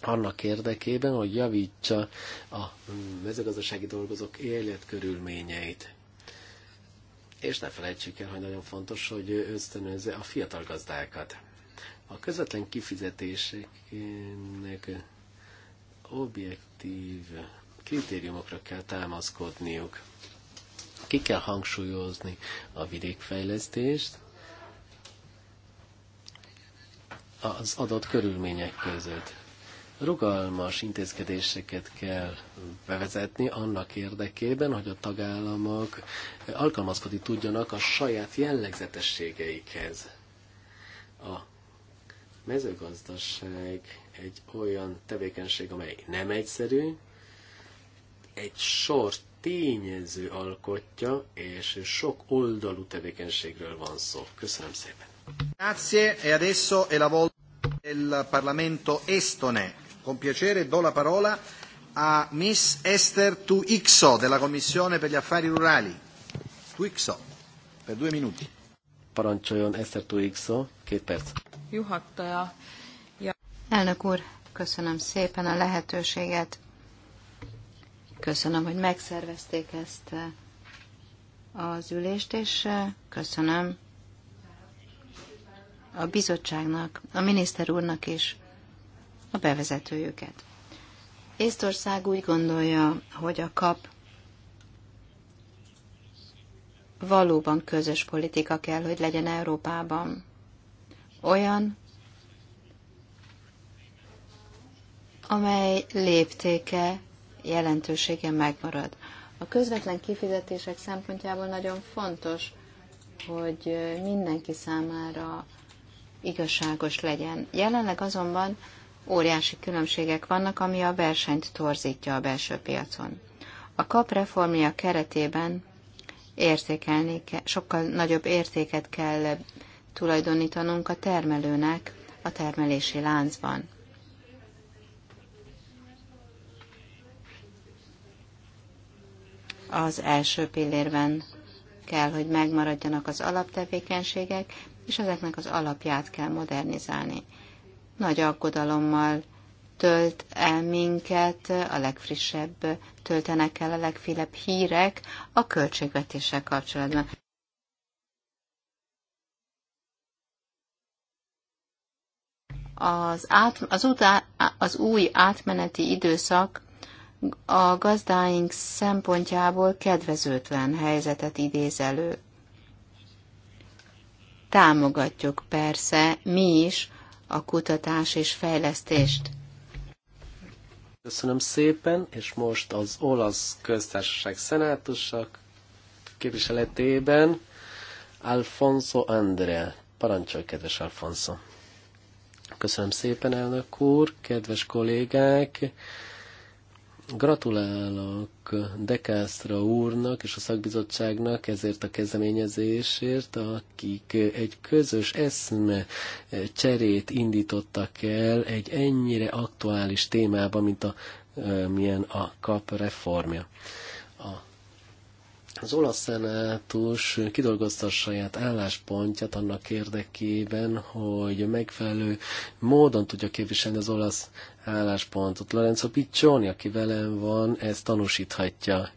annak érdekében, hogy javítsa a mezőgazdasági dolgozók életkörülményeit. És ne felejtsük el, hogy nagyon fontos, hogy ösztönözze a fiatal gazdákat. A közvetlen kifizetéseknek objektív kritériumokra kell támaszkodniuk. Ki kell hangsúlyozni a vidékfejlesztést, az adott körülmények között. Rugalmas intézkedéseket kell bevezetni annak érdekében, hogy a tagállamok alkalmazkodni tudjanak a saját jellegzetességeikhez. A mezőgazdaság egy olyan tevékenység, amely nem egyszerű, egy sor tényező alkotja, és sok oldalú tevékenységről van szó. Köszönöm szépen! Grazie e adesso è la volta del Parlamento estone. Con piacere do la parola a Miss Esther Tuixo della Commissione per gli Affari Rurali. Tuixo, per due minuti. Esther Tuixo, két perc. Hát, eh, Elnök úr, köszönöm szépen a lehetőséget. Köszönöm, hogy megszervezték ezt eh, az ülést, és eh, köszönöm a bizottságnak, a miniszter úrnak is a bevezetőjüket. Észtország úgy gondolja, hogy a kap valóban közös politika kell, hogy legyen Európában. Olyan, amely léptéke, jelentősége megmarad. A közvetlen kifizetések szempontjából nagyon fontos, hogy mindenki számára igazságos legyen. Jelenleg azonban óriási különbségek vannak, ami a versenyt torzítja a belső piacon. A kap reformja keretében értékelni ke- sokkal nagyobb értéket kell tulajdonítanunk a termelőnek a termelési láncban. Az első pillérben kell, hogy megmaradjanak az alaptevékenységek, és ezeknek az alapját kell modernizálni. Nagy aggodalommal tölt el minket, a legfrissebb töltenek el a legfélebb hírek a költségvetéssel kapcsolatban. Az, át, az, utá, az új átmeneti időszak a gazdáink szempontjából kedvezőtlen helyzetet idéz elő. Támogatjuk persze mi is a kutatás és fejlesztést. Köszönöm szépen, és most az olasz köztársaság szenátusak képviseletében Alfonso Andrea. Parancsolj, kedves Alfonso! Köszönöm szépen, elnök úr, kedves kollégák! Gratulálok Dekászra úrnak és a szakbizottságnak ezért a kezdeményezésért, akik egy közös eszme cserét indítottak el egy ennyire aktuális témában, mint a milyen a kap reformja az olasz szenátus kidolgozta saját álláspontját annak érdekében, hogy megfelelő módon tudja képviselni az olasz álláspontot. Lorenzo Piccioni, aki velem van, ezt tanúsíthatja.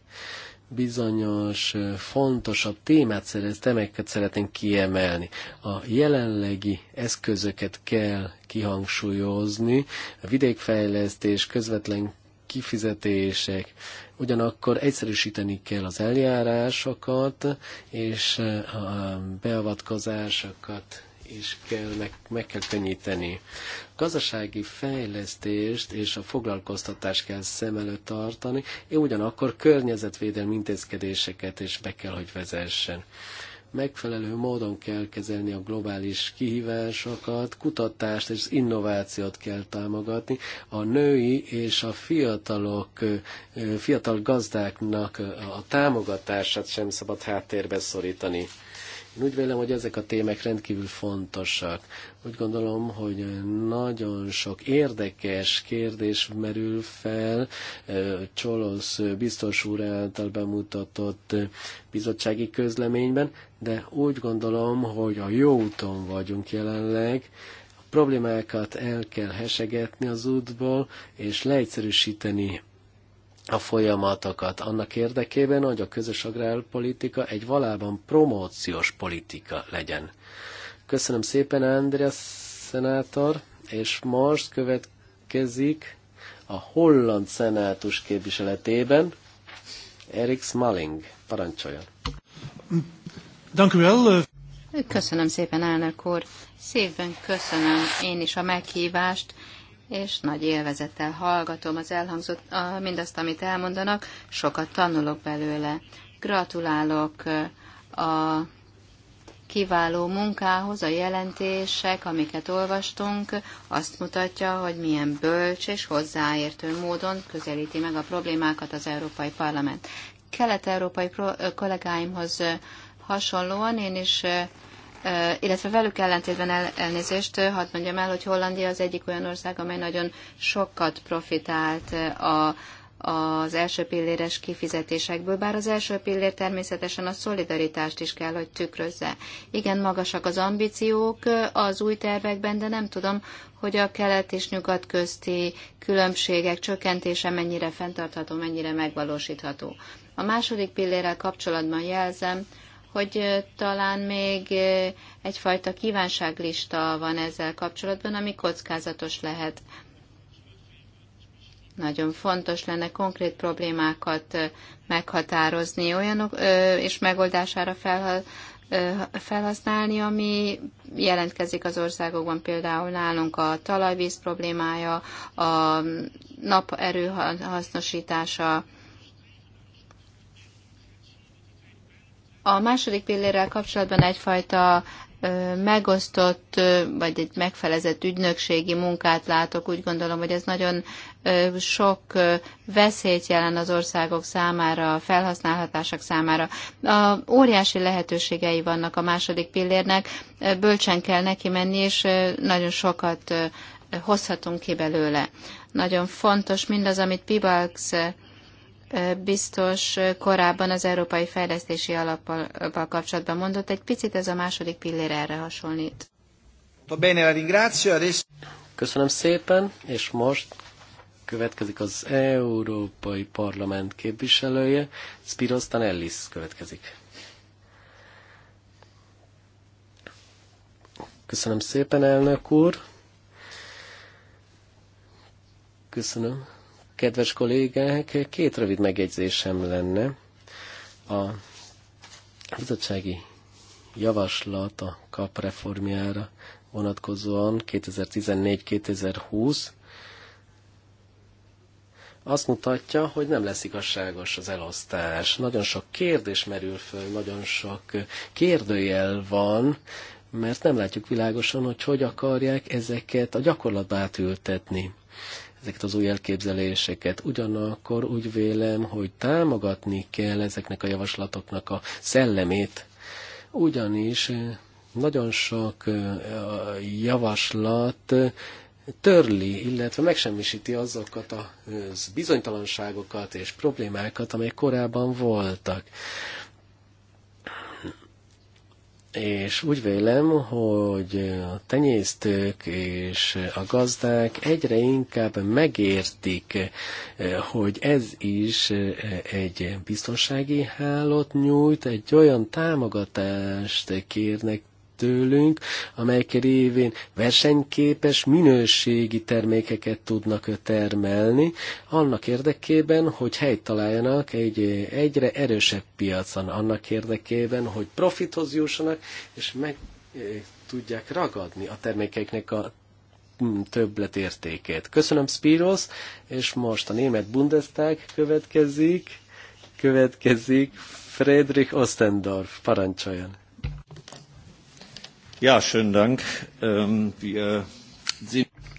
Bizonyos fontosabb témát, szereztem, témákat szeretnénk kiemelni. A jelenlegi eszközöket kell kihangsúlyozni, a vidékfejlesztés, közvetlen kifizetések, ugyanakkor egyszerűsíteni kell az eljárásokat, és a beavatkozásokat is kell, meg, meg kell könnyíteni. A gazdasági fejlesztést és a foglalkoztatást kell szem előtt tartani, és ugyanakkor környezetvédelmi intézkedéseket is be kell, hogy vezessen megfelelő módon kell kezelni a globális kihívásokat, kutatást és innovációt kell támogatni. A női és a fiatalok, fiatal gazdáknak a támogatását sem szabad háttérbe szorítani. Én úgy vélem, hogy ezek a témák rendkívül fontosak. Úgy gondolom, hogy nagyon sok érdekes kérdés merül fel Csolosz biztos úr által bemutatott bizottsági közleményben, de úgy gondolom, hogy a jó úton vagyunk jelenleg, a problémákat el kell hesegetni az útból, és leegyszerűsíteni a folyamatokat annak érdekében, hogy a közös agrárpolitika egy valában promóciós politika legyen. Köszönöm szépen, Andrea szenátor, és most következik a holland szenátus képviseletében Erik Smalling. Parancsoljon! Eh. Köszönöm szépen, elnök úr! Szépen köszönöm én is a meghívást, és nagy élvezettel hallgatom az elhangzott, a, mindazt, amit elmondanak, sokat tanulok belőle. Gratulálok a kiváló munkához, a jelentések, amiket olvastunk, azt mutatja, hogy milyen bölcs és hozzáértő módon közelíti meg a problémákat az Európai Parlament. Kelet-európai kollégáimhoz hasonlóan én is illetve velük ellentétben el, elnézést, hadd mondjam el, hogy Hollandia az egyik olyan ország, amely nagyon sokat profitált a, az első pilléres kifizetésekből, bár az első pillér természetesen a szolidaritást is kell, hogy tükrözze. Igen, magasak az ambíciók az új tervekben, de nem tudom, hogy a kelet és nyugat közti különbségek csökkentése mennyire fenntartható, mennyire megvalósítható. A második pillérrel kapcsolatban jelzem, hogy talán még egyfajta kívánságlista van ezzel kapcsolatban, ami kockázatos lehet. Nagyon fontos lenne konkrét problémákat meghatározni, olyanok, és megoldására felhasználni, ami jelentkezik az országokban, például nálunk a talajvíz problémája, a naperő hasznosítása, A második pillérrel kapcsolatban egyfajta megosztott, vagy egy megfelezett ügynökségi munkát látok. Úgy gondolom, hogy ez nagyon sok veszélyt jelen az országok számára, a felhasználhatások számára. A óriási lehetőségei vannak a második pillérnek, bölcsen kell neki menni, és nagyon sokat hozhatunk ki belőle. Nagyon fontos mindaz, amit Pibalks biztos korábban az Európai Fejlesztési Alappal kapcsolatban mondott, egy picit ez a második pillér erre hasonlít. Köszönöm szépen, és most következik az Európai Parlament képviselője, Spiros Tanellis következik. Köszönöm szépen, elnök úr. Köszönöm kedves kollégák, két rövid megjegyzésem lenne. A bizottsági javaslat a KAP reformjára vonatkozóan 2014-2020 azt mutatja, hogy nem lesz igazságos az elosztás. Nagyon sok kérdés merül föl, nagyon sok kérdőjel van, mert nem látjuk világosan, hogy hogy akarják ezeket a gyakorlatba átültetni ezeket az új elképzeléseket. Ugyanakkor úgy vélem, hogy támogatni kell ezeknek a javaslatoknak a szellemét, ugyanis eh, nagyon sok eh, javaslat eh, törli, illetve megsemmisíti azokat a bizonytalanságokat és problémákat, amelyek korábban voltak és úgy vélem, hogy a tenyésztők és a gazdák egyre inkább megértik, hogy ez is egy biztonsági hálót nyújt, egy olyan támogatást kérnek tőlünk, amelyek révén versenyképes, minőségi termékeket tudnak termelni, annak érdekében, hogy helyt találjanak egy egyre erősebb piacon, annak érdekében, hogy profithoz jussanak, és meg tudják ragadni a termékeknek a mm, többletértékét. Köszönöm Spiros, és most a német Bundestag következik, következik Friedrich Ostendorf, parancsoljon. Ja, schönen Dank. Ähm,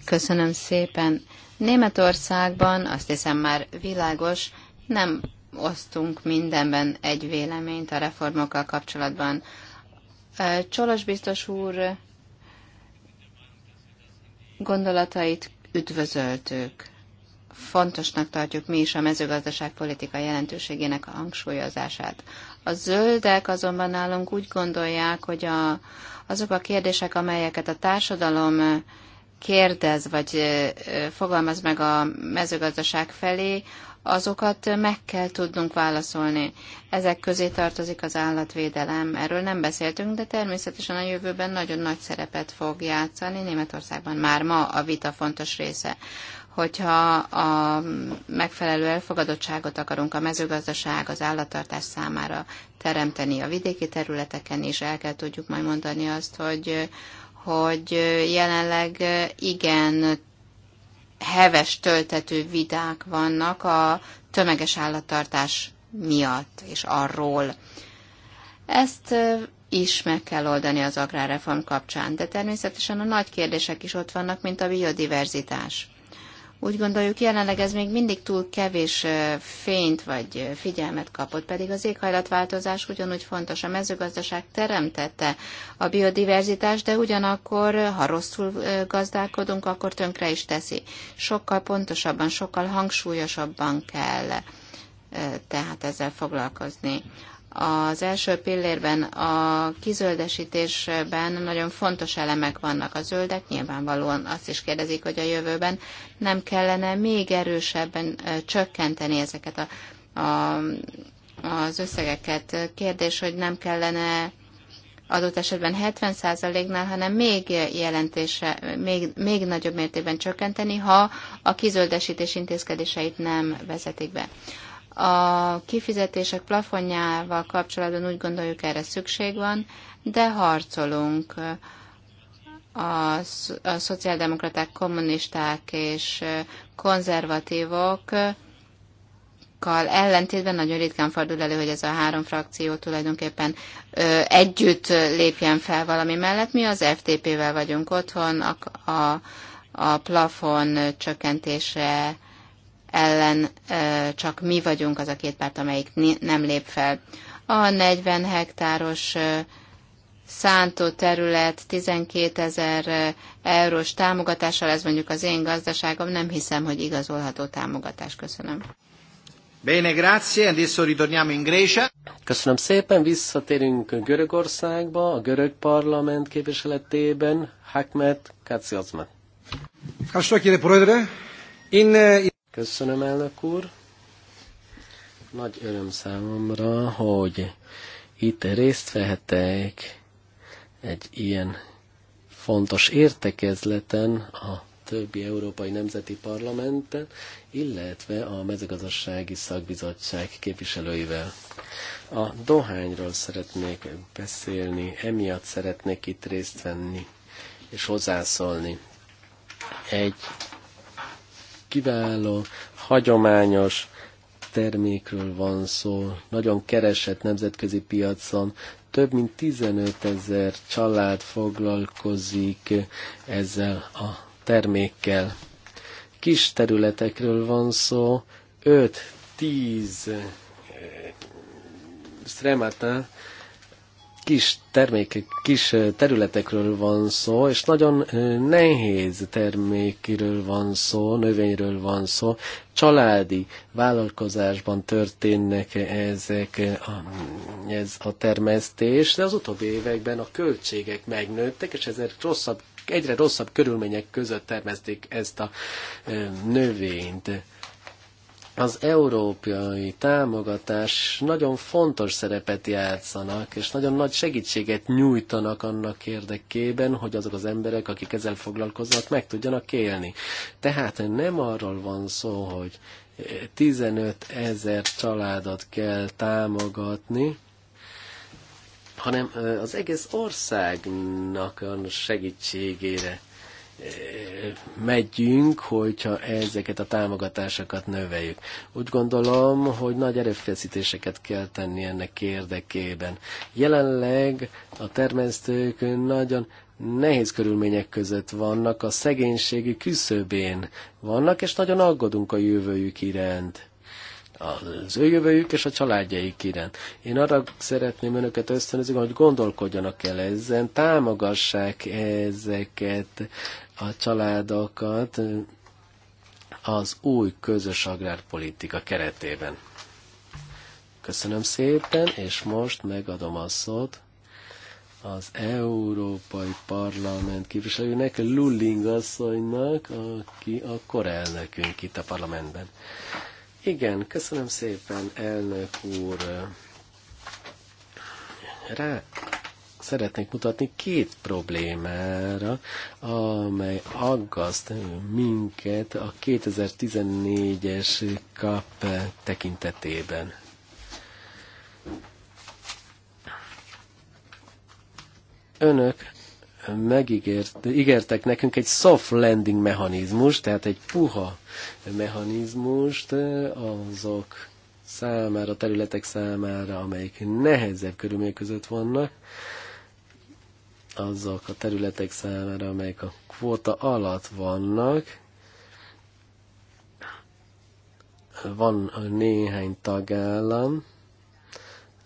Köszönöm szépen. Németországban azt hiszem már világos, nem osztunk mindenben egy véleményt a reformokkal kapcsolatban. Csolos biztos úr gondolatait üdvözöltük. Fontosnak tartjuk mi is a mezőgazdaság politika jelentőségének a hangsúlyozását. A zöldek azonban nálunk úgy gondolják, hogy a, azok a kérdések, amelyeket a társadalom kérdez, vagy fogalmaz meg a mezőgazdaság felé, azokat meg kell tudnunk válaszolni. Ezek közé tartozik az állatvédelem, erről nem beszéltünk, de természetesen a jövőben nagyon nagy szerepet fog játszani, Németországban már ma a vita fontos része hogyha a megfelelő elfogadottságot akarunk a mezőgazdaság az állattartás számára teremteni a vidéki területeken is, el kell tudjuk majd mondani azt, hogy, hogy jelenleg igen heves töltető vidák vannak a tömeges állattartás miatt és arról. Ezt is meg kell oldani az agrárreform kapcsán, de természetesen a nagy kérdések is ott vannak, mint a biodiverzitás. Úgy gondoljuk, jelenleg ez még mindig túl kevés fényt vagy figyelmet kapott, pedig az éghajlatváltozás ugyanúgy fontos. A mezőgazdaság teremtette a biodiverzitást, de ugyanakkor, ha rosszul gazdálkodunk, akkor tönkre is teszi. Sokkal pontosabban, sokkal hangsúlyosabban kell tehát ezzel foglalkozni az első pillérben, a kizöldesítésben nagyon fontos elemek vannak. A zöldek nyilvánvalóan azt is kérdezik, hogy a jövőben nem kellene még erősebben csökkenteni ezeket a, a, az összegeket. Kérdés, hogy nem kellene adott esetben 70%-nál, hanem még jelentése, még, még nagyobb mértékben csökkenteni, ha a kizöldesítés intézkedéseit nem vezetik be. A kifizetések plafonjával kapcsolatban úgy gondoljuk, erre szükség van, de harcolunk a, a szociáldemokraták, kommunisták és konzervatívok ellentétben nagyon ritkán fordul elő, hogy ez a három frakció tulajdonképpen ö, együtt lépjen fel valami mellett. Mi az FTP-vel vagyunk otthon, a, a, a plafon csökkentése ellen csak mi vagyunk az a két párt, amelyik nem lép fel. A 40 hektáros szántó terület 12 ezer eurós támogatással, ez mondjuk az én gazdaságom, nem hiszem, hogy igazolható támogatás. Köszönöm. Bene, grazie. Adesso ritorniamo in Grecia. Köszönöm szépen, visszatérünk Görögországba, a görög parlament képviseletében, Hakmet Katsiozman. Köszönöm, kérem, Köszönöm, elnök úr. Nagy öröm számomra, hogy itt részt vehetek egy ilyen fontos értekezleten a többi európai nemzeti parlamenten, illetve a mezőgazdasági szakbizottság képviselőivel. A dohányról szeretnék beszélni, emiatt szeretnék itt részt venni és hozzászólni. Egy kiváló, hagyományos termékről van szó, nagyon keresett nemzetközi piacon, több mint 15 ezer család foglalkozik ezzel a termékkel. Kis területekről van szó, 5-10 eh, Sremata kis termékek, kis területekről van szó, és nagyon nehéz termékről van szó, növényről van szó. Családi vállalkozásban történnek ezek a, ez a termesztés, de az utóbbi években a költségek megnőttek, és ezért rosszabb, egyre rosszabb körülmények között termesztik ezt a növényt az európai támogatás nagyon fontos szerepet játszanak, és nagyon nagy segítséget nyújtanak annak érdekében, hogy azok az emberek, akik ezzel foglalkoznak, meg tudjanak élni. Tehát nem arról van szó, hogy 15 ezer családot kell támogatni, hanem az egész országnak a segítségére megyünk, hogyha ezeket a támogatásokat növeljük. Úgy gondolom, hogy nagy erőfeszítéseket kell tenni ennek érdekében. Jelenleg a termesztők nagyon nehéz körülmények között vannak, a szegénységi küszöbén vannak, és nagyon aggódunk a jövőjük iránt az ő jövőjük és a családjaik iránt. Én arra szeretném önöket ösztönözni, hogy gondolkodjanak el ezen, támogassák ezeket a családokat az új közös agrárpolitika keretében. Köszönöm szépen, és most megadom a szót az Európai Parlament képviselőnek, Lulling asszonynak, aki a korelnökünk itt a parlamentben. Igen, köszönöm szépen, elnök úr. Rá szeretnék mutatni két problémára, amely aggaszt minket a 2014-es kap tekintetében. Önök megígértek nekünk egy soft landing mechanizmus, tehát egy puha mechanizmust eh, azok számára, területek számára, amelyik nehezebb körülmények között vannak, azok a területek számára, amelyek a kvóta alatt vannak, van néhány tagállam,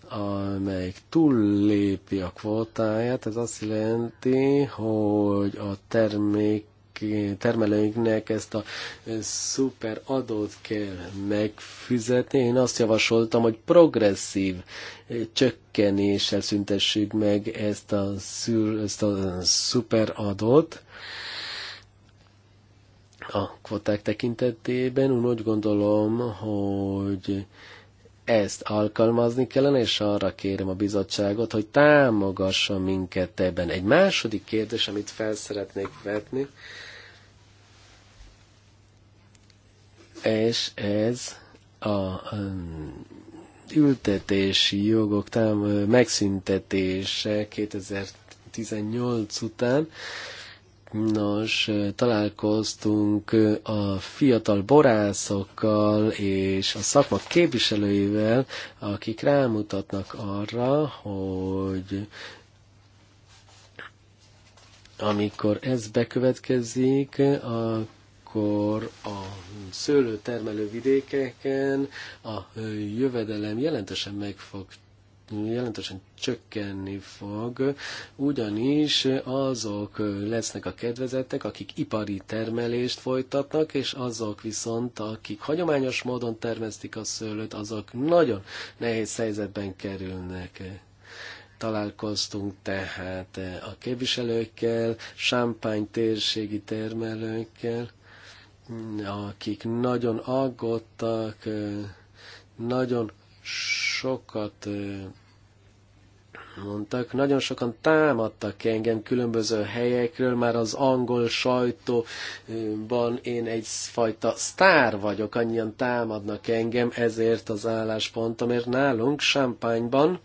amelyik túllépi a kvótáját, ez azt jelenti, hogy a termék termelőinknek ezt a szuper adót kell megfizetni. Én azt javasoltam, hogy progresszív csökkenéssel szüntessük meg ezt a, szűr, ezt a szuper adót a kvoták tekintetében. Úgy gondolom, hogy ezt alkalmazni kellene, és arra kérem a bizottságot, hogy támogassa minket ebben. Egy második kérdés, amit fel szeretnék vetni, és ez a um, ültetési jogok tám, megszüntetése 2018 után. Nos, találkoztunk a fiatal borászokkal és a szakma képviselőivel, akik rámutatnak arra, hogy amikor ez bekövetkezik, a akkor a szőlőtermelő vidékeken a jövedelem jelentősen meg fog jelentősen csökkenni fog, ugyanis azok lesznek a kedvezettek, akik ipari termelést folytatnak, és azok viszont, akik hagyományos módon termesztik a szőlőt, azok nagyon nehéz helyzetben kerülnek találkoztunk tehát a képviselőkkel, Champagne térségi termelőkkel, akik nagyon aggódtak, nagyon sokat mondtak, nagyon sokan támadtak engem különböző helyekről, már az angol sajtóban én egyfajta sztár vagyok, annyian támadnak engem, ezért az álláspontomért nálunk Sámpányban,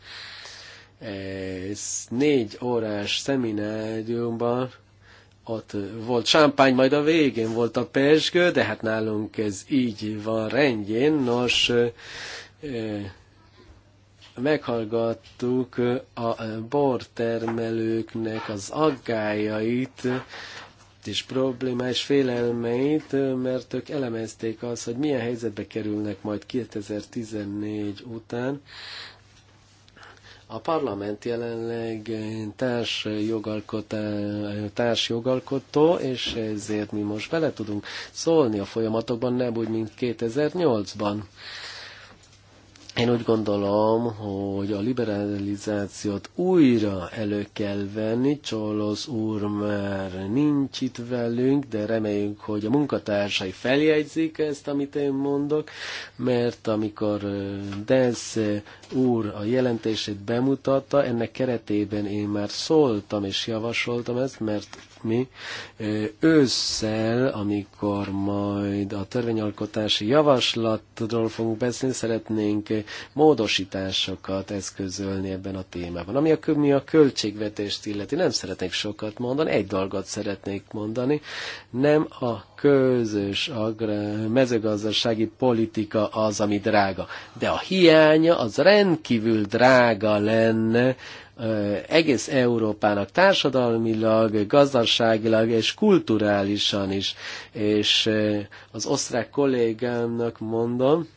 ez négy órás szemináriumban ott volt sámpány, majd a végén volt a pesgő, de hát nálunk ez így van rendjén. Nos, meghallgattuk a bortermelőknek az aggájait és problémás félelmeit, mert ők elemezték azt, hogy milyen helyzetbe kerülnek majd 2014 után, a parlament jelenleg társ, társ jogalkotó, és ezért mi most bele tudunk szólni a folyamatokban, nem úgy, mint 2008-ban. Én úgy gondolom, hogy a liberalizációt újra elő kell venni. Csolosz úr már nincs itt velünk, de reméljük, hogy a munkatársai feljegyzik ezt, amit én mondok, mert amikor Desz úr a jelentését bemutatta, ennek keretében én már szóltam és javasoltam ezt, mert mi ősszel, amikor majd a törvényalkotási javaslatról fogunk beszélni, szeretnénk módosításokat eszközölni ebben a témában. Ami a, mi a költségvetést illeti, nem szeretnék sokat mondani, egy dolgot szeretnék mondani, nem a közös mezőgazdasági politika az, ami drága, de a hiánya az rend rendkívül drága lenne egész Európának társadalmilag, gazdaságilag és kulturálisan is. És az osztrák kollégámnak mondom,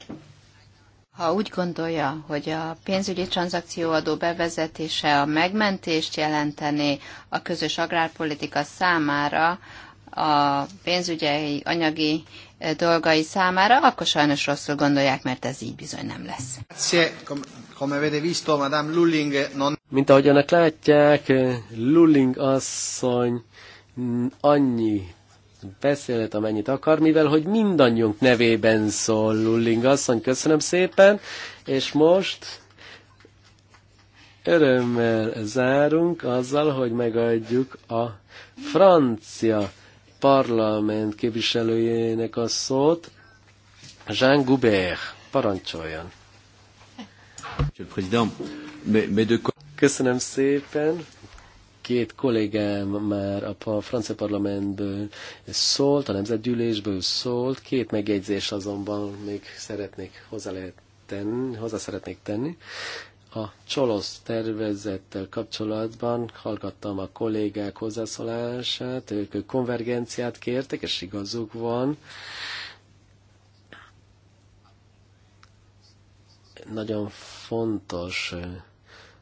ha úgy gondolja, hogy a pénzügyi tranzakcióadó bevezetése a megmentést jelenteni a közös agrárpolitika számára, a pénzügyi anyagi dolgai számára, akkor sajnos rosszul gondolják, mert ez így bizony nem lesz. Mint ahogy önök látják, Lulling asszony annyi beszélet, amennyit akar, mivel hogy mindannyiunk nevében szól Lulling asszony. Köszönöm szépen, és most örömmel zárunk azzal, hogy megadjuk a francia Parlament képviselőjének a szót. Jean Goubert, parancsoljon. Köszönöm szépen. Két kollégám már a francia parlamentből szólt, a nemzetgyűlésből szólt. Két megjegyzés azonban még szeretnék hozzá lehet tenni, hozzá szeretnék tenni a Csolosz tervezettel kapcsolatban hallgattam a kollégák hozzászólását, ők konvergenciát kértek, és igazuk van. Nagyon fontos,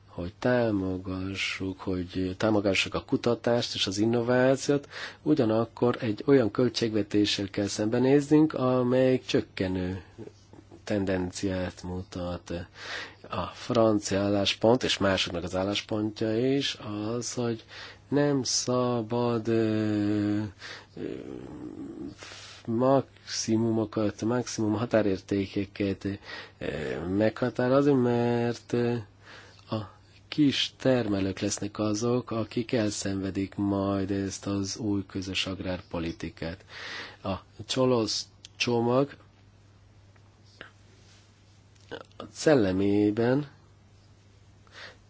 hogy támogassuk, hogy támogassuk a kutatást és az innovációt, ugyanakkor egy olyan költségvetéssel kell szembenéznünk, amely csökkenő tendenciát mutat a francia álláspont, és másoknak az álláspontja is, az, hogy nem szabad ö, ö, maximumokat, maximum határértékeket ö, meghatározni, mert a kis termelők lesznek azok, akik elszenvedik majd ezt az új közös agrárpolitikát. A csolosz csomag a szellemében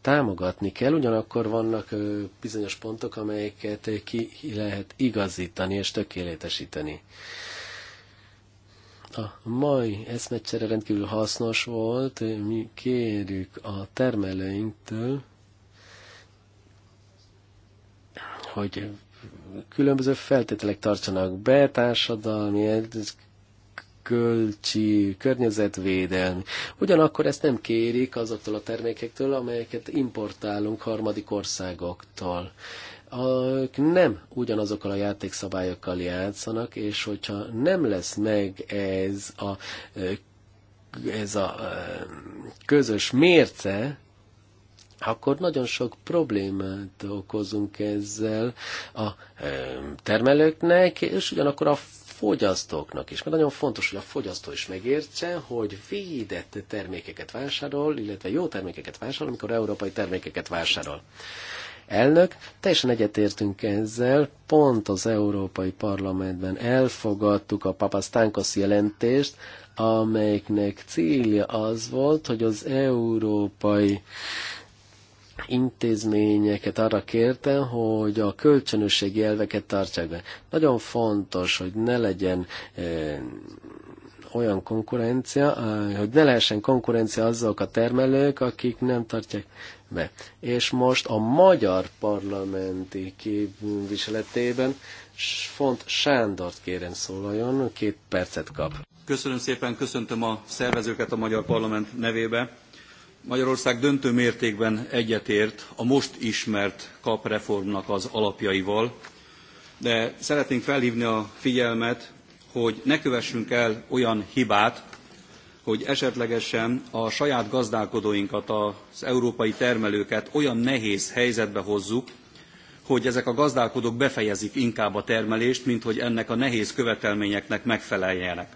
támogatni kell, ugyanakkor vannak bizonyos pontok, amelyeket ki lehet igazítani és tökéletesíteni. A mai eszmecsere rendkívül hasznos volt, mi kérjük a termelőinktől, hogy különböző feltételek tartsanak be, társadalmi, kölcsi, környezetvédelmi. Ugyanakkor ezt nem kérik azoktól a termékektől, amelyeket importálunk harmadik országoktól. Ők nem ugyanazokkal a játékszabályokkal játszanak, és hogyha nem lesz meg ez a, ez a közös mérce, akkor nagyon sok problémát okozunk ezzel a termelőknek, és ugyanakkor a fogyasztóknak is. Mert nagyon fontos, hogy a fogyasztó is megértse, hogy védett termékeket vásárol, illetve jó termékeket vásárol, amikor európai termékeket vásárol. Elnök, teljesen egyetértünk ezzel, pont az Európai Parlamentben elfogadtuk a Papasztánkosz jelentést, amelyiknek célja az volt, hogy az európai intézményeket arra kértem, hogy a kölcsönösségi elveket tartsák be. Nagyon fontos, hogy ne legyen eh, olyan konkurencia, eh, hogy ne lehessen konkurencia azok a termelők, akik nem tartják be. És most a magyar parlamenti képviseletében Font Sándort kérem szólaljon, két percet kap. Köszönöm szépen, köszöntöm a szervezőket a Magyar Parlament nevébe Magyarország döntő mértékben egyetért a most ismert kapreformnak az alapjaival, de szeretnénk felhívni a figyelmet, hogy ne kövessünk el olyan hibát, hogy esetlegesen a saját gazdálkodóinkat, az európai termelőket olyan nehéz helyzetbe hozzuk, hogy ezek a gazdálkodók befejezik inkább a termelést, mint hogy ennek a nehéz követelményeknek megfeleljenek.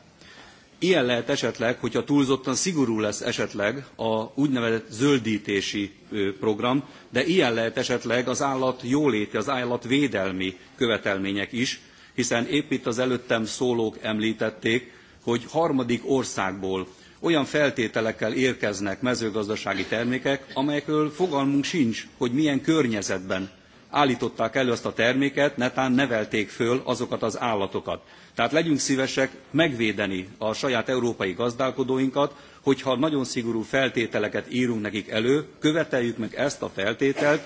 Ilyen lehet esetleg, hogyha túlzottan szigorú lesz esetleg a úgynevezett zöldítési program, de ilyen lehet esetleg az állat jóléti, az állatvédelmi követelmények is, hiszen épp itt az előttem szólók említették, hogy harmadik országból olyan feltételekkel érkeznek mezőgazdasági termékek, amelyekről fogalmunk sincs, hogy milyen környezetben állították elő azt a terméket, netán nevelték föl azokat az állatokat. Tehát legyünk szívesek megvédeni a saját európai gazdálkodóinkat, hogyha nagyon szigorú feltételeket írunk nekik elő, követeljük meg ezt a feltételt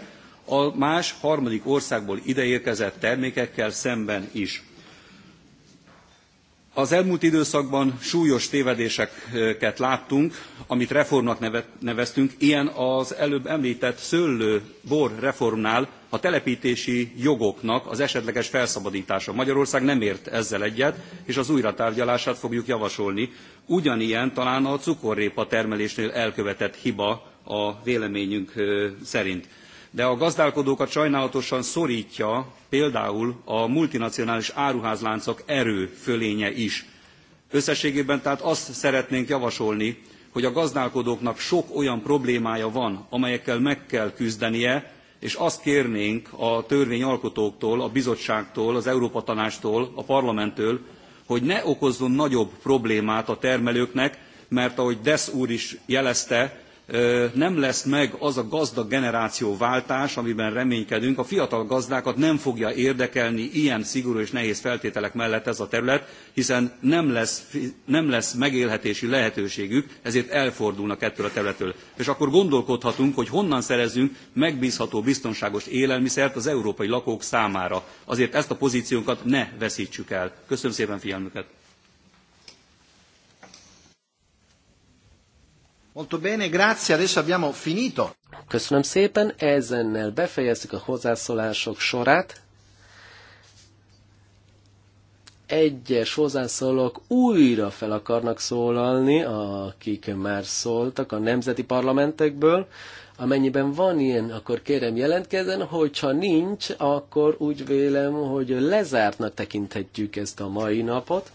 a más harmadik országból ideérkezett termékekkel szemben is. Az elmúlt időszakban súlyos tévedéseket láttunk, amit reformnak neveztünk. Ilyen az előbb említett szőlő bor reformnál a telepítési jogoknak az esetleges felszabadítása. Magyarország nem ért ezzel egyet, és az újratárgyalását fogjuk javasolni. Ugyanilyen talán a cukorrépa termelésnél elkövetett hiba a véleményünk szerint de a gazdálkodókat sajnálatosan szorítja például a multinacionális áruházláncok erő fölénye is. Összességében tehát azt szeretnénk javasolni, hogy a gazdálkodóknak sok olyan problémája van, amelyekkel meg kell küzdenie, és azt kérnénk a törvényalkotóktól, a bizottságtól, az Európa Tanástól, a parlamenttől, hogy ne okozzon nagyobb problémát a termelőknek, mert ahogy Dess úr is jelezte, nem lesz meg az a gazdag generációváltás, amiben reménykedünk, a fiatal gazdákat nem fogja érdekelni ilyen szigorú és nehéz feltételek mellett ez a terület, hiszen nem lesz, nem lesz megélhetési lehetőségük, ezért elfordulnak ettől a területtől. És akkor gondolkodhatunk, hogy honnan szerezünk megbízható, biztonságos élelmiszert az európai lakók számára. Azért ezt a pozíciónkat ne veszítsük el. Köszönöm szépen figyelmüket! Molto bene, grazie. Adesso abbiamo finito. Köszönöm szépen, ezennel befejeztük a hozzászólások sorát. Egyes hozzászólók újra fel akarnak szólalni, akik már szóltak a nemzeti parlamentekből. Amennyiben van ilyen, akkor kérem jelentkezzen, hogyha nincs, akkor úgy vélem, hogy lezártnak tekinthetjük ezt a mai napot.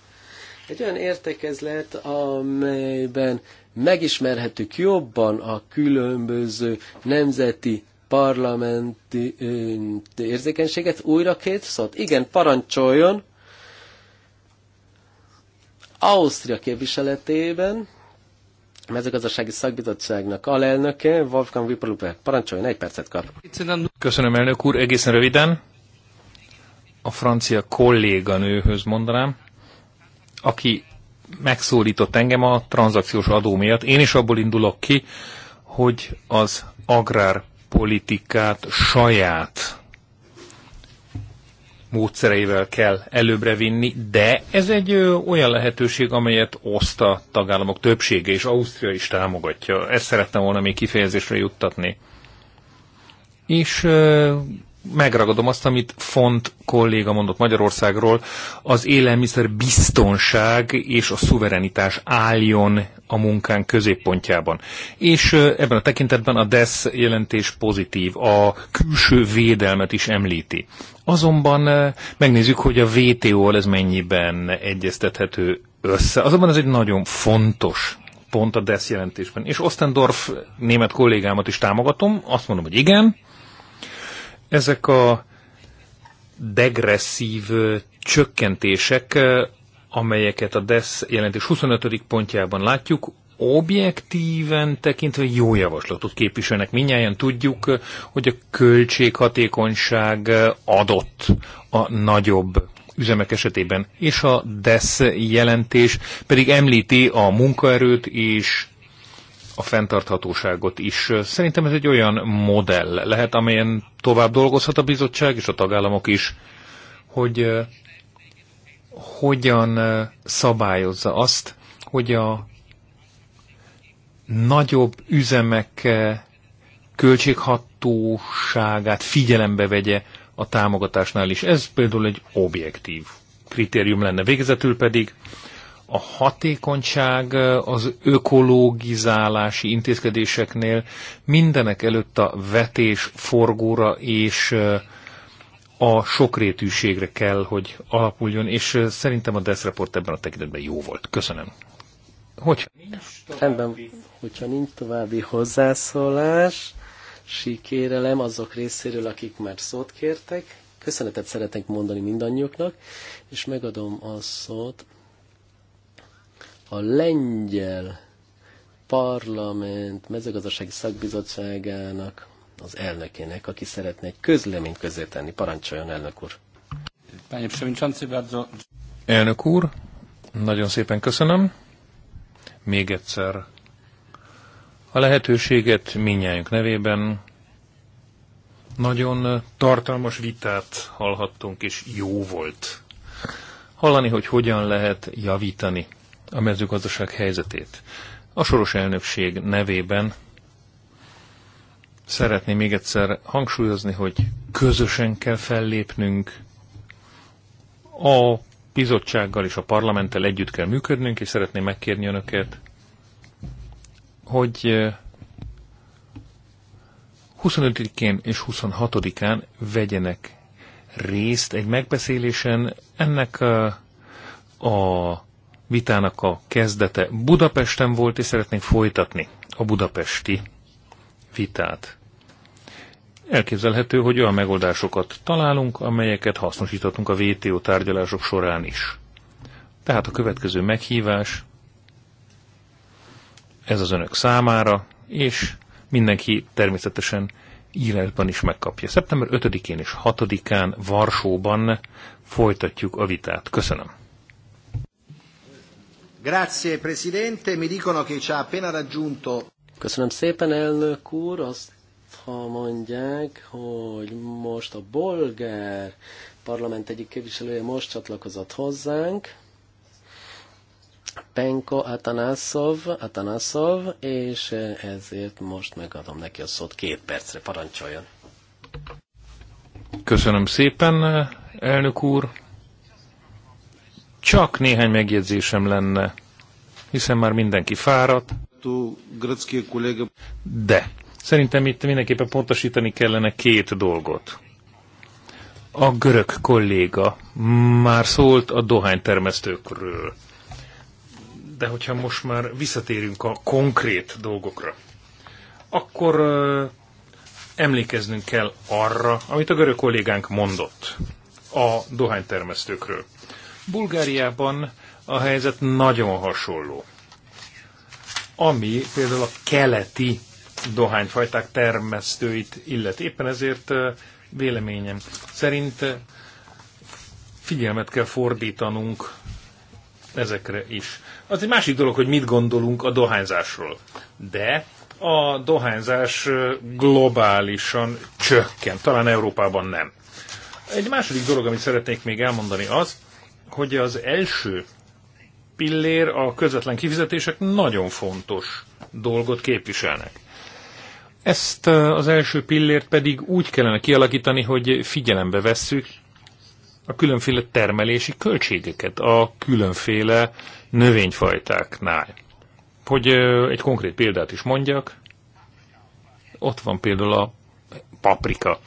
Egy olyan értekezlet, amelyben megismerhetük jobban a különböző nemzeti parlamenti ö, érzékenységet. Újra két szót? Igen, parancsoljon. Ausztria képviseletében a mezőgazdasági szakbizottságnak alelnöke, Wolfgang Wipperlupe, Parancsoljon, egy percet kap. Köszönöm, elnök úr, egészen röviden. A francia kolléganőhöz mondanám, aki megszólított engem a tranzakciós adó miatt. Én is abból indulok ki, hogy az agrárpolitikát saját módszereivel kell előbbre vinni, de ez egy ö, olyan lehetőség, amelyet oszt a tagállamok többsége, és Ausztria is támogatja. Ezt szerettem volna még kifejezésre juttatni. És ö, megragadom azt, amit Font kolléga mondott Magyarországról, az élelmiszer biztonság és a szuverenitás álljon a munkán középpontjában. És ebben a tekintetben a DESZ jelentés pozitív, a külső védelmet is említi. Azonban megnézzük, hogy a WTO-val ez mennyiben egyeztethető össze. Azonban ez egy nagyon fontos pont a DESZ jelentésben. És Ostendorf német kollégámat is támogatom, azt mondom, hogy igen, ezek a degresszív csökkentések, amelyeket a DESZ jelentés 25. pontjában látjuk, objektíven tekintve jó javaslatot képviselnek. Minnyáján tudjuk, hogy a költséghatékonyság adott a nagyobb üzemek esetében, és a DESZ jelentés pedig említi a munkaerőt és a fenntarthatóságot is. Szerintem ez egy olyan modell lehet, amelyen tovább dolgozhat a bizottság és a tagállamok is, hogy eh, hogyan eh, szabályozza azt, hogy a nagyobb üzemek költséghatóságát figyelembe vegye a támogatásnál is. Ez például egy objektív kritérium lenne. Végezetül pedig a hatékonyság az ökológizálási intézkedéseknél mindenek előtt a vetés forgóra és a sokrétűségre kell, hogy alapuljon, és szerintem a DESZ report ebben a tekintetben jó volt. Köszönöm. Hogy? Rendben, hogyha nincs további hozzászólás, sikérelem azok részéről, akik már szót kértek. Köszönetet szeretnénk mondani mindannyiuknak, és megadom a szót a lengyel parlament mezőgazdasági szakbizottságának az elnökének, aki szeretne egy közleményt közé tenni. Parancsoljon, elnök úr! Elnök úr, nagyon szépen köszönöm. Még egyszer a lehetőséget minnyájunk nevében. Nagyon tartalmas vitát hallhattunk, és jó volt hallani, hogy hogyan lehet javítani a mezőgazdaság helyzetét. A soros elnökség nevében szeretném még egyszer hangsúlyozni, hogy közösen kell fellépnünk, a bizottsággal és a parlamenttel együtt kell működnünk, és szeretném megkérni önöket, hogy 25-én eh, és 26-án vegyenek részt egy megbeszélésen ennek eh, a, a vitának a kezdete Budapesten volt, és szeretnénk folytatni a budapesti vitát. Elképzelhető, hogy olyan megoldásokat találunk, amelyeket hasznosíthatunk a VTO tárgyalások során is. Tehát a következő meghívás ez az önök számára, és mindenki természetesen írásban is megkapja. Szeptember 5-én és 6-án Varsóban folytatjuk a vitát. Köszönöm. Grazie Presidente, mi dicono che ci ha appena raggiunto. Köszönöm szépen, elnök úr, azt ha mondják, hogy most a bolgár parlament egyik képviselője most csatlakozott hozzánk, Penko Atanasov, Atanasov, és ezért most megadom neki a szót két percre, parancsoljon. Köszönöm szépen, elnök úr. Csak néhány megjegyzésem lenne, hiszen már mindenki fáradt. De szerintem itt mindenképpen pontosítani kellene két dolgot. A görög kolléga már szólt a dohánytermesztőkről. De hogyha most már visszatérünk a konkrét dolgokra, akkor uh, emlékeznünk kell arra, amit a görög kollégánk mondott a dohánytermesztőkről. Bulgáriában a helyzet nagyon hasonló. Ami például a keleti dohányfajták termesztőit illet. Éppen ezért véleményem szerint figyelmet kell fordítanunk ezekre is. Az egy másik dolog, hogy mit gondolunk a dohányzásról. De a dohányzás globálisan csökken, talán Európában nem. Egy második dolog, amit szeretnék még elmondani az, hogy az első pillér a közvetlen kifizetések nagyon fontos dolgot képviselnek. Ezt az első pillért pedig úgy kellene kialakítani, hogy figyelembe vesszük a különféle termelési költségeket a különféle növényfajtáknál. Hogy egy konkrét példát is mondjak, ott van például a paprika.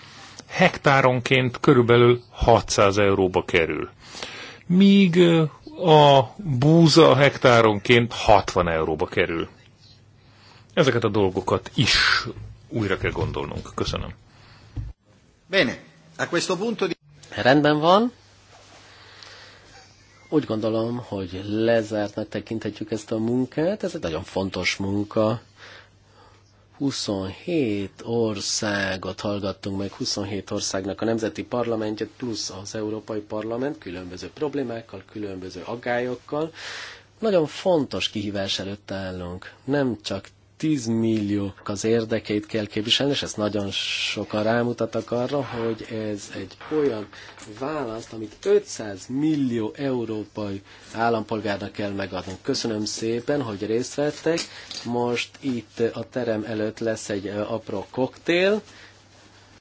Hektáronként körülbelül 600 euróba kerül míg a búza a hektáronként 60 euróba kerül. Ezeket a dolgokat is újra kell gondolnunk. Köszönöm. Bene. A questo punto di... Rendben van. Úgy gondolom, hogy lezártnak tekinthetjük ezt a munkát. Ez egy nagyon fontos munka 27 országot hallgattunk meg, 27 országnak a nemzeti parlamentje, plusz az Európai Parlament különböző problémákkal, különböző agályokkal. Nagyon fontos kihívás előtt állunk. Nem csak 10 milliók az érdekeit kell képviselni, és ezt nagyon sokan rámutattak arra, hogy ez egy olyan választ, amit 500 millió európai állampolgárnak kell megadni. Köszönöm szépen, hogy részt vettek. Most itt a terem előtt lesz egy apró koktél.